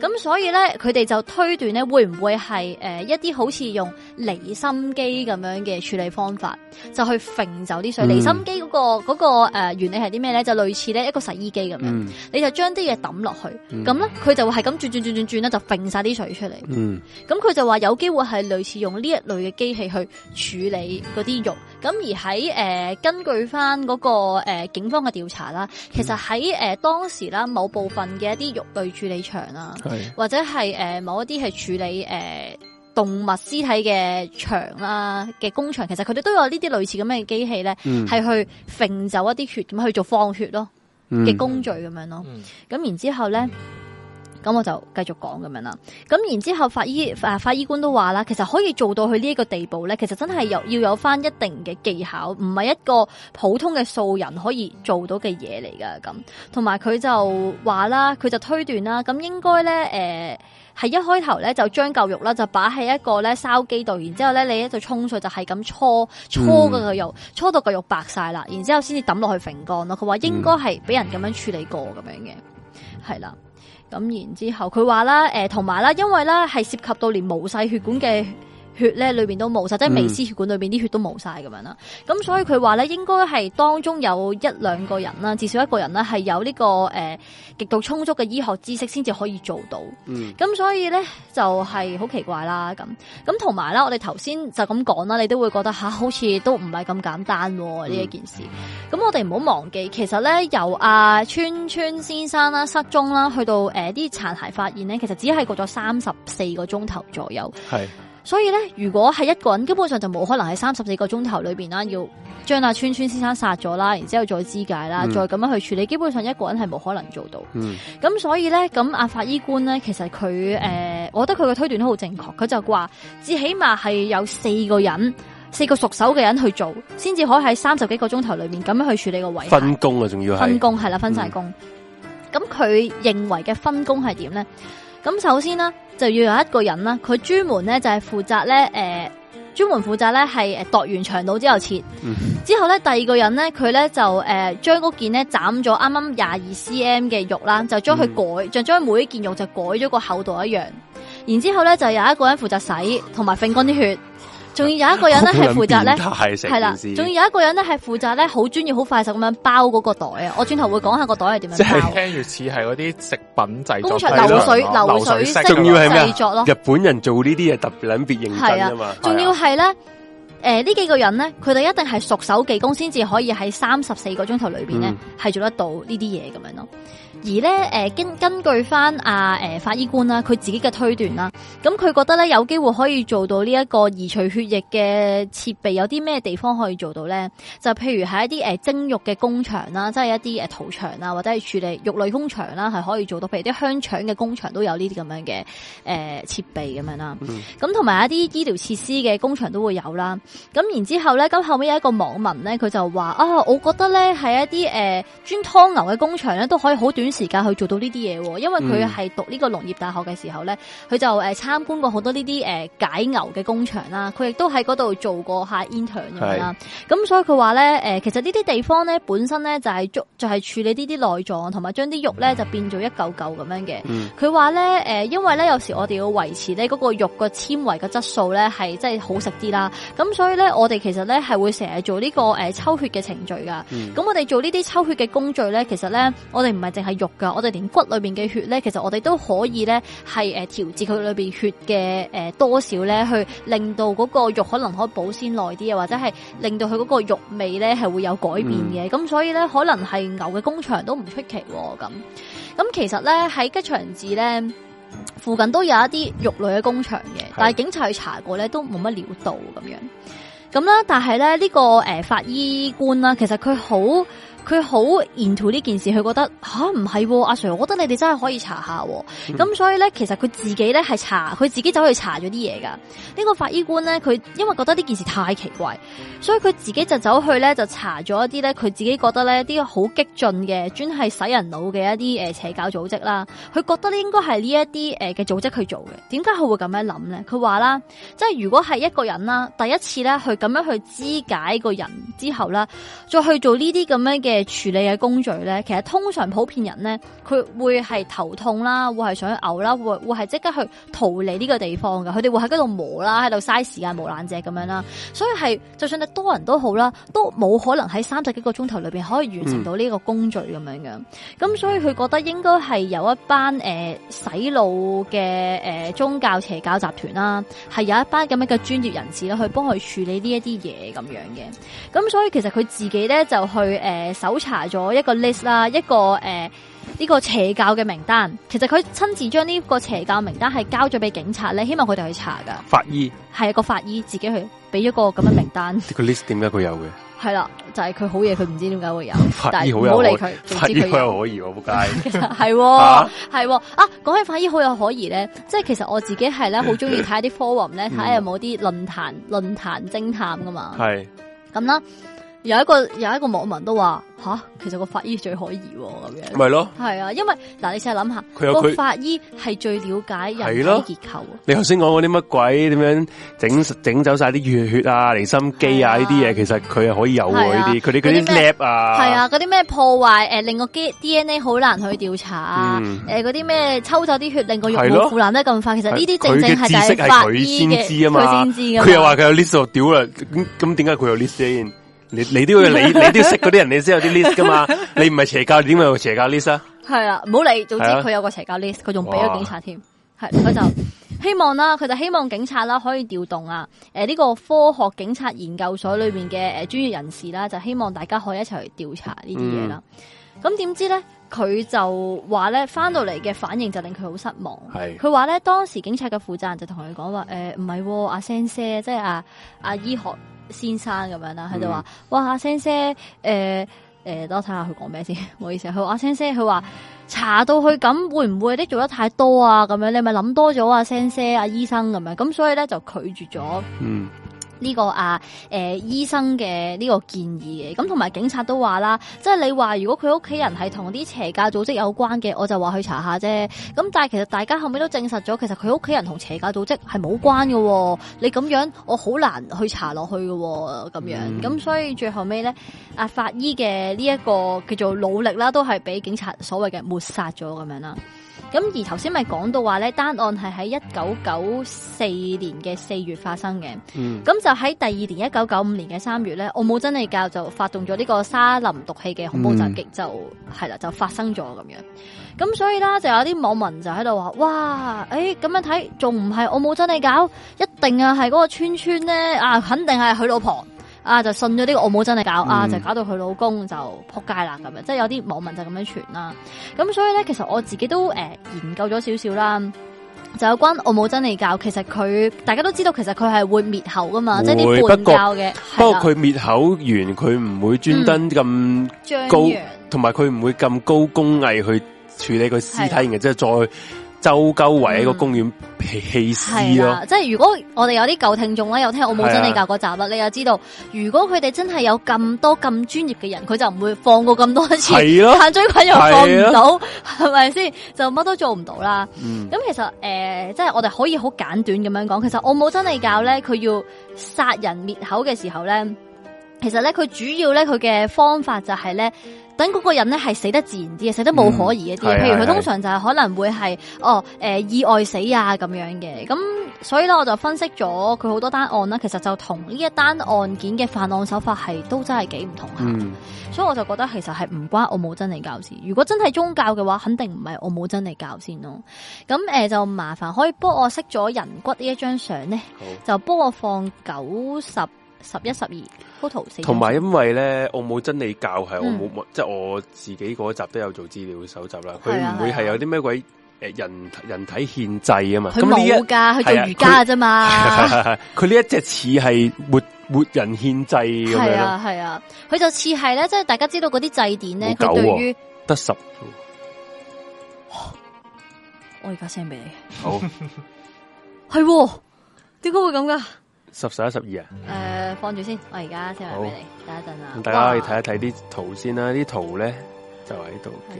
咁所以咧，佢哋就推斷咧，會唔會係誒、呃、一啲好似用離心機咁樣嘅處理方法，就去揈走啲水。離、嗯、心機嗰、個、嗰個誒、呃、原理係啲咩咧？就類似咧一個洗衣機咁樣，嗯、你就將啲嘢抌落去，咁咧佢就會係咁轉轉轉轉轉咧，就揈晒啲水出嚟。咁佢、嗯、就話有機會係類似用呢一類嘅機器去處理嗰啲肉。咁而喺誒、呃、根據翻、那、嗰個、呃、警方嘅調查啦，嗯、其實喺誒、呃、當時啦，某部分嘅一啲肉類處理場啊，是或者係誒、呃、某一啲係處理誒、呃、動物屍體嘅場啊嘅工場，其實佢哋都有呢啲類似咁樣嘅機器咧，係、嗯、去揈走一啲血咁去做放血咯嘅工序咁、嗯、樣咯。咁、嗯、然之後咧。嗯咁我就繼續講咁樣啦。咁然之後，法醫、啊、法醫官都話啦，其實可以做到去呢一個地步咧，其實真係有要有返一定嘅技巧，唔係一個普通嘅素人可以做到嘅嘢嚟噶。咁同埋佢就話啦，佢就推斷啦，咁應該咧，誒、呃、係一開頭咧就將嚿肉啦，就擺喺一個咧筲箕度，然之後咧你喺就沖水，就係咁搓搓個嚿肉，嗯、搓到嚿肉白晒啦，然之後先至抌落去揈乾咯。佢話應該係俾人咁樣處理過咁樣嘅，係啦。咁然之後，佢話啦，誒，同埋啦，因為咧係涉及到連毛細血管嘅。血咧，裏邊都冇晒，即係微絲血管裏邊啲血都冇晒咁樣啦。咁、嗯、所以佢話咧，應該係當中有一兩個人啦，至少一個人啦、這個，係有呢個誒極度充足嘅醫學知識先至可以做到。嗯，咁所以咧就係、是、好奇怪啦，咁咁同埋啦，我哋頭先就咁講啦，你都會覺得吓、啊，好似都唔係咁簡單呢、啊嗯、一件事。咁我哋唔好忘記，其實咧由阿、啊、川川先生啦失蹤啦，去到誒啲殘骸發現咧，其實只係過咗三十四個鐘頭左右。係。所以咧，如果係一個人，基本上就冇可能喺三十幾個鐘頭裏邊啦，要將阿川阿川先生殺咗啦，然之後再肢解啦，嗯、再咁樣去處理，基本上一個人係冇可能做到。咁、嗯、所以咧，咁阿法醫官咧，其實佢誒、呃，我覺得佢嘅推斷都好正確。佢就話，至起碼係有四個人，四個熟手嘅人去做，先至可以喺三十幾個鐘頭裏面咁樣去處理個位。分工啊，仲要係分工係啦，分晒工。咁佢、嗯、認為嘅分工係點咧？咁首先咧就要有一個人啦，佢專門咧就係、是、負責咧，誒、呃、專門負責咧係度完長度之後切，嗯、哼之後咧第二個人咧佢咧就誒將件咧斬咗啱啱廿二 cm 嘅肉啦，就將佢、呃、改就將、嗯、哼每一件肉就改咗個厚度一樣，然之後咧就有一個人負責洗同埋揈乾啲血。仲要有一個人咧係負責咧，係啦，仲要有一個人咧係負責咧，好專業、好快手咁樣包嗰個袋啊！我轉頭會講下個袋係點樣。即係聽住似係嗰啲食品製作，流水流水式製作咯。日本人做呢啲嘢特別撚別認真啊嘛！仲要係咧，誒呢、呃、呢幾個人咧，佢哋一定係熟手技工先至可以喺三十四個鐘頭裏邊咧係做得到呢啲嘢咁樣咯。而咧，誒根根據翻阿誒法醫官啦，佢自己嘅推斷啦，咁佢覺得咧有機會可以做到呢一個移除血液嘅設備，有啲咩地方可以做到咧？就譬如喺一啲誒蒸肉嘅工場啦，即係一啲誒屠場啦，或者係處理肉類工場啦，係可以做到。譬如啲香腸嘅工場都有呢啲咁樣嘅誒設備咁樣啦。咁同埋一啲醫療設施嘅工場都會有啦。咁然之後咧，咁後尾有一個網民咧，佢就話啊，我覺得咧係一啲誒專湯牛嘅工場咧都可以好短時間去做到呢啲嘢，因為佢係讀呢個農業大學嘅時候咧，佢、嗯、就誒參、呃、觀過好多呢啲誒解牛嘅工場啦。佢亦都喺嗰度做過下 intern 咁樣啦。咁是所以佢話咧，誒，其實呢啲地方咧，本身咧就係做就係處理呢啲內臟，同埋將啲肉咧就變做一嚿嚿咁樣嘅。佢話咧，誒，因為咧有時我哋要維持呢嗰個肉嘅纖維嘅質素咧係真係好食啲啦。咁所以咧，我哋其實咧係會成日做呢個誒抽血嘅程序噶。咁我哋做呢啲抽血嘅工序咧，其實咧我哋唔係淨係。肉噶，我哋連骨裏邊嘅血咧，其實我哋都可以咧，係誒調節佢裏邊血嘅誒、呃、多少咧，去令到嗰個肉可能可以保鮮耐啲，或者係令到佢嗰個肉味咧係會有改變嘅。咁、嗯、所以咧，可能係牛嘅工場都唔出奇咁、哦。咁其實咧喺吉祥寺咧附近都有一啲肉類嘅工場嘅，是的 但係警察去查過咧都冇乜料到咁樣。咁咧，但係咧呢個誒、呃、法醫官啦、啊，其實佢好。佢好沿途呢件事，佢覺得吓，唔係阿 Sir，我覺得你哋真係可以查下，哦。咁、嗯、所以咧，其實佢自己咧係查，佢自己走去查咗啲嘢噶。呢、這個法醫官咧，佢因為覺得呢件事太奇怪，所以佢自己就走去咧就查咗一啲咧，佢自己覺得咧啲好激進嘅，專係洗人腦嘅一啲誒、呃、邪教組織啦。佢覺得咧應該係呢一啲誒嘅組織去做嘅。點解佢會咁樣諗咧？佢話啦，即係如果係一個人啦，第一次咧去咁樣去肢解一個人之後啦，再去做呢啲咁樣嘅。處理嘅工序咧，其實通常普遍人咧，佢會係頭痛啦，會係想嘔啦，會會係即刻去逃離呢個地方嘅，佢哋會喺度磨啦，喺度嘥時間磨爛蓆咁樣啦，所以係就算你多人都好啦，都冇可能喺三十幾個鐘頭裏邊可以完成到呢個工序咁樣、嗯、樣，咁所以佢覺得應該係有一班誒、呃、洗腦嘅誒宗教邪教集團啦，係有一班咁樣嘅專業人士啦，去幫佢處理呢一啲嘢咁樣嘅，咁所以其實佢自己咧就去誒。呃搜查咗一個 list 啦，一個誒呢、呃、個邪教嘅名單。其實佢親自將呢個邪教名單係交咗俾警察咧，希望佢哋去查噶。法醫係一個法醫自己去俾一個咁嘅名單。呢個 list 點解佢有嘅？係啦，就係、是、佢好嘢，佢唔知點解會有。法醫好有，唔好理佢。法醫好有可疑，我仆街。係係啊，講、啊、起法醫好有可疑咧，即係其實我自己係咧好中意睇一啲 forum 咧、嗯，睇下有冇啲論壇論壇偵探噶嘛。係咁是啦。有一個有一個網民都話吓，其實個法醫最可疑咁樣，咪咯，係啊，因為嗱，你試下諗下，個法醫係最了解人體結構。你頭先講嗰啲乜鬼，點樣整整走晒啲瘀血啊、離心機啊呢啲嘢，其實佢係可以有嘅呢啲，佢啲鑷啊，係啊，嗰啲咩破壞誒令個 D N A 好難去調查啊，誒嗰啲咩抽走啲血令個樣本腐爛得咁快，其實呢啲正正係法醫嘅，佢先知啊嘛，佢先知。佢又話佢有 list 掉啦，咁點解佢有 list？ 你你都要理，你都要識嗰啲人，你先有啲 list 噶嘛？你唔係邪教，點會有邪教 list 啊？係啊，唔好理，總之佢有個邪教 list，佢仲俾咗警察添。係佢哇 就希望啦，佢就希望警察啦可以調動啊，誒、呃、呢、這個科學警察研究所裏邊嘅誒專業人士啦，就希望大家可以一齊去調查、嗯、呢啲嘢啦。咁點知咧，佢就話咧返到嚟嘅反應就令佢好失望。佢話咧，當時警察嘅負責人就同佢講話，誒唔係阿 Sir 即係阿阿醫學。先生咁樣啦，佢就話：嗯、哇，阿 Sen Sir 誒誒，等我睇下佢講咩先，唔、呃呃，好意思。佢阿 Sen Sir 佢話查到佢咁，會唔會啲做得太多啊？咁樣你咪諗多咗啊 Sen Sir 啊阿醫生咁樣，咁所以咧就拒絕咗。嗯。呢個啊誒、呃、醫生嘅呢個建議嘅，咁同埋警察都話啦，即係你話如果佢屋企人係同啲邪教組織有關嘅，我就話去查下啫。咁但係其實大家後尾都證實咗，其實佢屋企人同邪教組織係冇關嘅，哦。你咁樣我好難去查落去嘅，哦，咁樣。咁所以最後尾咧，阿、啊、法醫嘅呢一個叫做努力啦，都係俾警察所謂嘅抹殺咗咁樣啦。咁而頭先咪講到話咧，單案係喺一九九四年嘅四月發生嘅。咁、嗯、就喺第二年一九九五年嘅三月咧，奧姆、嗯、真理教就發動咗呢個沙林毒氣嘅恐怖襲擊就，嗯、就係啦，就發生咗咁樣。咁所以啦，就有啲網民就喺度話：哇，誒、欸、咁樣睇，仲唔係奧姆真理教？一定啊，係嗰個村村咧啊，肯定係佢老婆。啊！就信咗呢個奧姆真理教，嗯、啊！就搞到佢老公就扑街啦，咁樣，即係有啲網民就咁樣傳啦。咁所以咧，其實我自己都誒、呃、研究咗少少啦。就有關奧姆真理教，其實佢大家都知道，其實佢係會滅口噶嘛，會即係啲叛教嘅。不過佢滅口完，佢唔會專登咁張揚，同埋佢唔會咁高工藝去處理個屍體嘅，是的 即係再。周溝圍喺個公園棄屍咯，即係如果我哋有啲舊聽眾咧，有聽《奧姆真理教》嗰集啦，是啊，你又知道，如果佢哋真係有咁多咁專業嘅人，佢就唔會放過咁多次，炭疽，是、啊，菌又放唔到，係咪先？就乜都做唔到啦。咁，嗯、其實誒、呃，即係我哋可以好簡短咁樣講，其實奧姆真理教咧，佢要殺人滅口嘅時候咧，其實咧佢主要咧佢嘅方法就係咧。等嗰個人咧係死得自然啲，死得冇可疑一啲。嗯、譬如佢通常就係可能會係、嗯、哦，誒、呃、意外死啊咁樣嘅。咁所以咧，我就分析咗佢好多單案啦。其實就同呢一單案件嘅犯案手法係都真係幾唔同下。嗯、所以我就覺得其實係唔關奧姆真理教事。如果真係宗教嘅話，肯定唔係奧姆真理教先咯。咁誒、呃、就麻煩，可以幫我熄咗人骨這一張呢一張相咧，好就幫我放九、十、十一、十二。同埋因為咧，我冇真理教係，我冇、嗯、即係我自己嗰一集都有做資料搜集啦。佢唔會係有啲咩鬼誒人人體獻祭的是啊嘛。佢冇噶，佢做瑜伽啊啫已嘛。佢呢一隻似係活活人獻祭咁啊，係啊，佢、啊啊啊、就似係咧，即係大家知道嗰啲祭典咧，對於得有十。 我而家 send 俾你，好係點解會咁噶？十十一十二啊！誒、呃，放住先，我而家先話俾你，好等一陣啊。大家可以睇一睇啲圖先啦，啲哇圖咧就喺度嘅。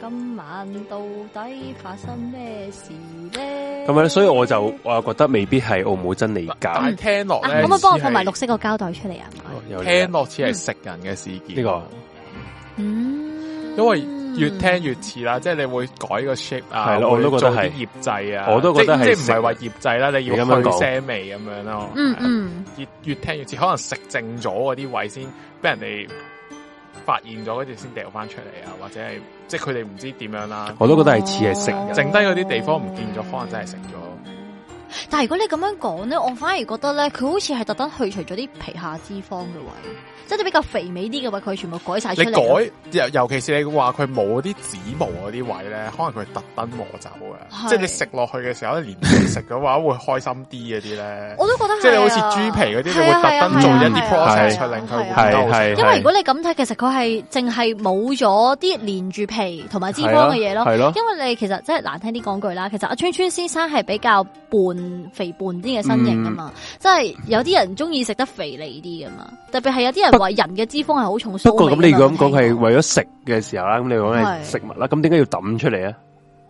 今晚到底發生咩事咧？咁啊，所以我就啊覺得未必係澳門真理教。但聽落、啊、可唔可以幫我放埋綠色個膠袋出嚟、嗯、啊？聽落似係食人嘅事件呢個。嗯，因為。越聽越似啦，即係你會改個 shape 啊，係咯了，我都覺得係做啲醃製啊，我都覺得係即係唔係話醃製啦，啊、你要去腥味咁樣咯。嗯嗯，越越聽越似，可能食剩咗啲位先，俾人哋發現咗，跟住先掉翻出嚟啊，或者係即係佢哋唔知點樣啦、啊。我都覺得係似係食，剩低啲地方唔見咗，可能真係食咗。但係如果你咁樣講咧，我反而覺得咧，佢好似係特登去除咗啲皮下脂肪嘅位，嗯、即係比較肥美啲嘅位，佢全部改晒出嚟。你改，尤其是你話佢冇啲脂毛嗰啲位咧，可能佢係特登磨走嘅。即係對你食落去嘅時候，你連住食嘅話會開心啲嗰啲咧。 我都覺得是，即係好似豬皮嗰啲，會特登做一啲 process 出佢會係，因為如果你咁睇，其實佢係淨係冇咗啲連住皮同埋脂肪嘅嘢咯，咯、啊。是因為你其實即係難聽啲講句啦，Итак, 對其實阿川川先生係比較半。肥胖啲嘅身形啊嘛，嗯、即係有啲人中意食得肥膩啲噶嘛，特別係有啲人話人嘅脂肪係好重，不過咁你如果咁講係為咗食嘅時候啦，咁是你講係食物啦，咁點解要抌出嚟啊？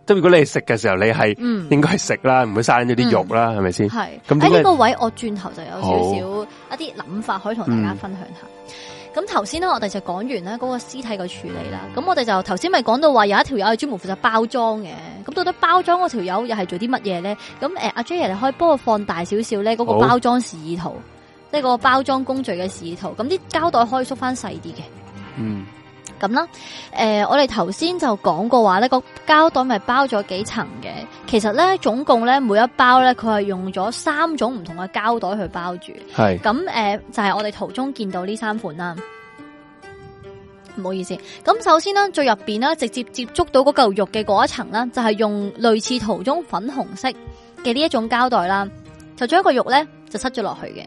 即係如果你食嘅時候，你係應該係食啦，唔、嗯、會生咗啲肉啦，係咪先？係咁喺呢個位，你我轉頭就有少少好一啲諗法，可以同大家分享一下。嗯咁頭先咧，我哋就講完啦嗰個屍體嘅處理啦。咁我哋就頭先咪講到話有一條友係專門負責包裝嘅。咁到底包裝嗰條友又係做啲乜嘢咧？咁誒，阿 Jay，你可以幫我放大少少咧，嗰個包裝示意圖，即係嗰個包裝工序嘅示意圖。咁啲膠袋可以縮翻細啲嘅。嗯。咁啦，誒，我哋頭先就講過話呢個膠袋咪包咗幾層嘅。其實咧，總共咧，每一包咧，佢係用咗三種唔同嘅膠袋去包住。係。咁誒，就係我哋途中見到呢三款啦。唔好意思。咁首先呢，最入邊咧，直接接觸到嗰嚿肉嘅嗰一層啦，就係用類似途中粉紅色嘅呢一種膠袋啦，就將一個肉咧就塞咗落去嘅。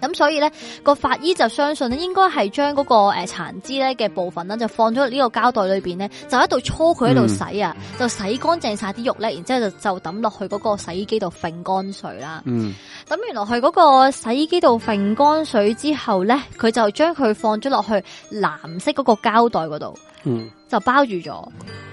咁所以咧，個法醫就相信咧，應該係將嗰個誒殘肢咧嘅部分咧，就放咗呢個膠袋裏邊咧，就喺度搓佢喺度洗啊，就洗乾淨晒啲肉咧，然之後就就抌落去嗰個洗衣機度揈乾水啦。嗯，咁原來去嗰個洗衣機度揈乾水之後咧，佢就將佢放咗落去藍色嗰個膠袋嗰度。嗯。就包住咗，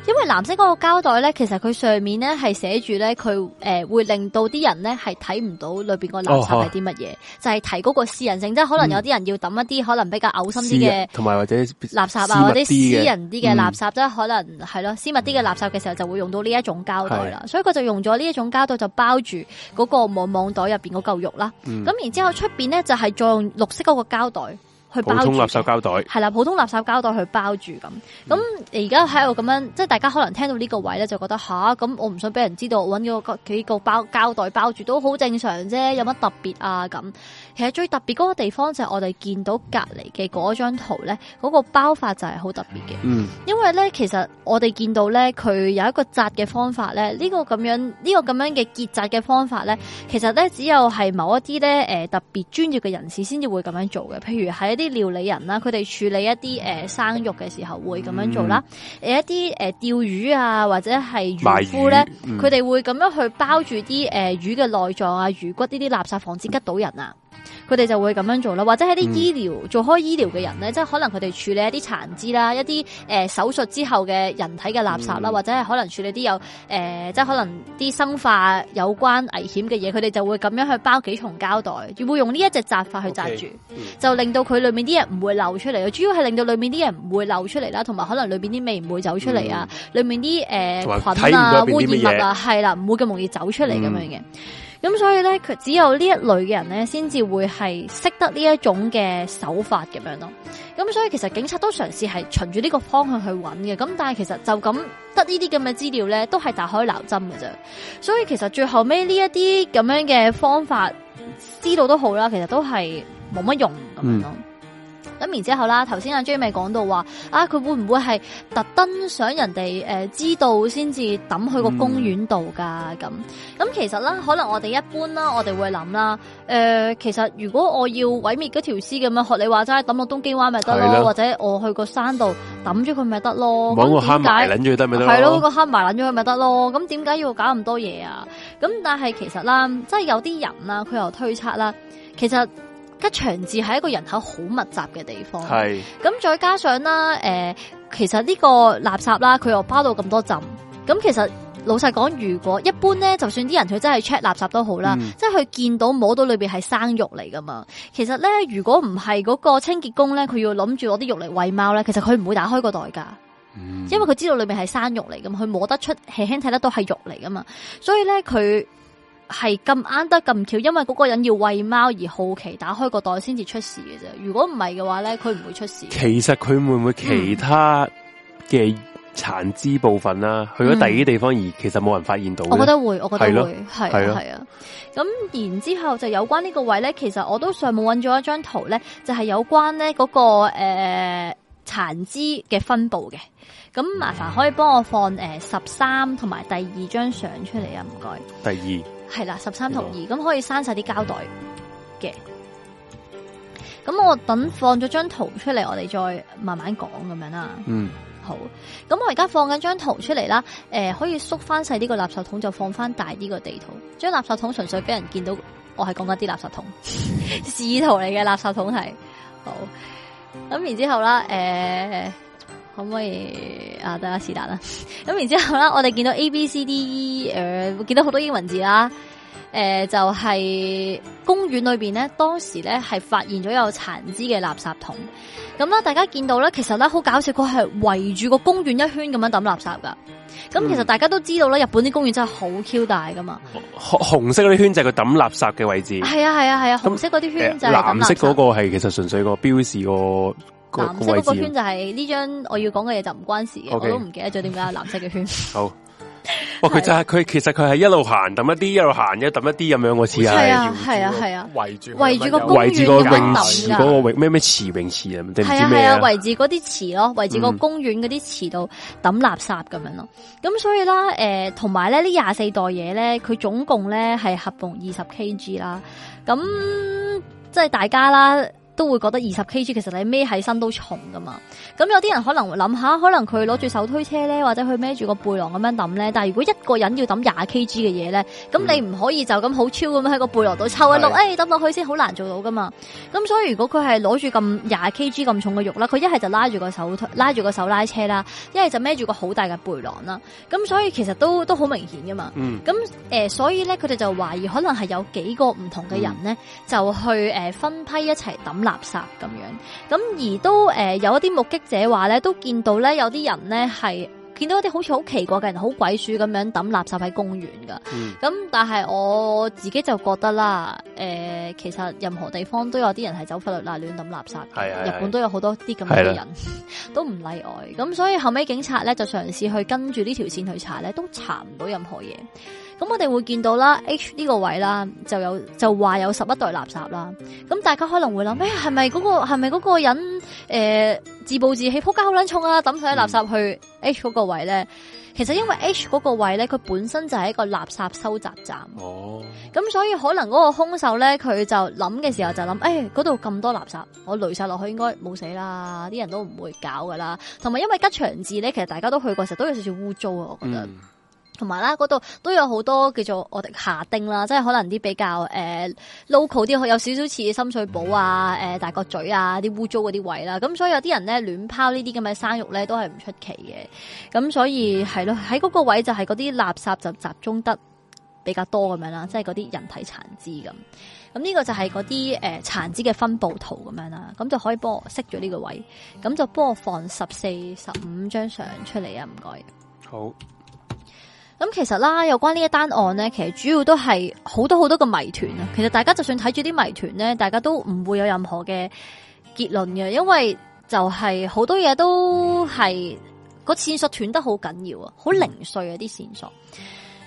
因為藍色嗰個膠袋咧，其實佢上面咧係寫住咧，佢誒、呃、會令到啲人咧係睇唔到裏邊個垃圾係啲乜嘢，哦、就係提高個私人性，嗯、即係可能有啲人要抌一啲可能比較嘔心啲嘅，同埋或者垃圾啊或者私人啲嘅垃圾，嗯、即係可能係咯，嗯、私密啲嘅垃圾嘅時候就會用到呢一種膠袋啦，是所以佢就用咗呢一種膠袋就包住嗰個網網袋入邊嗰嚿肉啦，咁、嗯、然之後出邊咧就係、是、再用綠色嗰個膠袋。去包普通垃圾膠袋，係啦，普通垃圾膠袋去包住咁。咁而家喺度咁樣，即係大家可能聽到呢個位咧，就覺得吓，咁、啊、我唔想俾人知道，搵幾個幾個包膠袋包住都好正常啫，有乜特別啊咁。其實最特別嗰個地方就係我哋見到隔籬嘅嗰張圖咧，嗰、那個包法就係好特別嘅。嗯，因為咧，其實我哋見到咧，佢有一個紮嘅方法咧，呢、這個咁樣呢、這個咁樣嘅結紮嘅方法咧，其實咧只有係某一啲咧誒特別專業嘅人士先至會咁樣做嘅。譬如係一啲料理人啦、啊，佢哋處理一啲誒、呃、生肉嘅時候會咁樣做啦；，有、嗯、一啲誒釣魚啊或者係漁夫咧，佢哋、嗯、會咁樣去包住啲誒、呃、魚嘅內臟啊、魚骨呢啲垃圾，防止拮到人啊。佢哋就會咁樣做啦，或者係啲醫療、嗯、做開醫療嘅人咧，嗯、即係可能佢哋處理一啲殘肢啦，一啲誒、呃、手術之後嘅人體嘅垃圾啦，嗯、或者係可能處理啲有誒、呃，即係可能啲生化有關危險嘅嘢，佢哋就會咁樣去包幾重膠袋，會用呢一隻紮法去紮住，okay，嗯、就令到佢裏面啲嘢唔會漏出嚟，主要係令到裏面啲嘢唔會漏出嚟啦，同埋可能裏面啲味唔會走出嚟、嗯呃、啊，裏面啲誒菌啊、污染物啊，係啦，唔會咁容易走出嚟咁、嗯、樣嘅。咁所以咧，佢只有呢一類嘅人咧，先至會係識得呢一種嘅手法咁樣咯。咁所以其實警察都嘗試係循住呢個方向去揾嘅，咁但係其實就咁得呢啲咁嘅資料咧，都係大海撈針嘅啫。所以其實最後尾呢一啲咁樣嘅方法，知道都好啦，其實都係冇乜用咁樣咯、嗯。咁然之後啦，頭先阿 J 咪講到話，啊佢會唔會係特登想人哋誒、呃、知道先至抌去個公園度噶？咁咁、嗯、其實啦，可能我哋一般啦，我哋會諗啦。誒，其實如果我要毀滅嗰條屍咁樣，學你話齋抌落東京灣咪得咯，是的 或者我去山有個山度抌咗佢咪得咯。冇我哈埋，捻住得咪得咯。係咯，個哈埋咗佢咪得咯。咁點解要搞咁多嘢啊？咁但係其實啦，即係有啲人啦，佢又推測啦，其實。吉祥寺係一個人口好密集嘅地方，咁是 再加上啦，誒、呃嗯，其實呢個垃圾啦，佢又包到咁多浸，咁其實老實講，如果一般咧，就算啲人佢真係 check 垃圾都好啦，即係佢見到摸到裏邊係生肉嚟噶嘛，其實咧如果唔係嗰個清潔工咧，佢要諗住攞啲肉嚟餵貓咧，其實佢唔會打開個袋噶，嗯、因為佢知道裏面係生肉嚟噶嘛，佢摸得出輕輕睇得到係肉嚟噶嘛，所以咧佢。係咁啱得咁巧，因為嗰個人要餵貓而好奇打開個袋先至出事嘅啫。如果唔係嘅話咧，佢唔會出事。其實佢會唔會其他嘅殘肢部分啦、啊？嗯、去咗第二地方而其實冇人發現到。我覺得會，我覺得會，係係啊，係啊。咁的然之後就有關呢個位咧，其實我都上網揾咗一張圖咧，就係、係、有關咧、嗰、嗰個誒殘、嗰個呃、肢嘅分佈嘅。咁麻煩可以幫我放誒十三同埋第二張相出嚟啊？唔該，第二。係啦，十三同二，咁可以刪晒啲膠袋嘅。咁我等放咗張圖出嚟，我哋再慢慢講咁樣啦。嗯，好。咁我而家放緊張圖出嚟啦。誒、呃，可以縮翻細啲個垃圾桶，就放翻大啲個地圖。張垃圾桶純粹俾人見到，我係講緊啲垃圾桶，示 意圖嚟嘅。垃圾桶，係好。咁然之後啦，誒、呃。可唔可以啊？得啊，是但啦。咁 然後之後咧，我哋見到 A、B、C、D、E，誒，見到好多英文字啦。誒、呃，就係、是、公園裏邊咧，當時咧係發現咗有殘肢嘅垃圾桶。咁、嗯、啦，大家見到咧，其實咧好搞笑，佢係圍住個公園一圈咁樣抌垃圾噶。咁其實大家都知道咧，嗯、日本啲公園真係好 Q 大噶嘛。紅色嗰啲圈就係佢抌垃圾嘅位置。係啊係啊係啊，紅色嗰啲圈就係、呃。藍色嗰個係其實純粹個標示、那個。藍色嗰個圈就係呢張我要講嘅嘢就唔關事嘅，我都唔記得咗點解藍色嘅圈。好，哦佢就係佢其實佢係一路行抌一啲，一路行一抌一啲咁樣，我知啊，係啊係啊，圍住圍住個圍住個泳池嗰個泳咩咩池泳池啊，定係咩啊？圍住嗰啲池咯，圍住個公園嗰啲池度抌垃圾咁樣咯。咁所以啦，誒，同埋咧呢廿四袋嘢咧，佢總共咧係合共二十 kg 啦。咁即係大家啦。都會覺得二十 Kg 其實你孭喺身都重噶嘛，咁有啲人可能會諗下，可能佢攞住手推車咧，或者佢孭住個背囊咁樣抌咧，但係如果一個人要抌廿 Kg 嘅嘢咧，咁、嗯、你唔可以就咁好超咁樣喺個背囊度抽一碌，誒抌落去先好難做到噶嘛，咁所以如果佢係攞住咁廿 Kg 咁重嘅肉啦，佢一係就拉住個手推，拉住個手拉車啦，一係就孭住個好大嘅背囊啦，咁所以其實都都好明顯噶嘛，咁誒、嗯、呃、所以咧佢哋就懷疑可能係有幾個唔同嘅人咧，嗯、就去誒、呃、分批一齊抌。垃圾咁樣，咁而都誒、呃、有一啲目擊者話咧，都見到咧有啲人咧係見到一啲好似好奇怪嘅人，好鬼鼠咁樣抌垃圾喺公園噶。咁、嗯嗯、但係我自己就覺得啦，誒、呃、其實任何地方都有啲人係走法律罅亂抌垃圾嘅，是的是日本都有好多啲咁嘅人是的 都唔例外。咁、嗯、所以後尾警察咧就嘗試去跟住呢條線去查咧，都查唔到任何嘢。咁我哋會見到啦，H 呢個位啦，就有就話有十一袋垃圾啦。咁大家可能會諗，誒、欸，係咪嗰個係咪嗰個人誒、呃、自暴自棄扑街好撚重啊，抌晒啲垃圾去 H 嗰個位咧？嗯、其實因為 H 嗰個位咧，佢本身就係一個垃圾收集站。哦。咁所以可能嗰個兇手咧，佢就諗嘅時候就諗，誒、欸，嗰度咁多垃圾，我擂晒落去應該冇死啦，啲人都唔會搞㗎啦。同埋因為吉祥寺咧，其實大家都去過，其實都有少少污糟啊，我覺得。嗯同埋啦，嗰度都有好多叫做我哋下丁啦，即係可能啲比較誒 local 啲，有少少似深水埗啊、誒、呃、大角咀啊啲污糟嗰啲位啦。咁所以有啲人咧亂拋呢啲咁嘅生肉咧，都係唔出奇嘅。咁所以係咯，喺嗰個位就係嗰啲垃圾就集中得比較多咁樣啦，即係嗰啲人體殘肢咁。咁呢個就係嗰啲誒殘肢嘅分佈圖咁樣啦。咁就可以幫我熄咗呢個位，咁就幫我放十四、十五張相出嚟啊！唔該。好。咁其實啦，有關呢一單案咧，其實主要都係好多好多嘅謎團啊！其實大家就算睇住啲謎團咧，大家都唔會有任何嘅結論嘅，因為就係好多嘢都係個線索斷得好緊要啊，好零碎啊啲線索。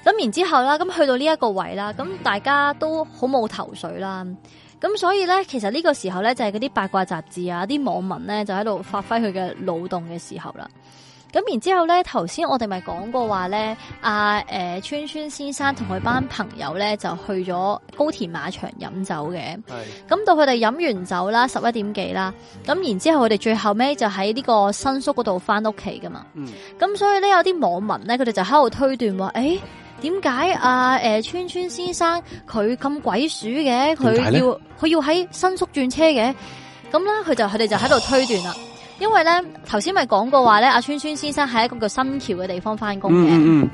咁然之後啦，咁去到呢一個位啦，咁大家都好冇頭緒啦。咁所以咧，其實呢個時候咧，就係嗰啲八卦雜誌啊，啲網民咧就喺度發揮佢嘅腦洞嘅時候啦。咁然之後咧，頭先我哋咪講過話咧，阿、啊、誒、啊、川川先生同佢班朋友咧就去咗高田馬場飲酒嘅。係，咁到佢哋飲完酒啦，十一點幾啦。咁然之後佢哋最後尾就喺呢個新宿嗰度翻屋企噶嘛。嗯，咁所以咧有啲網民咧，佢哋就喺度推斷話，誒、欸，點解阿誒川川先生佢咁鬼鼠嘅？佢要佢要喺新宿轉車嘅，咁咧佢就佢哋就喺度推斷啦。因為咧，頭先咪講過話咧，阿川川先生喺一個叫新橋嘅地方返工嘅，咁、嗯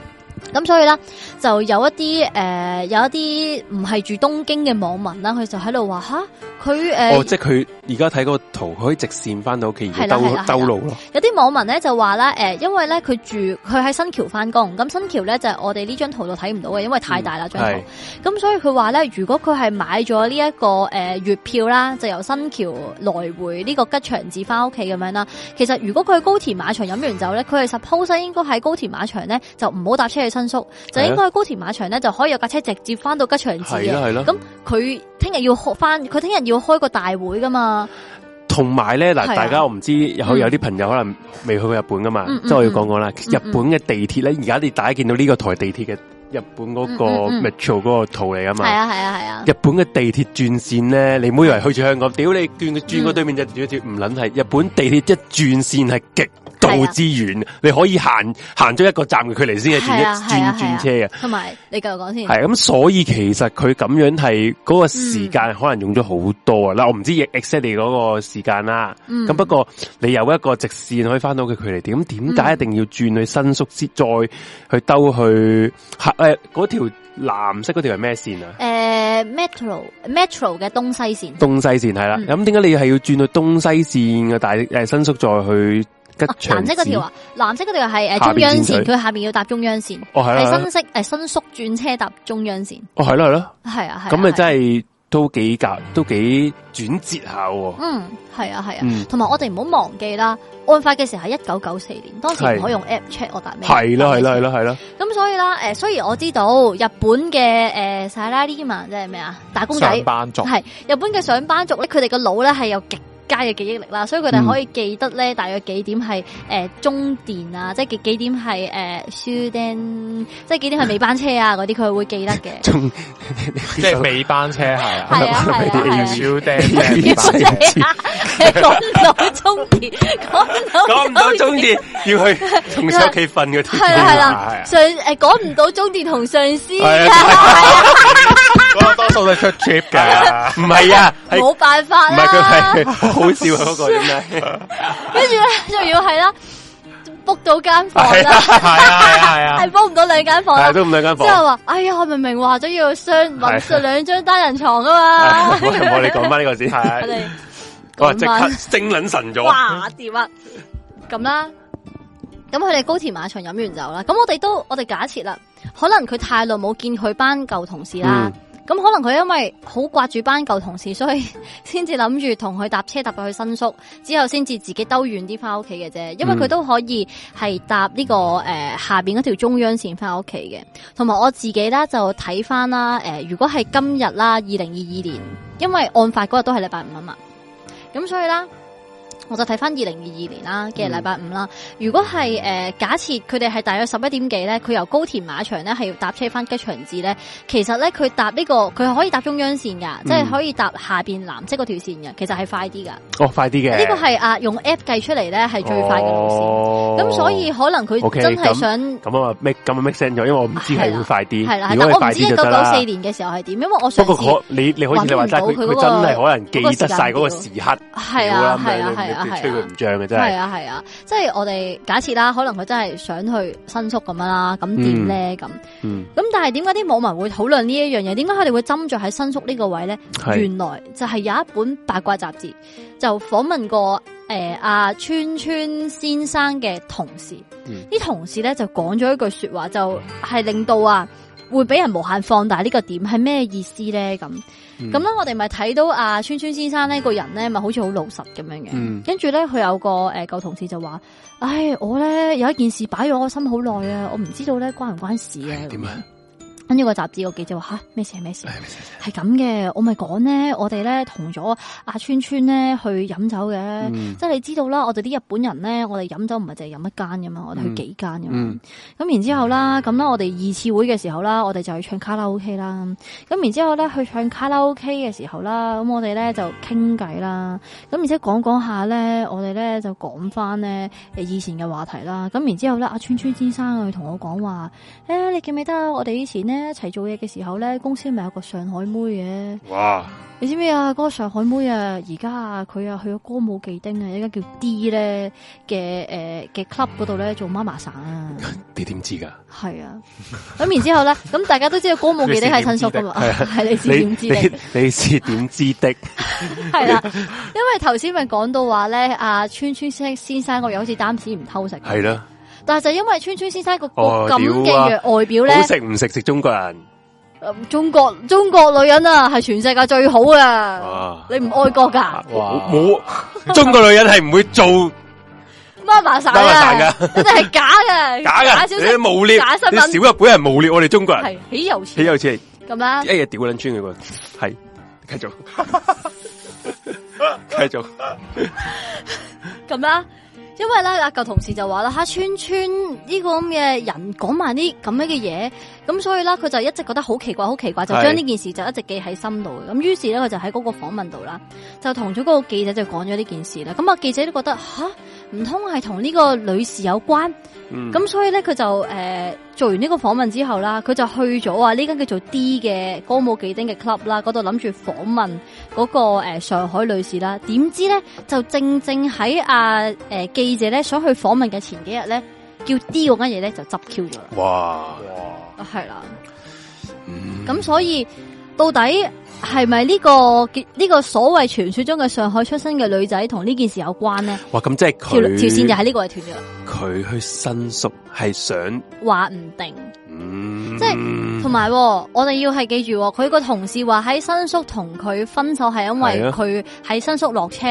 嗯、所以咧就有一啲誒、呃，有一啲唔係住東京嘅網民啦，佢就喺度話吓，佢誒，即係佢。而家睇嗰個圖，可以直線翻到屋企，而唔兜兜路咯。有啲網民咧就話啦，誒、呃，因為咧佢住佢喺新橋翻工，咁新橋咧就係、是、我哋呢張圖度睇唔到嘅，因為太大啦張圖。咁、嗯啊、所以佢話咧，如果佢係買咗呢一個誒、呃、月票啦，就由新橋來回呢個吉祥寺翻屋企咁樣啦。其實如果佢去高田馬場飲完酒咧，佢係 suppose 應該喺高田馬場咧就唔好搭車去新宿，啊、就應該高田馬場咧就可以有架車直接翻到吉祥寺嘅。咁佢，啊。他聽日要學翻，佢聽日要開個大會噶嘛。同埋咧，嗱，大家我唔知、啊嗯、有有啲朋友可能未去過日本噶嘛，即係、嗯嗯嗯、我要講講啦。日本嘅地鐵咧，而家你大家見到呢個台地鐵嘅日本嗰個 Metro 嗰個圖嚟㗎嘛。係啊係啊係啊！日本嘅、啊啊啊、地鐵轉線咧，你唔好以為去住香港，屌你轉轉過對面就轉一轉，唔捻係日本地鐵一轉線係極。做資源，啊、你可以行行咗一個站嘅距離先係轉一轉轉車嘅，同埋你繼續講先。係咁，所以其實佢咁樣係嗰個時間可能用咗好多啊。嗱、嗯，我唔知 exactly 嗰個時間啦。咁、嗯、不過你有一個直線可以翻到佢距離點，咁點解一定要轉去新宿先再去兜去？誒、嗯，嗰條、啊、藍色嗰條係咩線啊？誒、呃、metro metro 嘅東，東西線。東西線係啦，咁點解你係要轉去東西線嘅？但係誒，新宿再去。藍色嗰條啊，藍色嗰條係誒中央線，佢下面要搭中央線，係新宿誒新宿轉車搭中央線。哦，係咯係咯，係啊，咁啊真係都幾夾，都幾轉折下。嗯，係啊係啊，同埋我哋唔好忘記啦，案發嘅時候係一九九四年，當時唔可以用 app check 我搭咩，係啦係啦係啦係啦。咁所以啦，誒所以我知道日本嘅誒細拉尼瑪即係咩啊，打工仔，係日本嘅上班族咧，佢哋個腦咧係有極。家嘅記憶力啦，所以佢哋可以記得咧，大約幾點係誒中電啊，即係幾幾點係誒書釘，即係幾點係尾班車啊嗰啲，佢會記得嘅。即係尾班車係啊，係啊係啊，書釘即係講唔到中電，講唔到中電要去同屋企瞓嗰啲，係啦係啦，上誒講唔到中電同上司。多數都出 trip 嘅，唔係啊，冇辦法啦。唔係佢好笑嗰個點解？跟住咧，仲要係啦，book 到間房啦，係啊係啊，book 唔到兩間房啦，都唔兩間房。之後話，哎呀，我明明話咗要雙，問就兩張單人床啊嘛。我哋我哋講翻呢個先，係我哋，哇，即刻精靈神咗。哇，掂啊？咁啦，咁佢哋高田馬場飲完酒啦，咁我哋都我哋假設啦，可能佢太耐冇見佢班舊同事啦。咁可能佢因為好掛住班舊同事，所以先至諗住同佢搭車搭到去新宿，之後先至自己兜遠啲翻屋企嘅啫。因為佢都可以係搭呢個誒、呃、下邊嗰條中央線翻屋企嘅。同埋我自己咧就睇翻啦，誒、呃，如果係今日啦，二零二二年，因為案發嗰日都係禮拜五啊嘛，咁、嗯、所以啦。我就睇翻二零二二年啦，今日禮拜五啦。如果係誒假設佢哋係大約十一點幾咧，佢由高田馬場咧係要搭車翻吉祥寺咧，其實咧佢搭呢個佢可以搭中央線噶，即係可以搭下邊藍色嗰條線噶，其實係快啲噶。哦，快啲嘅呢個係啊用 app 計出嚟咧係最快嘅路線，咁所以可能佢真係想咁啊 make 咁啊 make sense 咗，因為我唔知係會快啲係啦。我唔知一九九四年嘅時候係點，因為我不過你你可以你話齋佢佢真係可能記得晒嗰個時刻係啊係啊係。係啊，吹佢唔脹嘅啫，係啊係啊，即係我哋假設啦，可能佢真係想去新宿咁樣啦，咁點咧咁？咁、嗯嗯、但係點解啲網民會討論呢一樣嘢？點解佢哋會斟酌喺新宿呢個位咧？是原來就係有一本八卦雜誌就訪問過誒阿、呃啊、川川先生嘅同事，啲、嗯、同事咧就講咗一句說話，就係、是、令到啊。會俾人無限放大呢個點係咩意思咧？咁咁咧，我哋咪睇到阿川川先生咧個人咧咪好似好老實咁樣嘅，嗯，跟住咧佢有個誒舊同事就話：，唉，我咧有一件事擺咗我心好耐啊，我唔知道咧關唔關事啊？點樣跟住個雜誌個記者話吓，咩事係、啊、咩事、啊，係咁嘅，我咪講咧，我哋咧同咗阿川川咧去飲酒嘅，嗯、即係你知道啦，我哋啲日本人咧，我哋飲酒唔係淨係飲一間噶嘛，我哋去幾間噶，咁、嗯嗯、然之後啦，咁啦我哋二次會嘅時候啦，我哋就去唱卡拉 OK 啦，咁然之後咧去唱卡拉 OK 嘅時候啦，咁我哋咧就傾偈啦，咁而且講講下咧，我哋咧就講翻咧誒以前嘅話題啦，咁然之後咧阿川川先生佢同我講話，誒、哎、你記唔記得我哋以前咧？一齊做嘢嘅時候咧，公司咪有個上海妹嘅。哇！你知唔知啊？嗰、那個上海妹啊，而家啊，佢啊去咗歌舞伎町啊，一家叫 D 咧嘅誒嘅 club 嗰度咧做媽媽生啊。嗯、你點知噶？係啊，咁 然之後咧，咁大家都知道歌舞伎町係新宿噶嘛？係你知點知、啊 啊？你知點知的？係 啦、啊，因為頭先咪講到話咧，阿川川先生個樣好似單詞唔偷食。係啦、啊。但係就因為川川先生個咁勁嘅外表咧，食唔食食中國人？中國中國女人啊，係全世界最好嘅。你唔愛國噶？冇中國女人係唔會做媽媽散噶，真係假嘅，假嘅。假消息，假新聞，小日本人污衊我哋中國人。係，豈有此理！豈有此理！咁啦，一日屌撚穿佢個，係繼續，繼續，咁啦。因為咧，阿舊同事就話啦，吓村村呢個咁嘅人講埋啲咁樣嘅嘢，咁所以咧佢就一直覺得好奇怪，好奇怪，就將呢件事就一直記喺心度。咁於是咧，佢就喺嗰個訪問度啦，就同咗嗰個記者就講咗呢件事啦。咁啊，記者都覺得吓，唔通係同呢個女士有關，咁、嗯、所以咧佢就誒、呃、做完呢個訪問之後啦，佢就去咗啊呢間叫做 D 嘅歌舞伎町嘅 club 啦，嗰度諗住訪問。嗰、那個誒、呃、上海女士啦，點知咧就正正喺阿誒記者咧想去訪問嘅前幾日咧，叫 D 嗰間嘢咧就執 Q 咗啦。哇哇、嗯，係啦，咁所以到底係咪呢個呢、這個所謂傳說中嘅上海出身嘅女仔同呢件事有關呢？哇，咁即係條條線就喺呢個位斷咗。佢去申訴係想話唔定。即係，同埋、哦、我哋要係記住、哦，佢個同事話喺新宿同佢分手係因為佢喺新宿落車，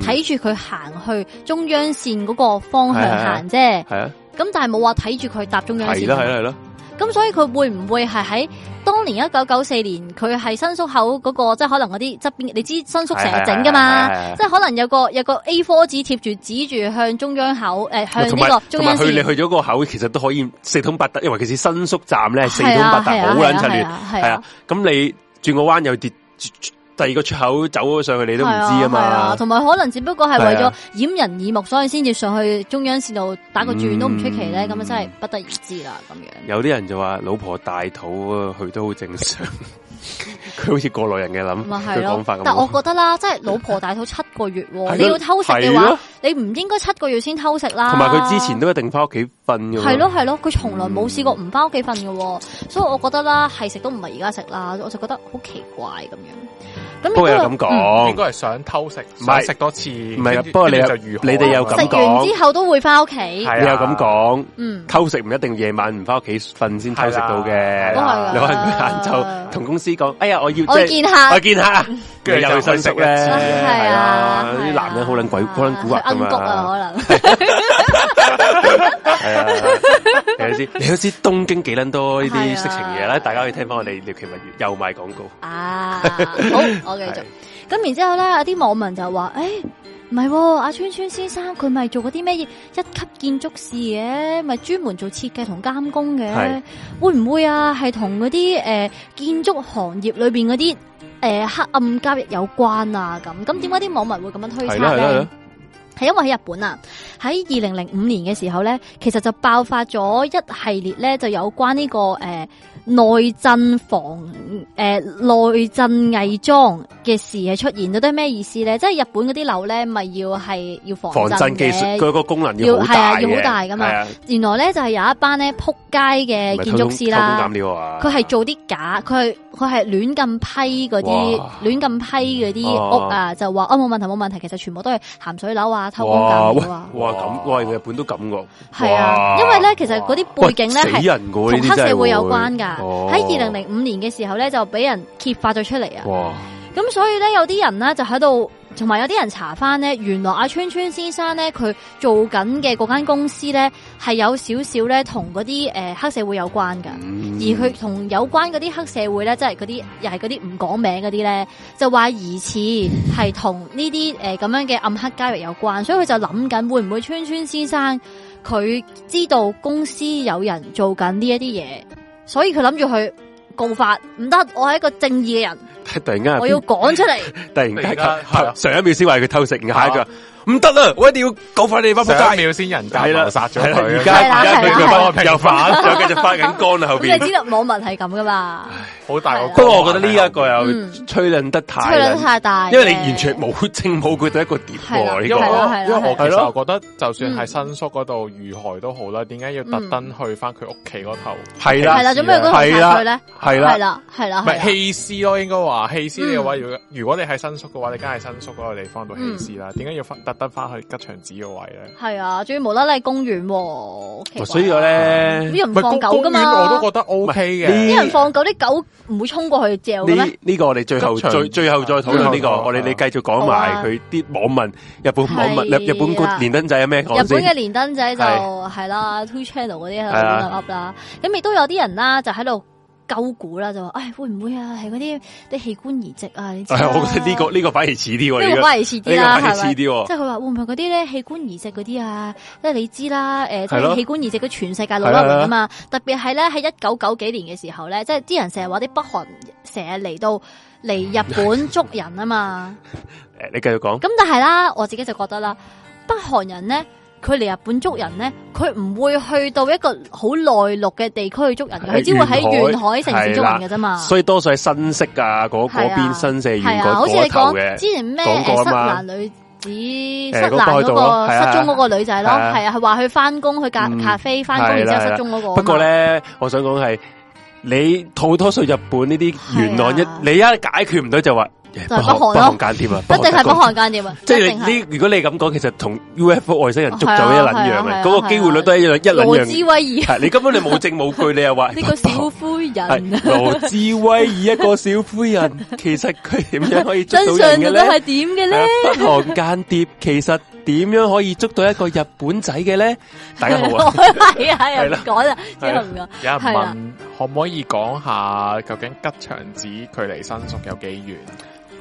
睇住佢行去中央線嗰個方向行啫是、啊。係是啊，咁但係冇話睇住佢搭中央線、啊。係咯，係咯。咁、嗯、所以佢會唔會係喺當年一九九四年佢係新宿口嗰、那個，即係可能嗰啲側邊，你知新宿成日整噶嘛？是是是是是即係可能有個有個 A4 o 貼紙貼住指住向中央口，誒、呃，向呢個中央線去你去咗個口，其實都可以四通八達，尤其是新宿站咧，四通八達好卵出亂。係啊，咁、啊啊啊啊啊啊啊、你轉個彎又跌。第二個出口走咗上去你都唔知道嘛，啊嘛，同埋、啊、可能只不過係為咗掩人耳目，所以先至上去中央線路打個轉都唔出奇咧，咁啊、嗯、真係不得而知啦，咁樣。有啲人就話老婆大肚啊，去都好正常。 佢好似過來人嘅諗法咁。但係我覺得啦，即係老婆大肚七個月，你要偷食嘅話，你唔應該七個月先偷食啦。同埋佢之前都一定翻屋企瞓嘅。係咯係咯，佢從來冇試過唔翻屋企瞓嘅，所以我覺得啦，係食都唔係而家食啦，我就覺得好奇怪咁樣。不過又咁講，應該係想偷食，唔係食多次，唔係。不過你就又，你哋有咁講，食完之後都會翻屋企。你有咁講，偷食唔一定夜晚唔翻屋企瞓先偷食到嘅，你可能晏晝同公司講，哎呀。我要即係見下，見下，你有訊息咧，係啊！啲男人好捻鬼，好捻古怪噶嘛。陰谷啊，可能係啊。你知你知東京幾捻多呢啲色情嘢咧？大家可以聽翻我哋獵奇物語又賣廣告啊！好，我繼續。咁然之後咧，有啲網民就話誒。唔係，阿、啊、川川先生佢咪做嗰啲咩一級建築士嘅，咪專門做設計同監工嘅，是會唔會啊？係同嗰啲誒建築行業裏邊嗰啲誒黑暗交易有關啊？咁咁點解啲網民會咁樣推測咧？係因為喺日本啊，喺二零零五年嘅時候咧，其實就爆發咗一系列咧，就有關呢、這個誒。呃內震防誒內、呃、震偽裝嘅事係出現，到底咩意思咧？即係日本嗰啲樓咧，咪要係要防震，防震技術，佢個功能要係啊，要好大噶嘛。是啊、原來咧就係、是、有一班咧撲街嘅建築師啦，佢係、啊、做啲假佢。佢係亂咁批嗰啲，亂咁哇批啲屋啊，啊就話哦冇問題冇問題，其實全部都係咸水樓啊，偷工減料啊。哇咁哇,哇,哇，日本都咁噶？係啊，哇因為咧其實嗰啲背景咧係同黑社會有關噶。喺二零零五年嘅時候咧就俾人揭發咗出嚟啊。哇！咁所以咧有啲人咧就喺度。同埋有啲人查翻咧，原來阿川川先生咧，佢做緊嘅嗰間公司咧，係有少少咧同嗰啲誒黑社會有關噶，嗯、而佢同有關嗰啲黑社會咧，即係嗰啲又係嗰啲唔講名嗰啲咧，就話、是、疑似係同呢啲誒咁樣嘅暗黑交易有關，所以佢就諗緊會唔會川川先生佢知道公司有人做緊呢一啲嘢，所以佢諗住佢告發，唔得，我係一個正義嘅人。突然間，我要講出嚟。突然間，是啊、上一秒先話佢偷食，下一句。唔得啦！我一定要搞返你翻百三要先人解啦，殺咗佢而家，而家佢又反，咗，跟住發緊乾啦後邊，即係知道網民係咁噶嘛？好大，不過我覺得呢一個又吹噚得太吹噚得太大，因為你完全冇證冇據對一個點喎呢個。因為我其實覺得，就算係新宿嗰度遇害都好啦，點解要特登去翻佢屋企嗰頭？係啦係啦，做咩嗰度睇佢咧？係啦係啦係啦，唔係棄屍咯應該話棄屍嘅話，如如果你係新宿嘅話，你梗係新宿嗰地方度棄屍啦。點解要得翻去吉祥寺嗰位咧，係啊，仲要無啦啦公園喎，所以咧啲人放狗噶嘛，我都覺得 OK 嘅。啲人放狗，啲狗唔會衝過去咬嘅咩？呢個我哋最後最最後再討論呢個，我哋你繼續講埋佢啲網民，日本網民日本個連登仔咩？日本嘅連登仔就係啦 two channel 嗰啲 up 啦，咁亦都有啲人啦，就喺度。鳩估啦就話，唉、哎、會唔會啊係嗰啲啲器官移植啊？係、啊哎、我覺得呢、這個呢、這個反而似啲喎，個反而似啲啦，係咪？啲即係佢話會唔會嗰啲咧器官移植嗰啲啊？即係你知啦，誒吧，器官移植、啊，佢、呃就是、全世界攞得嚟嘛？對了 特別係咧喺一九九幾年嘅時候咧，即係啲人成日話啲北韓成日嚟到嚟日本捉人啊嘛。誒， 你繼續講。咁但係啦，我自己就覺得啦，北韓人咧。佢嚟日本捉人咧，佢唔會去到一個好內陸嘅地區去捉人，佢只會喺沿海城市捉人嘅啫嘛。所以多數係新潟噶，嗰嗰邊新社員嗰嗰頭嘅。好似你講之前咩誒失男女子失男嗰個失蹤嗰個女仔咯，係啊，係話佢翻工去咖咖啡翻工，然之後失蹤嗰個。不過咧，我想講係你好多數日本呢啲原來一，你一解決唔到就話。北韓間諜啊，一定係北韓間諜啊！即係呢？如果你咁講，其實同 UFO 外星人捉到一撚樣啊，嗰個機會率都係一樣一撚樣。羅志威爾，你根本你冇證冇據，你又話呢個小灰人？羅志威爾一個小灰人，其實佢點樣可以捉到人？真相到底係點嘅咧？北韓間諜其實點樣可以捉到一個日本仔嘅咧？大家好啊我係啊，係啦，講啊，有人問可唔可以講下究竟吉祥寺佢離新宿有幾遠？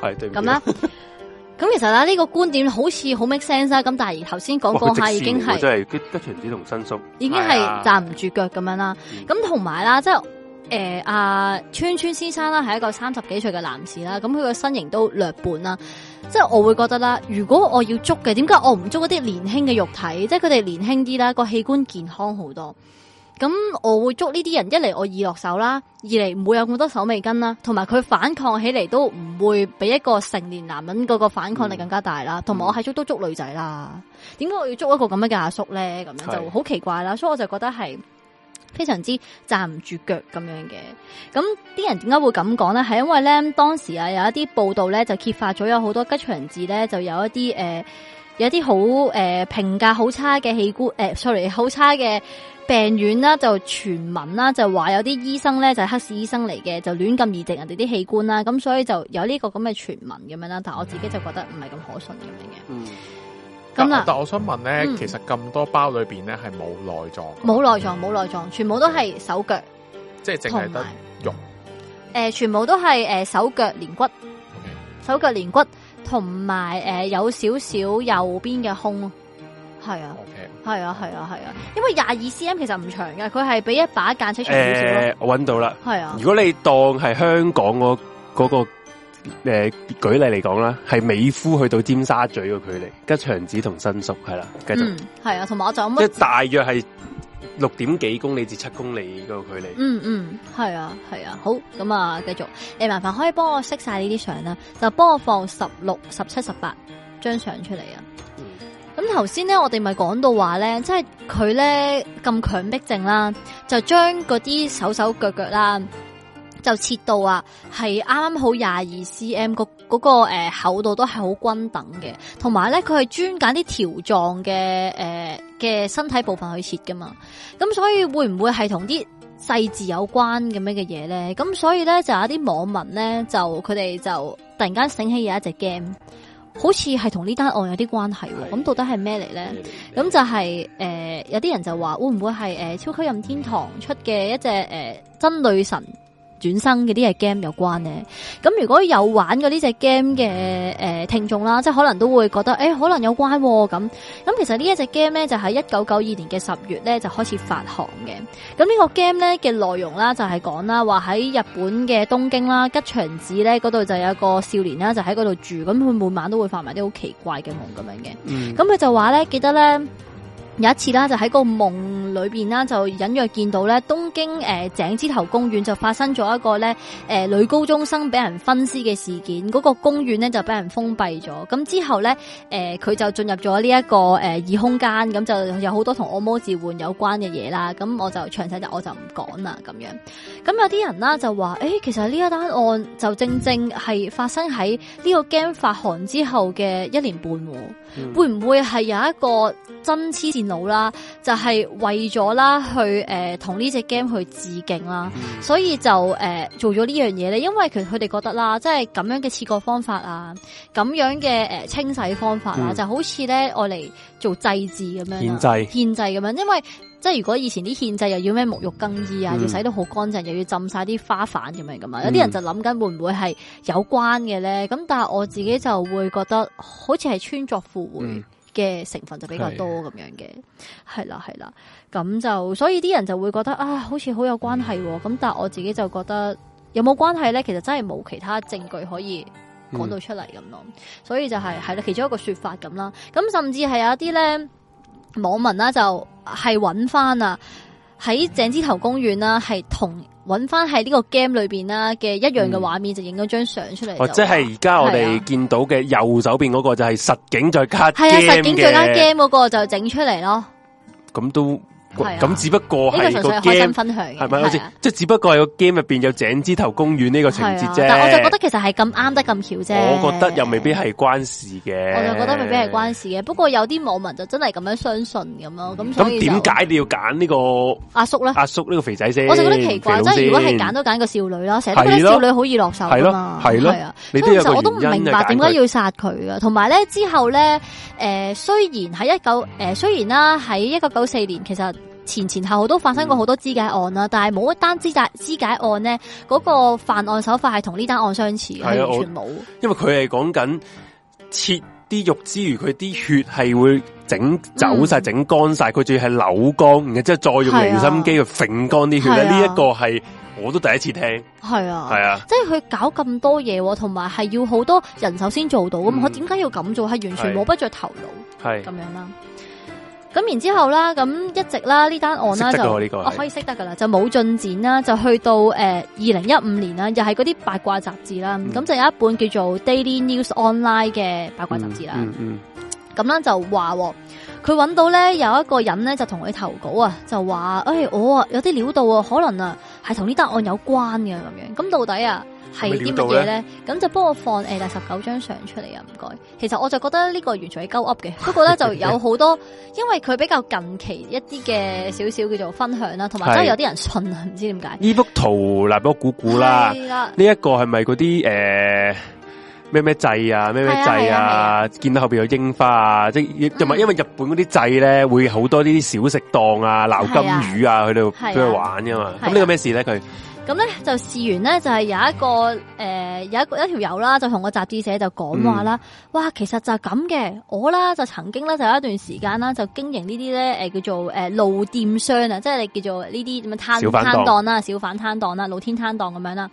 係咁啦，咁其實啦，呢、這個觀點好似好 make sense 啦，咁但係頭先講講下已經係即係吉吉長子同新叔，已經係站唔住腳咁樣啦。咁同埋啦，即係誒阿川川先生啦，係一個三十幾歲嘅男士啦，咁佢個身形都略胖啦，即係我會覺得啦，如果我要捉嘅，點解我唔捉一啲年輕嘅肉體？即係佢哋年輕啲啦，那個器官健康好多。咁我會捉呢啲人，一嚟我易落手啦，二嚟唔會有咁多手尾跟啦，同埋佢反抗起嚟都唔會比一個成年男人嗰個反抗力更加大啦，同埋、嗯嗯、我係捉都捉女仔啦，點解我要捉一個咁樣嘅阿叔咧？咁樣就好奇怪啦，是所以我就覺得係非常之站唔住腳咁樣嘅。咁啲人點解會咁講咧？係因為咧當時啊有一啲報道咧就揭發咗有好多吉祥字咧，就有一啲誒、呃、有啲好誒評價好差嘅器官誒，sorry 好差嘅。病院啦，就傳聞啦，就話有啲醫生咧就係、是、黑市醫生嚟嘅，就亂咁移植人哋啲器官啦，咁所以就有呢個咁嘅傳聞咁樣啦。但係我自己就覺得唔係咁可信咁樣嘅。嗯，咁啦那。但我想問咧，嗯、其實咁多包裏邊咧係冇內臟，冇內臟，冇內臟，全部都係手腳，即係淨係得肉。誒、呃，全部都係誒、呃、手腳連骨，手腳連骨，同埋誒有少少右邊嘅胸，係啊。係啊，係啊，係啊，因為廿二 cm 其實唔長嘅，佢係比一把間尺長少少咯。我揾到啦，係啊。如果你當係香港嗰嗰、那個誒、呃、舉例嚟講啦，係美孚去到尖沙咀嘅距離，吉祥寺同新宿係啦、啊，繼續係、嗯、啊，同埋我有就咁，即係大約係六點幾公里至七公里個距離。嗯嗯，係、嗯、啊係啊，好，咁啊繼續，你麻煩可以幫我熄晒呢啲相啦，就幫我放十六、十七、十八張相出嚟啊。咁頭先咧，我哋咪講到話咧，即係佢咧咁強迫症啦，就將嗰啲手手腳腳啦，就切到啊，係啱啱好廿二 cm 個嗰誒厚度都係好均等嘅，同埋咧佢係專揀啲條狀嘅誒嘅身體部分去切噶嘛，咁所以會唔會係同啲細緻有關咁樣嘅嘢咧？咁所以咧就有啲網民咧就佢哋就突然間醒起有一隻 game。好似係同呢單案有啲關係喎，咁到底係咩嚟咧？咁就係、是、誒、呃，有啲人就話會唔會係誒《超級任天堂》出嘅一隻誒真女神？轉生嘅啲嘅 game 有關咧，咁如果有玩過呢隻 game 嘅誒聽眾啦，即係可能都會覺得誒、欸、可能有關咁、啊。咁其實這呢一隻 game 咧就喺一九九二年嘅十月咧就開始發行嘅。咁呢個 game 咧嘅內容啦就係講啦，話喺日本嘅東京啦吉祥寺咧嗰度就有一個少年啦，就喺嗰度住，咁佢每晚都會發埋啲好奇怪嘅夢咁樣嘅。咁佢、嗯、就話咧記得咧。有一次啦，就喺個夢裏邊啦，就隱約見到咧東京誒、呃、井之頭公園就發生咗一個咧誒、呃、女高中生俾人分屍嘅事件，嗰個公園咧就俾人封閉咗。咁之後咧，誒、呃、佢就進入咗呢一個誒異、呃、空間，咁就有好多同惡魔置換有關嘅嘢啦。咁我就詳細就我就唔講啦咁樣。咁有啲人啦就話誒、欸，其實呢一單案就正正係發生喺呢個 game 發行之後嘅一年半、啊，嗯、會唔會係有一個真癡線？腦啦，就係為咗啦去誒同呢隻 game 去致敬啦、啊，嗯、所以就誒、呃、做咗呢樣嘢。咧因為佢佢哋覺得啦，即係咁樣嘅切割方法啊，咁樣嘅誒、呃、清洗方法啊，嗯、就好似咧我嚟做祭祀咁樣，獻祭獻祭咁樣。因為即係如果以前啲獻祭又要咩沐浴更衣啊，嗯、要洗得好乾淨，又要浸晒啲花瓣咁樣噶嘛。嗯、有啲人就諗緊會唔會係有關嘅咧？咁但係我自己就會覺得好似係穿鑿附會。嗯嘅成分就比較多咁樣嘅，係啦係啦，咁就所以啲人就會覺得啊，好似好有關係咁，哦，嗯、但係我自己就覺得有冇關係咧，其實真係冇其他證據可以講到出嚟咁咯，嗯、所以就係，係啦其中一個說法咁啦，咁甚至係有一啲咧網民啦就係搵翻啊喺井之頭公園啦係同。揾翻喺呢個 game 裏邊啦嘅一樣嘅畫面，嗯、就影咗張相出嚟。哦，即係而家我哋見到嘅右手邊嗰個就係實景再加 game 嘅。係啊，實景再加 game 嗰個就整出嚟咯。咁都。咁只不過係開心分享，係咪好似即係只不過係個 game 入邊有井之頭公園呢個情節啫？但我就覺得其實係咁啱得咁巧啫。我覺得又未必係關事嘅，我就覺得未必係關事嘅。不過有啲網民就真係咁樣相信咁咯。咁所以咁點解你要揀呢個阿叔咧？阿叔呢個肥仔先，我就覺得奇怪，即係如果係揀都揀個少女啦，成日都少女好易落手噶嘛，係咯，係咯。所以其實我都唔明白點解要殺佢噶。同埋咧之後咧，誒雖然喺一九誒雖然啦喺一九九四年其實。前前後後都發生過好多肢解案啦，但係冇一單肢解肢解案咧，嗰個犯案手法係同呢單案相似嘅，係完全冇。因為佢係講緊切啲肉之餘，佢啲血係會整走晒、整乾晒，佢仲要係扭乾，然之後再用離心機去揈乾啲血啦。呢一個係我都第一次聽，係啊，係啊，即係佢搞咁多嘢，同埋係要好多人手先做到咁。佢點解要咁做？係完全摸不着頭腦，係咁樣啦。咁然之後啦，咁一直啦呢單案啦就，呢個啊、可以識得噶啦，是 就冇進展啦，就去到誒二零一五年啦，又係嗰啲八卦雜誌啦，咁、嗯、就有一本叫做 Daily News Online 嘅八卦雜誌啦，咁啦、嗯、就話佢揾到咧有一個人咧就同佢投稿啊，就話誒我啊有啲料到啊，可能啊係同呢單案有關嘅咁樣，咁到底啊？係啲乜嘢咧？咁就幫我放誒，第十九張相出嚟啊！唔該。其實我就覺得呢個完全係鳩噏嘅，不過咧就有好多，因為佢比較近期一啲嘅少少叫做分享啦，同埋真係有啲人信啊，唔知點解。呢幅圖嗱，俾我估估啦，呢一個係咪嗰啲誒咩咩祭啊，咩咩祭啊？見到後邊有櫻花啊，即係因為日本嗰啲祭咧會好多呢啲小食檔啊，撈金魚啊，去到出去玩噶嘛。咁呢個咩事咧？佢？咁咧就試完咧，就係、是、有一個誒、呃，有一個一條友啦，就同個雜誌社就講話啦，嗯、哇，其實就係咁嘅，我啦就曾經咧就有一段時間啦，就經營呢啲咧誒叫做誒露店商啊，即係你叫做呢啲咁嘅攤攤檔啦，小販攤檔啦，露天攤檔咁樣啦。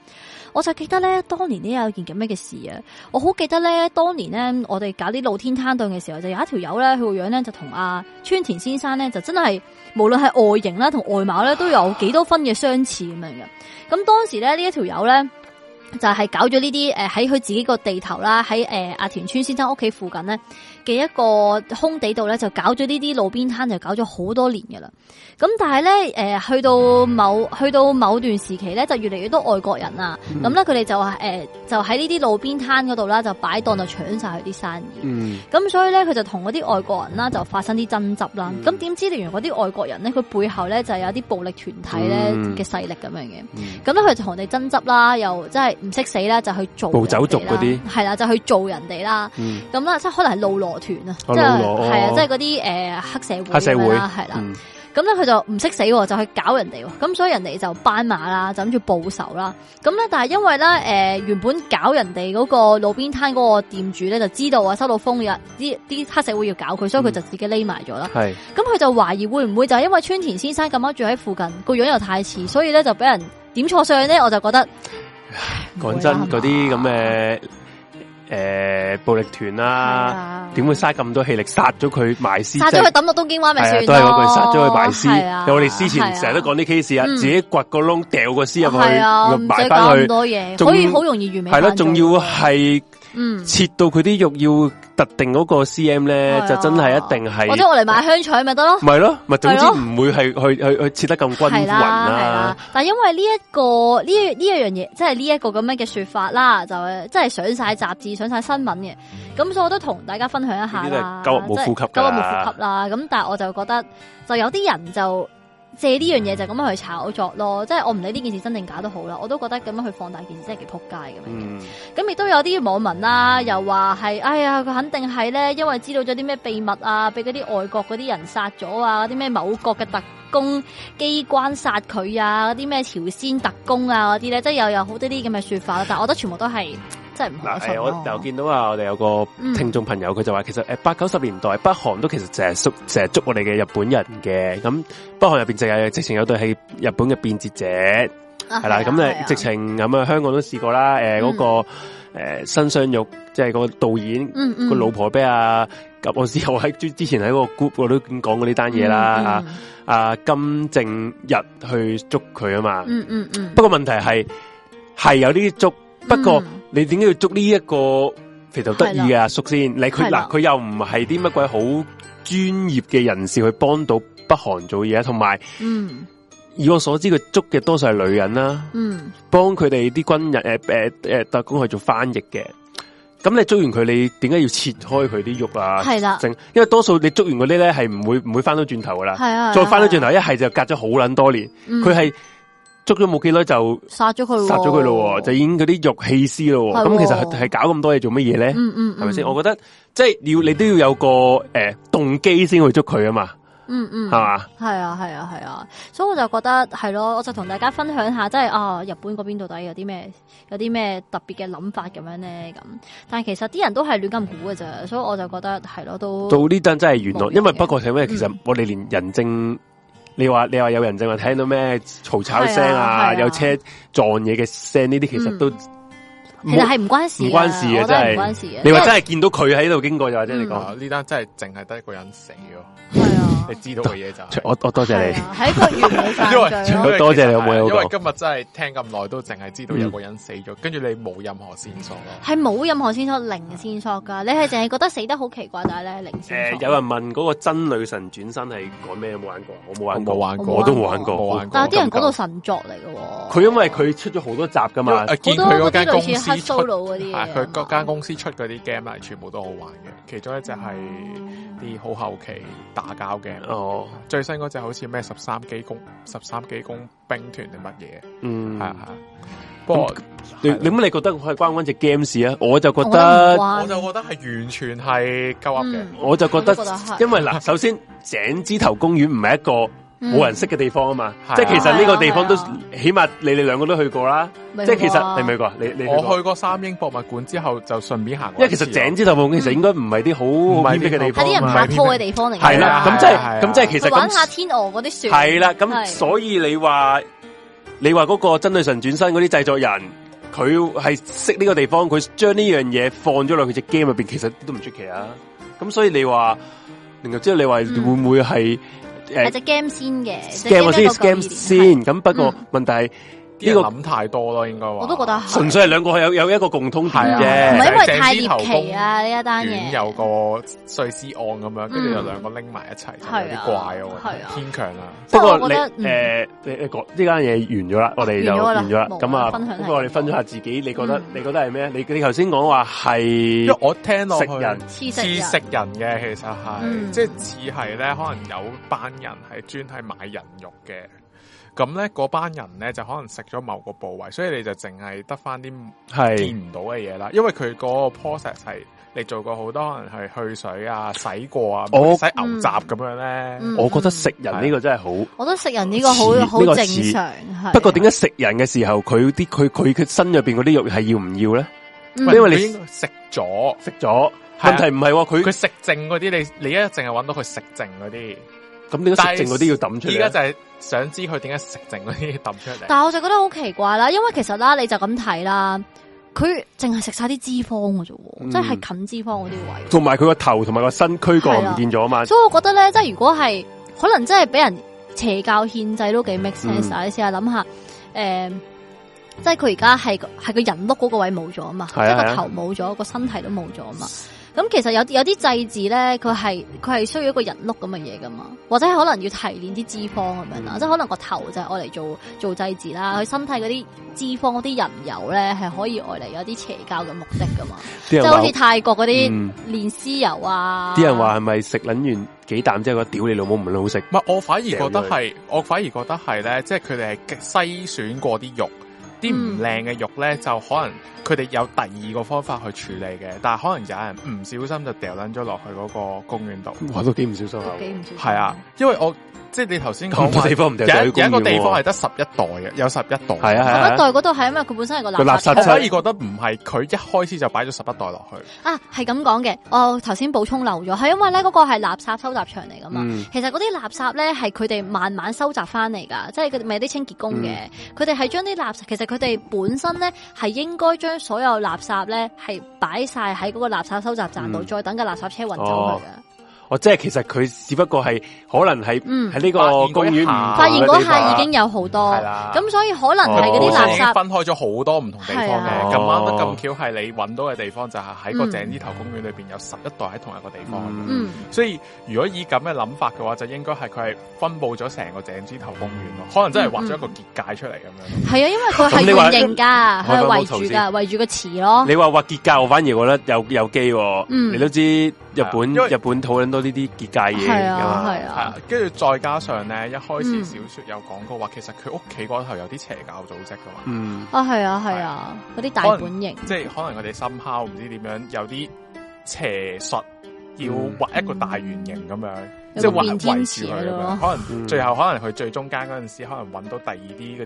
我就記得咧，啊，當年呢有件咁樣嘅事啊，我好記得咧，當年咧我哋搞啲露天攤檔嘅時候，就有一條友咧，佢個樣咧就同阿，啊、川田先生咧，就真係無論係外形啦，同外貌咧都有幾多分嘅相似咁樣嘅。咁當時咧呢一條友咧就係、是、搞咗呢啲誒喺佢自己個地頭啦，喺誒阿田村先生屋企附近咧，嘅一個空地度咧，就搞咗呢啲路邊攤，就搞咗好多年噶啦。咁但係咧，誒、呃，去到某去到某段時期咧，就越嚟越多外國人啊。咁咧、嗯，佢哋就話，誒、呃，就喺呢啲路邊攤嗰度啦，就擺檔就搶晒佢啲生意。咁、嗯、所以咧，佢就同嗰啲外國人啦，就發生啲爭執啦。咁點、嗯、知，原來嗰啲外國人咧，佢背後咧就有啲暴力團體咧嘅勢力咁樣嘅。咁佢、嗯嗯、就同人哋爭執啦，又即係唔識死啦，就去做暴走族嗰啲，係啦，就去做人哋啦。咁啦、嗯嗯，即係可能係路團啊，哦、即係係啊，哦、即係嗰啲誒黑社會，黑社會係啦。咁咧佢就唔識死，就去搞人哋。咁所以人哋就班馬啦，就諗住報仇啦。咁咧，但係因為咧，誒、呃、原本搞人哋嗰個路邊攤嗰個店主咧，就知道啊收到風，啲啲黑社會要搞佢，所以佢就自己匿埋咗啦。係。咁佢就懷疑會唔會就係因為村田先生咁啱住喺附近，那個樣又太似，所以咧就俾人點錯相咧。我就覺得，講真嗰啲咁嘅。誒，暴力團啦，點會嘥咁多氣力殺咗佢埋屍？殺咗佢抌落東京灣咪算咯，殺咗佢埋屍，我哋之前成日都講啲 case 啊，自己掘個窿，掉個屍入去埋翻去，可以好容易完美係啦，仲要係。嗯、切到佢啲肉要特定嗰個 cm 咧，啊、就真係一定係。或者我嚟買香菜咪得咯。唔係咯，咪、就是、總之唔會係、啊、去去去切得咁均勻啦、啊啊啊。但係因為呢一個呢呢一樣嘢，即係呢一個咁樣嘅說法啦，就即係上晒雜誌、上晒新聞嘅。咁、嗯、所以我都同大家分享一下啦。九日冇呼吸、啊、九日冇呼吸啦。咁但係我就覺得，就有啲人就。借呢樣嘢就咁樣去炒作咯，即係我唔理呢件事真定假都好啦，我都覺得咁樣去放大件事真係幾撲街咁樣嘅。咁亦、嗯、都有啲網民啦、啊，又話係，哎呀，佢肯定係咧，因為知道咗啲咩秘密啊，俾嗰啲外國嗰啲人殺咗啊，啲咩某國嘅特工機關殺佢啊，嗰啲咩朝鮮特工啊嗰啲咧，即係又有好多啲咁嘅說法，但係我覺得全部都係。真係、哦嗯欸，我又見到啊，我哋有個聽眾朋友，佢就話其實誒，八九十年代北韓都其實成日捉成日捉我哋嘅日本人嘅，咁北韓入邊就係直情有對係日本嘅變節者，係啦，咁誒直情咁啊，香港都試過啦，誒嗰個誒新相玉，即係個導演個老婆俾啊，我之後喺之前喺個 group 我都咁講過呢單嘢啦，啊啊金正日去捉佢啊嘛，嗯嗯嗯，嗯嗯，不過問題係係有啲捉。不過、嗯、你點解要捉呢一個肥頭得意嘅阿叔先？你佢嗱，佢又唔係啲乜鬼好專業嘅人士去幫到北韓做嘢，同埋，嗯，以我所知，佢捉嘅多數係女人啦，嗯，幫佢哋啲軍人誒誒誒特工去做翻譯嘅。咁你捉完佢，你點解要切開佢啲肉啊？係啦，正，因為多數你捉完嗰啲咧係唔會唔會翻到轉頭噶啦，係啊對了，再翻到轉頭一係就隔咗好撚多年，佢係。捉咗冇幾耐就殺咗佢，殺咗佢咯，就已經嗰啲肉棄屍咯。咁的其實係搞咁多嘢做乜嘢咧？嗯嗯，係咪先？我覺得即係、就是、要你都要有個誒、呃、動機先去捉佢啊嘛。嗯嗯，係、嗯、嘛？係啊係啊係啊，所以我就覺得係咯，我就同大家分享下，即係啊日本嗰邊到底有啲咩，有啲咩特別嘅諗法咁樣咧？咁但係其實啲人都係亂咁估嘅咋，所以我就覺得係咯，都做呢頓真係原來，因為不過係咩？其實我哋連人證。你話你話有人就話聽到咩嘈吵聲啊，啊啊有車撞嘢嘅聲，呢啲其實都、嗯、其實係唔關事，唔關事嘅真係，唔關事嘅、即係、你話真係見到佢喺度經過就、嗯、或者你講呢單真係淨係得一個人死咯，係啊。你知道嘅嘢就，我我多謝你，喺一個完美犯罪，因為多謝你，因為今日真係聽咁耐都淨係知道有個人死咗，跟住你冇任何線索，係係冇任何線索，零線索噶。你係淨係覺得死得好奇怪，但係咧零線索。有人問嗰個真女神轉身係講咩？冇玩過，我冇玩過，玩過都冇玩過。但係啲人講到神作嚟喎。佢因為佢出咗好多集噶嘛，見佢嗰間公司出嗰啲，佢各間公司出嗰啲 game 係全部都好玩嘅。其中一隻係啲好後期打交嘅。哦，oh. 最新嗰隻好似咩十三機公，十三機公兵團定乜嘢？嗯，係啊係。不過你點你覺得佢關緊隻 game 事啊？我就覺得，我,覺得我就覺得係完全係夠噏嘅。我就覺得，覺得因為嗱，首先井之頭公園唔係一個。 冇人識嘅地方啊嘛，即係其實呢個地方都起碼你哋兩個都去過啦，即係其實你未去過，你你我去過三英博物館之後就順便行過，因為其實井之頭博其實應該唔係啲好隱蔽嘅地方，係啲人拍拖嘅地方嚟。係啦，咁即係，咁即係其實玩下天鵝嗰啲船。係啦，咁所以你話你話嗰個真女神轉身嗰啲製作人，佢係識呢個地方，佢將呢樣嘢放咗落佢隻 game 入邊，其實都唔出奇啊。咁所以你話，然後即係你話會唔會係？係隻 game 先嘅，game 先 game 先咁。不過問題係。呢個諗太多咯，應該話。我都覺得係純粹係兩個有有一個共通點嘅，唔係因為太獵奇啊，呢一單嘢。有個碎屍案咁樣，跟住有兩個拎埋一齊，有啲怪啊，牽強啊。不過你誒，你你呢間嘢完咗啦，我哋完咗啦，咁啊，我哋分享下自己，你覺得你覺得係咩？你你頭先講話係，因為我聽落人，黐食人嘅其實係，即係似係咧，可能有班人係專係買人肉嘅。咁咧，嗰班人咧就可能食咗某個部位，所以你就淨係得翻啲係見唔到嘅嘢啦。是因為佢個 process 係你做過好多人係去水啊、洗過啊、我洗牛雜咁樣咧。嗯嗯嗯、我覺得食人呢個真係好，我覺得食人呢個好好、這個、正常。不過點解食人嘅時候，佢啲佢佢佢身入邊嗰啲肉係要唔要咧？因為你食咗食咗，問題唔係佢佢食剩嗰啲，你你一淨係搵到佢食剩嗰啲，咁點解食剩嗰啲要抌出嚟？依家就係、是。想知佢點解食剩嗰啲，抌出嚟。但係我就覺得好奇怪啦，因為其實啦，你就咁睇啦，佢淨係食晒啲脂肪嘅啫，嗯、即係近脂肪嗰啲位。同埋佢個頭同埋個身軀個唔見咗啊嘛，啊所以我覺得咧，即係如果係可能，真係俾人邪教獻祭，都幾 make sense 嘅。你試下諗下，誒、呃，即係佢而家係係個人碌嗰個位冇咗啊嘛，是啊、是啊，即係個頭冇咗，個身體都冇咗啊嘛。咁其實有啲有啲祭祀呢，咧，佢係佢係需要一個人碌咁嘅嘢噶嘛，或者係可能要提煉啲脂肪咁樣啦，即係可能個頭就係愛嚟做做祭祀啦，佢身體嗰啲脂肪嗰啲人油咧係可以愛嚟有啲邪教嘅目的噶嘛，即係好似泰國嗰啲煉屍油啊，啲、嗯、人話係咪食撚完幾啖即係個屌你老母唔好食？唔，我反而覺得係，我反而覺得係咧，即係佢哋係極篩選過啲肉。啲唔靚嘅肉咧，就可能佢哋有第二個方法去處理嘅，但係可能有人唔小心就掉撚咗落去嗰個公園度。我都幾唔小心，幾唔小心，係啊，因為我。即係你頭先講個地方唔對，有一個地方係得十一袋嘅，有十一袋。係啊，係十一袋嗰度係因為佢本身係個垃圾車，所以而覺得唔係佢一開始就擺咗十一袋落去啊，係咁講嘅。我頭先補充漏咗，係因為咧嗰、嗰個係垃圾收集場嚟噶嘛。嗯、其實嗰啲垃圾咧係佢哋慢慢收集翻嚟噶，即係佢哋唔係啲清潔工嘅，佢哋係將啲垃圾。其實佢哋本身咧係應該將所有垃圾咧係擺晒喺嗰個垃圾收集站度，嗯、再等個垃圾車運走去嘅。哦哦，即係其實佢只不過係可能係喺呢個公園唔發現嗰下已經有好多，咁所以可能係嗰啲垃圾分開咗好多唔同地方嘅。咁啱得咁巧係你搵到嘅地方，就係喺個井之頭公園裏邊有十一代喺同一個地方。所以如果以咁嘅諗法嘅話，就應該係佢係分佈咗成個井之頭公園咯。可能真係畫咗一個結界出嚟咁樣。係啊，因為佢係圓形噶，佢圍住噶，圍住個池咯。你話畫結界，我反而覺得有有機。你都知日本日本好。都呢啲結界嘢嚟噶。係啊，跟住、啊啊啊、再加上咧，一開始小說有講過話，其實佢屋企嗰頭有啲邪教組織噶嘛，嗯、啊，係啊，係啊，嗰啲大本營，即係可能佢哋深敲唔知點樣，有啲邪術要畫一個大圓形咁樣，嗯、即係圍圍住佢咁樣，邪邪樣可能最後、嗯、可能佢最中間嗰陣時候，可能搵到第二啲嗰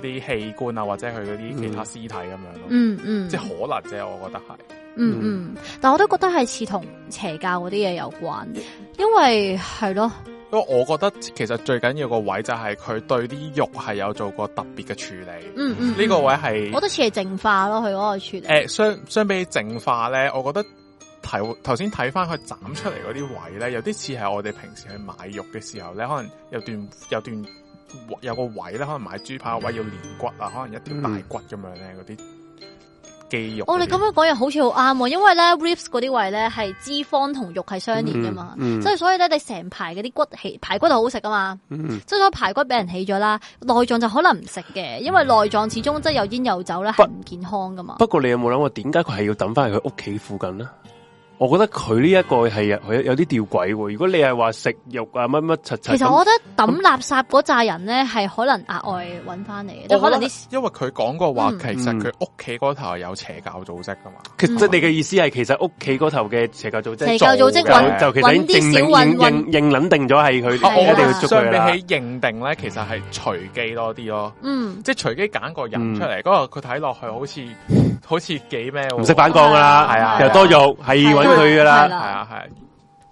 啲啲器官啊，或者佢嗰啲其他屍體咁樣，嗯樣嗯，嗯嗯，即係可能啫，我覺得係。嗯嗯，嗯但我都覺得係似同邪教嗰啲嘢有關、嗯、因為係咯，因為我覺得其實最緊要個位就係佢對啲肉係有做過特別嘅處理，嗯嗯，呢個位係、欸，我都似係淨化咯，佢嗰個處理，誒，相相比淨化咧，我覺得睇頭先睇翻佢斬出嚟嗰啲位咧，有啲似係我哋平時去買肉嘅時候咧，可能有段有段有個位咧，可能買豬扒嘅位要連骨啊，可能一啲大骨咁樣咧，嗰啲、嗯。嗰啲肌肉、哦，我哋咁樣講嘢好似好啱，因為咧 ribs 嗰啲位咧，係脂肪同肉係相連噶嘛嗯嗯、所以、嗯、所以咧你成排嗰啲骨起排骨就好食噶嘛即係排骨俾人起咗啦，內臟就可能唔食嘅，因為內臟始終即係有煙有酒咧係唔健康噶嘛不。不過你有冇諗過點解佢係要揼翻去佢屋企附近咧？我覺得佢呢一個係有啲吊詭喎。如果你係話食肉啊，乜乜柒柒，其實我覺得抌垃圾嗰扎人咧，係可能額外揾翻嚟嘅。可能啲因為佢講過話，其實佢屋企嗰頭有邪教組織噶嘛。即你嘅意思係，其實屋企嗰頭嘅邪教組織就就其實認定認認定咗係佢，一定要捉佢啦。相比起認定咧，其實係隨機多啲咯。即係隨機揀個人出嚟。嗰個佢睇落去好似好似幾咩，唔識反抗噶啦。係啊，多肉係。當然啦，係啊，係，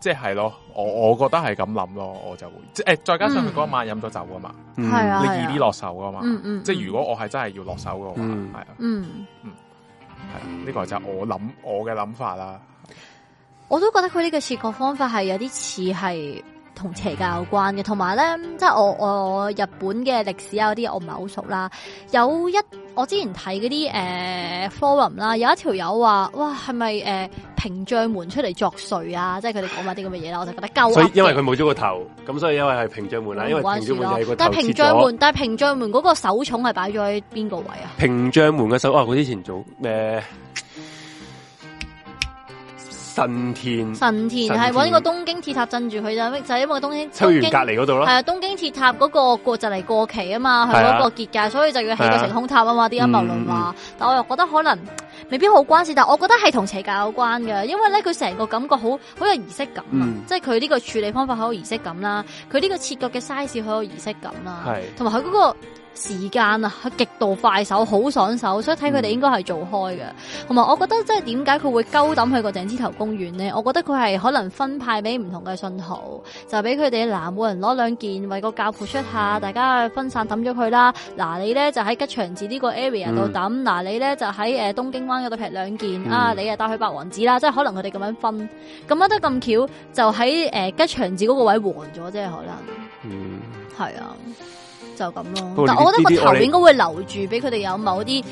即係咯，我我覺得係咁諗咯，我就會，即誒，再加上佢嗰晚飲咗酒噶嘛。嗯、你易啲落手噶嘛，嗯嗯、即係如果我係真係要落手嘅話，係啊，嗯嗯，係呢、呢個就我諗我嘅諗法啦。我都覺得佢呢個設局方法係有啲似係同邪教有關嘅，同埋咧，即係我我，我日本嘅歷史有啲我唔係好熟啦，有一。我之前睇嗰啲誒 forum 啦，有一條友話，哇，係咪誒平將門出嚟作祟啊？即係佢哋講埋啲咁嘅嘢啦，我就覺得夠。所以因為佢冇咗個頭，咁所以因為係平將門啦，因為平但係平將門，但係平將門嗰個首重係擺咗喺邊個位啊？平將門嘅首啊，佢之前做咩？呃神田神田係呢是神田 個東京鐵塔鎮住佢咋，就係、是、因為東京秋園隔籬嗰度咯，係啊東京鐵塔嗰、那個過就嚟過期啊嘛，係嗰對呀 個結界，所以就要起個成空塔啊嘛，啲陰謀論話，嗯、但我又覺得可能未必好關事，但我覺得係同邪教有關嘅，因為咧佢成個感覺好好有儀式感啊，嗯、即係佢呢個處理方法好有儀式感啦，佢呢個切割嘅 size 好有儀式感啦，係同埋佢嗰個。時間啊，係極度快手，好爽手，所以睇佢哋應該係做開嘅。同埋、嗯，還有我覺得即係點解佢會鳩抌去個井之頭公園呢？我覺得佢係可能分派俾唔同嘅信號，就俾佢哋嗱，每、啊、人攞兩件，為個教父出一下，大家分散抌咗佢啦。嗱、啊，你咧就喺吉祥寺呢個 area 度抌，嗱、嗯，你咧就喺誒東京灣嗰度劈兩件啊，你、呃嗯、啊帶去白王子啦，即係可能佢哋咁樣分，咁樣得咁巧，就喺誒、呃、吉祥寺嗰個位黃咗啫，即係可能，嗯，係啊。就咁咯，的但我覺得個頭應該會留住，俾佢哋有某啲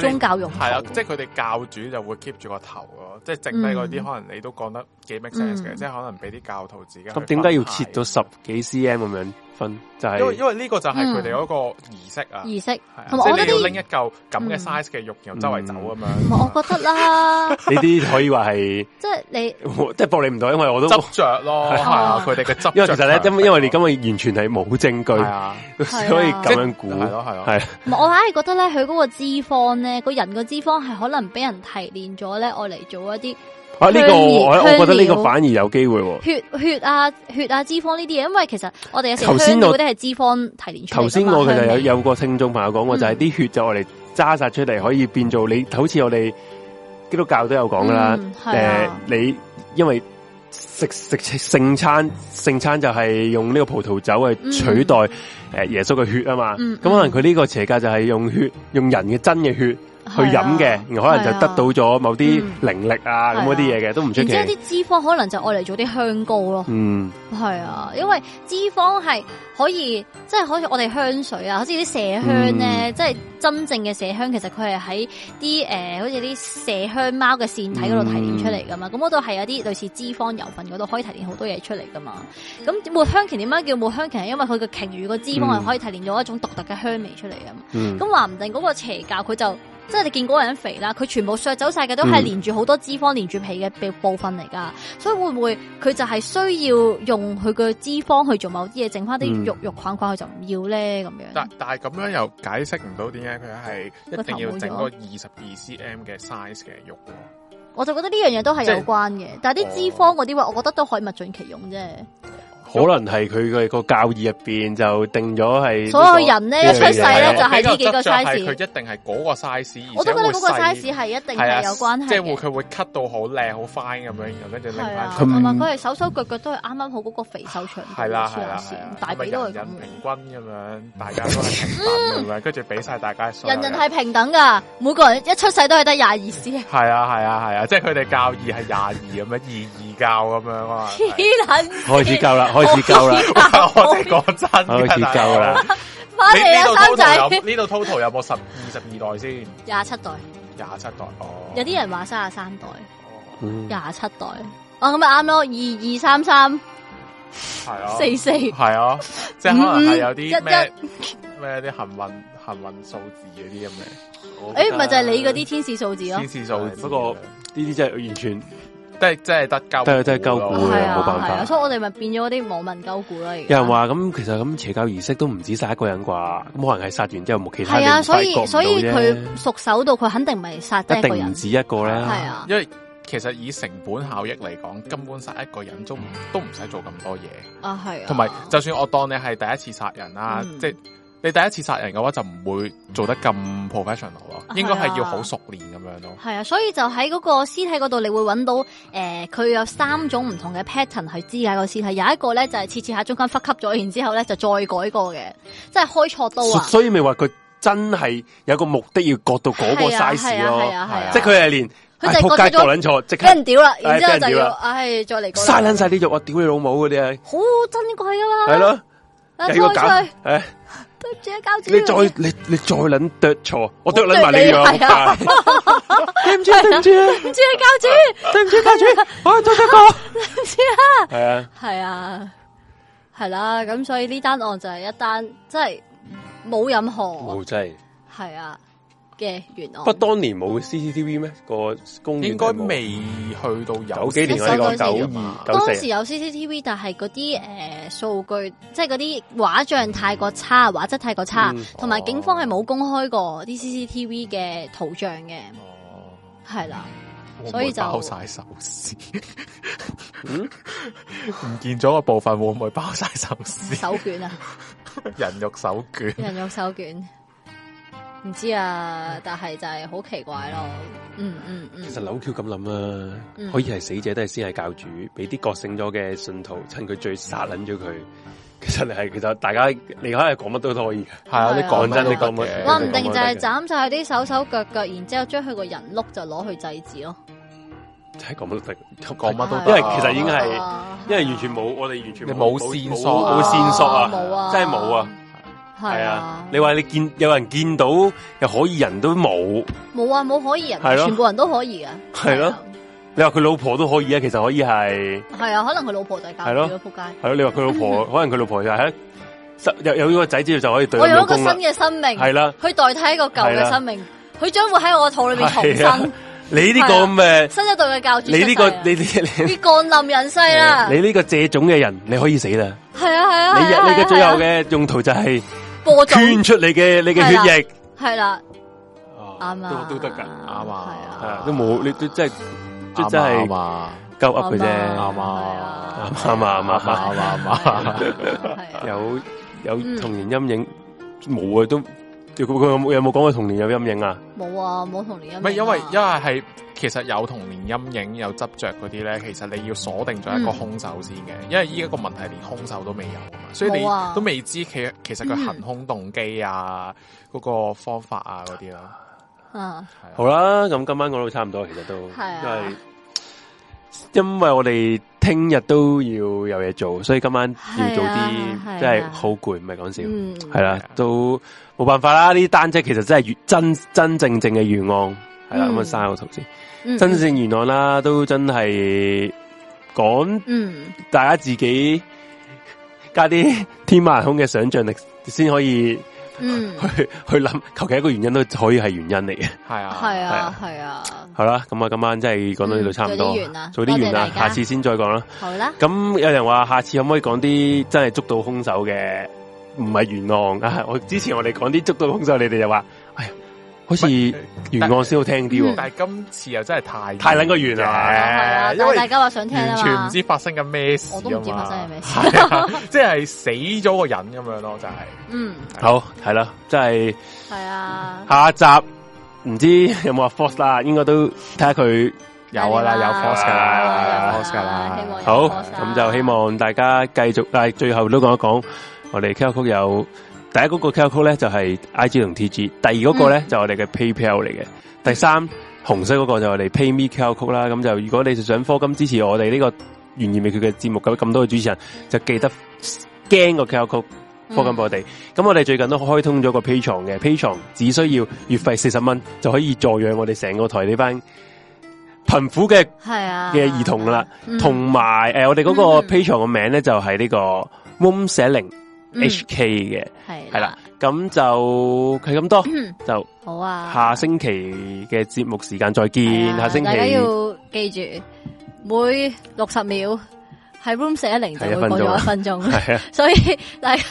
宗教用，係啊，即係佢哋教主就會 keep 住個頭咯，即係剩低嗰啲可能你都講得幾 make sense 嘅，即係可能俾啲教徒自己。咁點解要切到十幾 cm 咁樣分？就係因為呢個就係佢哋嗰個儀式啊，儀式，同埋我覺得要拎一嚿咁嘅 size 嘅肉嚟周圍走啊嘛。我覺得啦，呢啲可以話係即係你即係駁你唔到，因為我都執着咯。係啊，佢哋嘅執，因為其實咧，因為你根本完全係冇證據啊，所以咁樣估咯，係啊，我硬係覺得咧，佢嗰個脂肪。方咧，個人個脂肪係可能俾人提煉咗咧，我嚟做一啲。啊，呢、這個我我覺得呢個反而有機會、哦血。血血啊，血啊，脂肪呢啲嘢，因為其實我哋頭先嗰啲係脂肪提煉。頭先我其實有味有個聽眾朋友講過，就係、是、啲血就我嚟揸晒出嚟，嗯、可以變做你，好似我哋基督教都有講噶啦。誒、嗯啊呃，你因為食食聖餐，聖餐就係用呢個葡萄酒去取代。嗯嗯誒耶穌嘅血啊嘛，咁、嗯嗯、可能佢呢個邪教就係用血，用人嘅真嘅血。啊、去飲嘅，然後可能就得到咗某啲靈力啊，咁嗰啲嘢，嘅都唔出奇。然之後啲脂肪可能就愛嚟做啲香膏咯。嗯，係啊，因為脂肪係可以，即係好似我哋香水啊，好似啲麝香咧，即係、嗯、真正嘅麝香，其實佢係喺啲誒，好似啲麝香貓嘅腺體嗰度提煉出嚟噶嘛。咁、嗯、我都係有啲類似脂肪油份嗰度可以提煉好多嘢出嚟噶嘛。咁抹香鯨點解叫抹香鯨？係因為佢嘅鯨魚個脂肪係可以提煉到一種獨特嘅香味出嚟啊嘛。咁、嗯、話唔定嗰、嗰個邪教佢就。即係你見嗰個人肥啦，佢全部削走晒嘅都係連住好多脂肪連、連住皮嘅部分嚟噶，所以會唔會佢就係需要用佢嘅脂肪去做某啲嘢，剩翻啲肉、嗯、肉框框佢就唔要咧咁樣？但但係咁樣又解釋唔到點解佢係一定要整個二十二 cm 嘅 size 嘅肉？我就覺得呢樣嘢都係有關嘅，即但係啲脂肪嗰啲話，我覺得都可以物盡其用啫。可能係佢嘅個教義入邊就定咗係所有人咧一出世咧就係呢幾個 size。佢一定係嗰個 size。我都覺得嗰個 size 係一定係有關係嘅。即係會佢會 cut 到好靚好 fine 咁樣，然後跟住。係啊。同埋佢係手手腳腳都係啱啱好嗰個肥瘦長短嘅 size，大髀都係咁平均咁樣，大家都係平等咁樣，跟住俾曬大家。人人係平等㗎，每個人一出世都係得廿二絲。係啊係啊係啊，即係佢哋教義係廿二咁樣，二二教咁樣啊。開始教啦，開。夠啦，我講真，要夠啦。返嚟度都仔，呢度 total 有冇十二十二代先？廿七代，廿七代哦。有啲人話三十三代，廿七代哦，咁咪啱咯。二二三三，係啊，四四係啊，即係可能係有啲咩咩啲幸運幸運數字嗰啲咁嘅。誒，唔係就係你嗰啲天使數字咯，天使數字。不過呢啲真係完全。即係係得救，即係真係救股嘅，冇、就是啊、辦法是、啊是啊。所以我哋咪變咗啲網民救股啦。有人話咁，其實咁邪教儀式都唔止殺一個人啩？冇人係殺完之後冇其他嘅、啊、所以發覺唔到啫。熟手到佢肯定咪殺多一個人，一定唔止一個啦。係啊，因為其實以成本效益嚟講，根本殺一個人都都唔使做咁多嘢啊。係、啊，同埋就算我當你係第一次殺人啦，嗯、即係。你第一次殺人嘅話就唔會做得咁 professional 咯，應該係要好熟練咁樣咯。係啊，所以就喺嗰個屍體嗰度，你會揾到誒，佢有三種唔同嘅 pattern 去肢解個屍體，有一個咧，就係次次喺中間呼吸咗，然之後咧，就再改過嘅，即係開錯刀啊！所以咪話佢真係有個目的要割到嗰個 size 咯，即係佢係連佢街割捻錯，即刻俾人屌啦，然之後就要唉再嚟。嘥捻晒啲肉啊！屌你老母嗰啲，好珍貴啊嘛，係咯，點解誒。對唔住啊，教主！你再你你再捻剁錯，我剁捻埋你啊！對唔住，對唔住啊，對唔住啊，教主！對唔住，教主！啊，對住個，唔住啊！係啊，係啊，係啦，咁所以呢單案就係一單，真係冇任何，冇真係，係啊。嘅冤案。不過當年冇 CCTV 咩？個公應該未去到有幾年係九二九四。當時有 CCTV，但係嗰啲誒數據，即係嗰啲畫像太過差，畫質太過差，同埋警方係冇公開過啲 CCTV 嘅圖像嘅。哦。係啦。所以就。包晒手撕。嗯。唔見咗個部分會唔會包晒手撕？手卷啊。人肉手卷。人肉手卷。唔知啊，但係就係好奇怪咯、嗯。嗯嗯嗯，其實扭 Q 咁諗啊，嗯、可以係死者都係先係教主，俾啲、嗯、覺醒咗嘅信徒趁佢最殺捻咗佢。嗯、其實係，其實大家你可以講乜都可以係係啊，你講真，你講乜，話唔定就係斬晒佢啲手手腳腳，然之後將佢個人碌就攞去制止咯。真係講乜都得，講乜都，因為其實已經係，因為完全冇，我哋完全冇線索，冇、啊、線索啊，真係冇啊。真係啊！你話你見有人見到又可以人都冇冇啊！冇可以人，全部人都可以啊。係咯，你話佢老婆都可以啊！其實可以係係啊，可能佢老婆就係教主咯，仆街係你話佢老婆，可能佢老婆就係。有有呢個仔之後就可以對我我有一個新嘅生命，係啦，去代替一個舊嘅生命，佢將會喺我肚裏邊重生。你呢個咁嘅新一代嘅教主，你呢個你你啲降臨人世啦，你呢個借種嘅人，你可以死啦。係啊，係啊，你你嘅最後嘅用途就係。捐出嚟嘅你嘅血液，係啦，啱啊，都都得㗎，啱啊，係啊，都冇，你都真係，即真係，啱啊，鳩噏嘅啫，啱啊，啱啊，啱啊，啱啊，有有童年陰影，冇啊都。佢佢有冇有冇講過童年有陰影啊？冇啊，冇童年陰影、啊。唔係因為因為係其實有童年陰影有執着嗰啲咧，其實你要鎖定咗一個凶手先嘅，嗯、因為依一個問題連凶手都未有啊嘛，所以你、嗯、都未知其其實佢行凶動機啊，嗰、嗯、個方法啊嗰啲啦。係、啊。啊、好啦，咁今晚我都差唔多，其實都、啊、因為。因為我哋聽日都要有嘢做，所以今晚要做啲真係好攰，唔係講笑，係啦，都冇辦法啦。呢單車其實真係真真正正嘅願望，係啦咁啊，晒個頭先，真正預案啦，都真係講，大家自己加啲天馬行空嘅想象力先可以。嗯，去去諗，求其一個原因都可以係原因嚟嘅。係啊，係啊，係啊，好啦，咁啊，今晚真係講到呢度差唔多，做啲完啦，做啲完啦，下次先再講啦，好啦，咁有人話下次可唔可以講啲真係捉到凶手嘅，唔係懸案啊？我之前我哋講啲捉到凶手，你哋就話。好似原案先好聽啲，但係今次又真係太太捻個原啦，因為大家話想聽完全唔知發生緊咩事，我都唔知發生係咩事，即係死咗個人咁樣咯，就係，嗯，好係啦，即係，係啊，下一集唔知有冇話 force 啦，應該都睇下佢有啊啦，有 force 噶啦，有 force 噶啦，好，咁就希望大家繼續，但係最後都講一講我哋曲有。第一個個 QR Code 咧就係 I G 同 T G，第二個個咧就我哋嘅 PayPal 嚟嘅，嗯、第三紅色嗰個就我哋 PayMe QR Code 啦。咁就如果你想課金支持我哋呢個懸疑未決嘅節目咁咁多嘅主持人，就記得 scan 個 QR Code 課金畀我哋。咁、嗯、我哋最近都開通咗個 Patreon 嘅 Patreon 只需要月費四十蚊就可以助養我哋成個台呢班貧苦嘅係啊嘅兒童啦。同埋誒，呃嗯、我哋嗰個 Patreon 嘅名咧就係、是、呢、這個 m o m s h l i n g 嗯、H.K. 嘅係係啦，咁的就佢咁多，嗯、就好啊。下星期嘅節目時間再見，的下星期大家要記住每六十秒。喺 room 四一零就冇過咗一分鐘，所以大家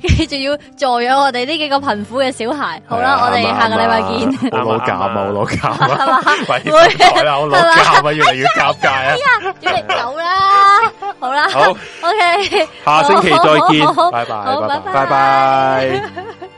你仲要助養我哋呢幾個貧苦嘅小孩。好啦，我哋下個禮拜見。我攞夾嘛，我攞夾。係嘛？唔該啦，我攞夾，越嚟越尷尬啊？要嚟走啦，好啦。好 OK，下星期再見，拜拜，拜拜。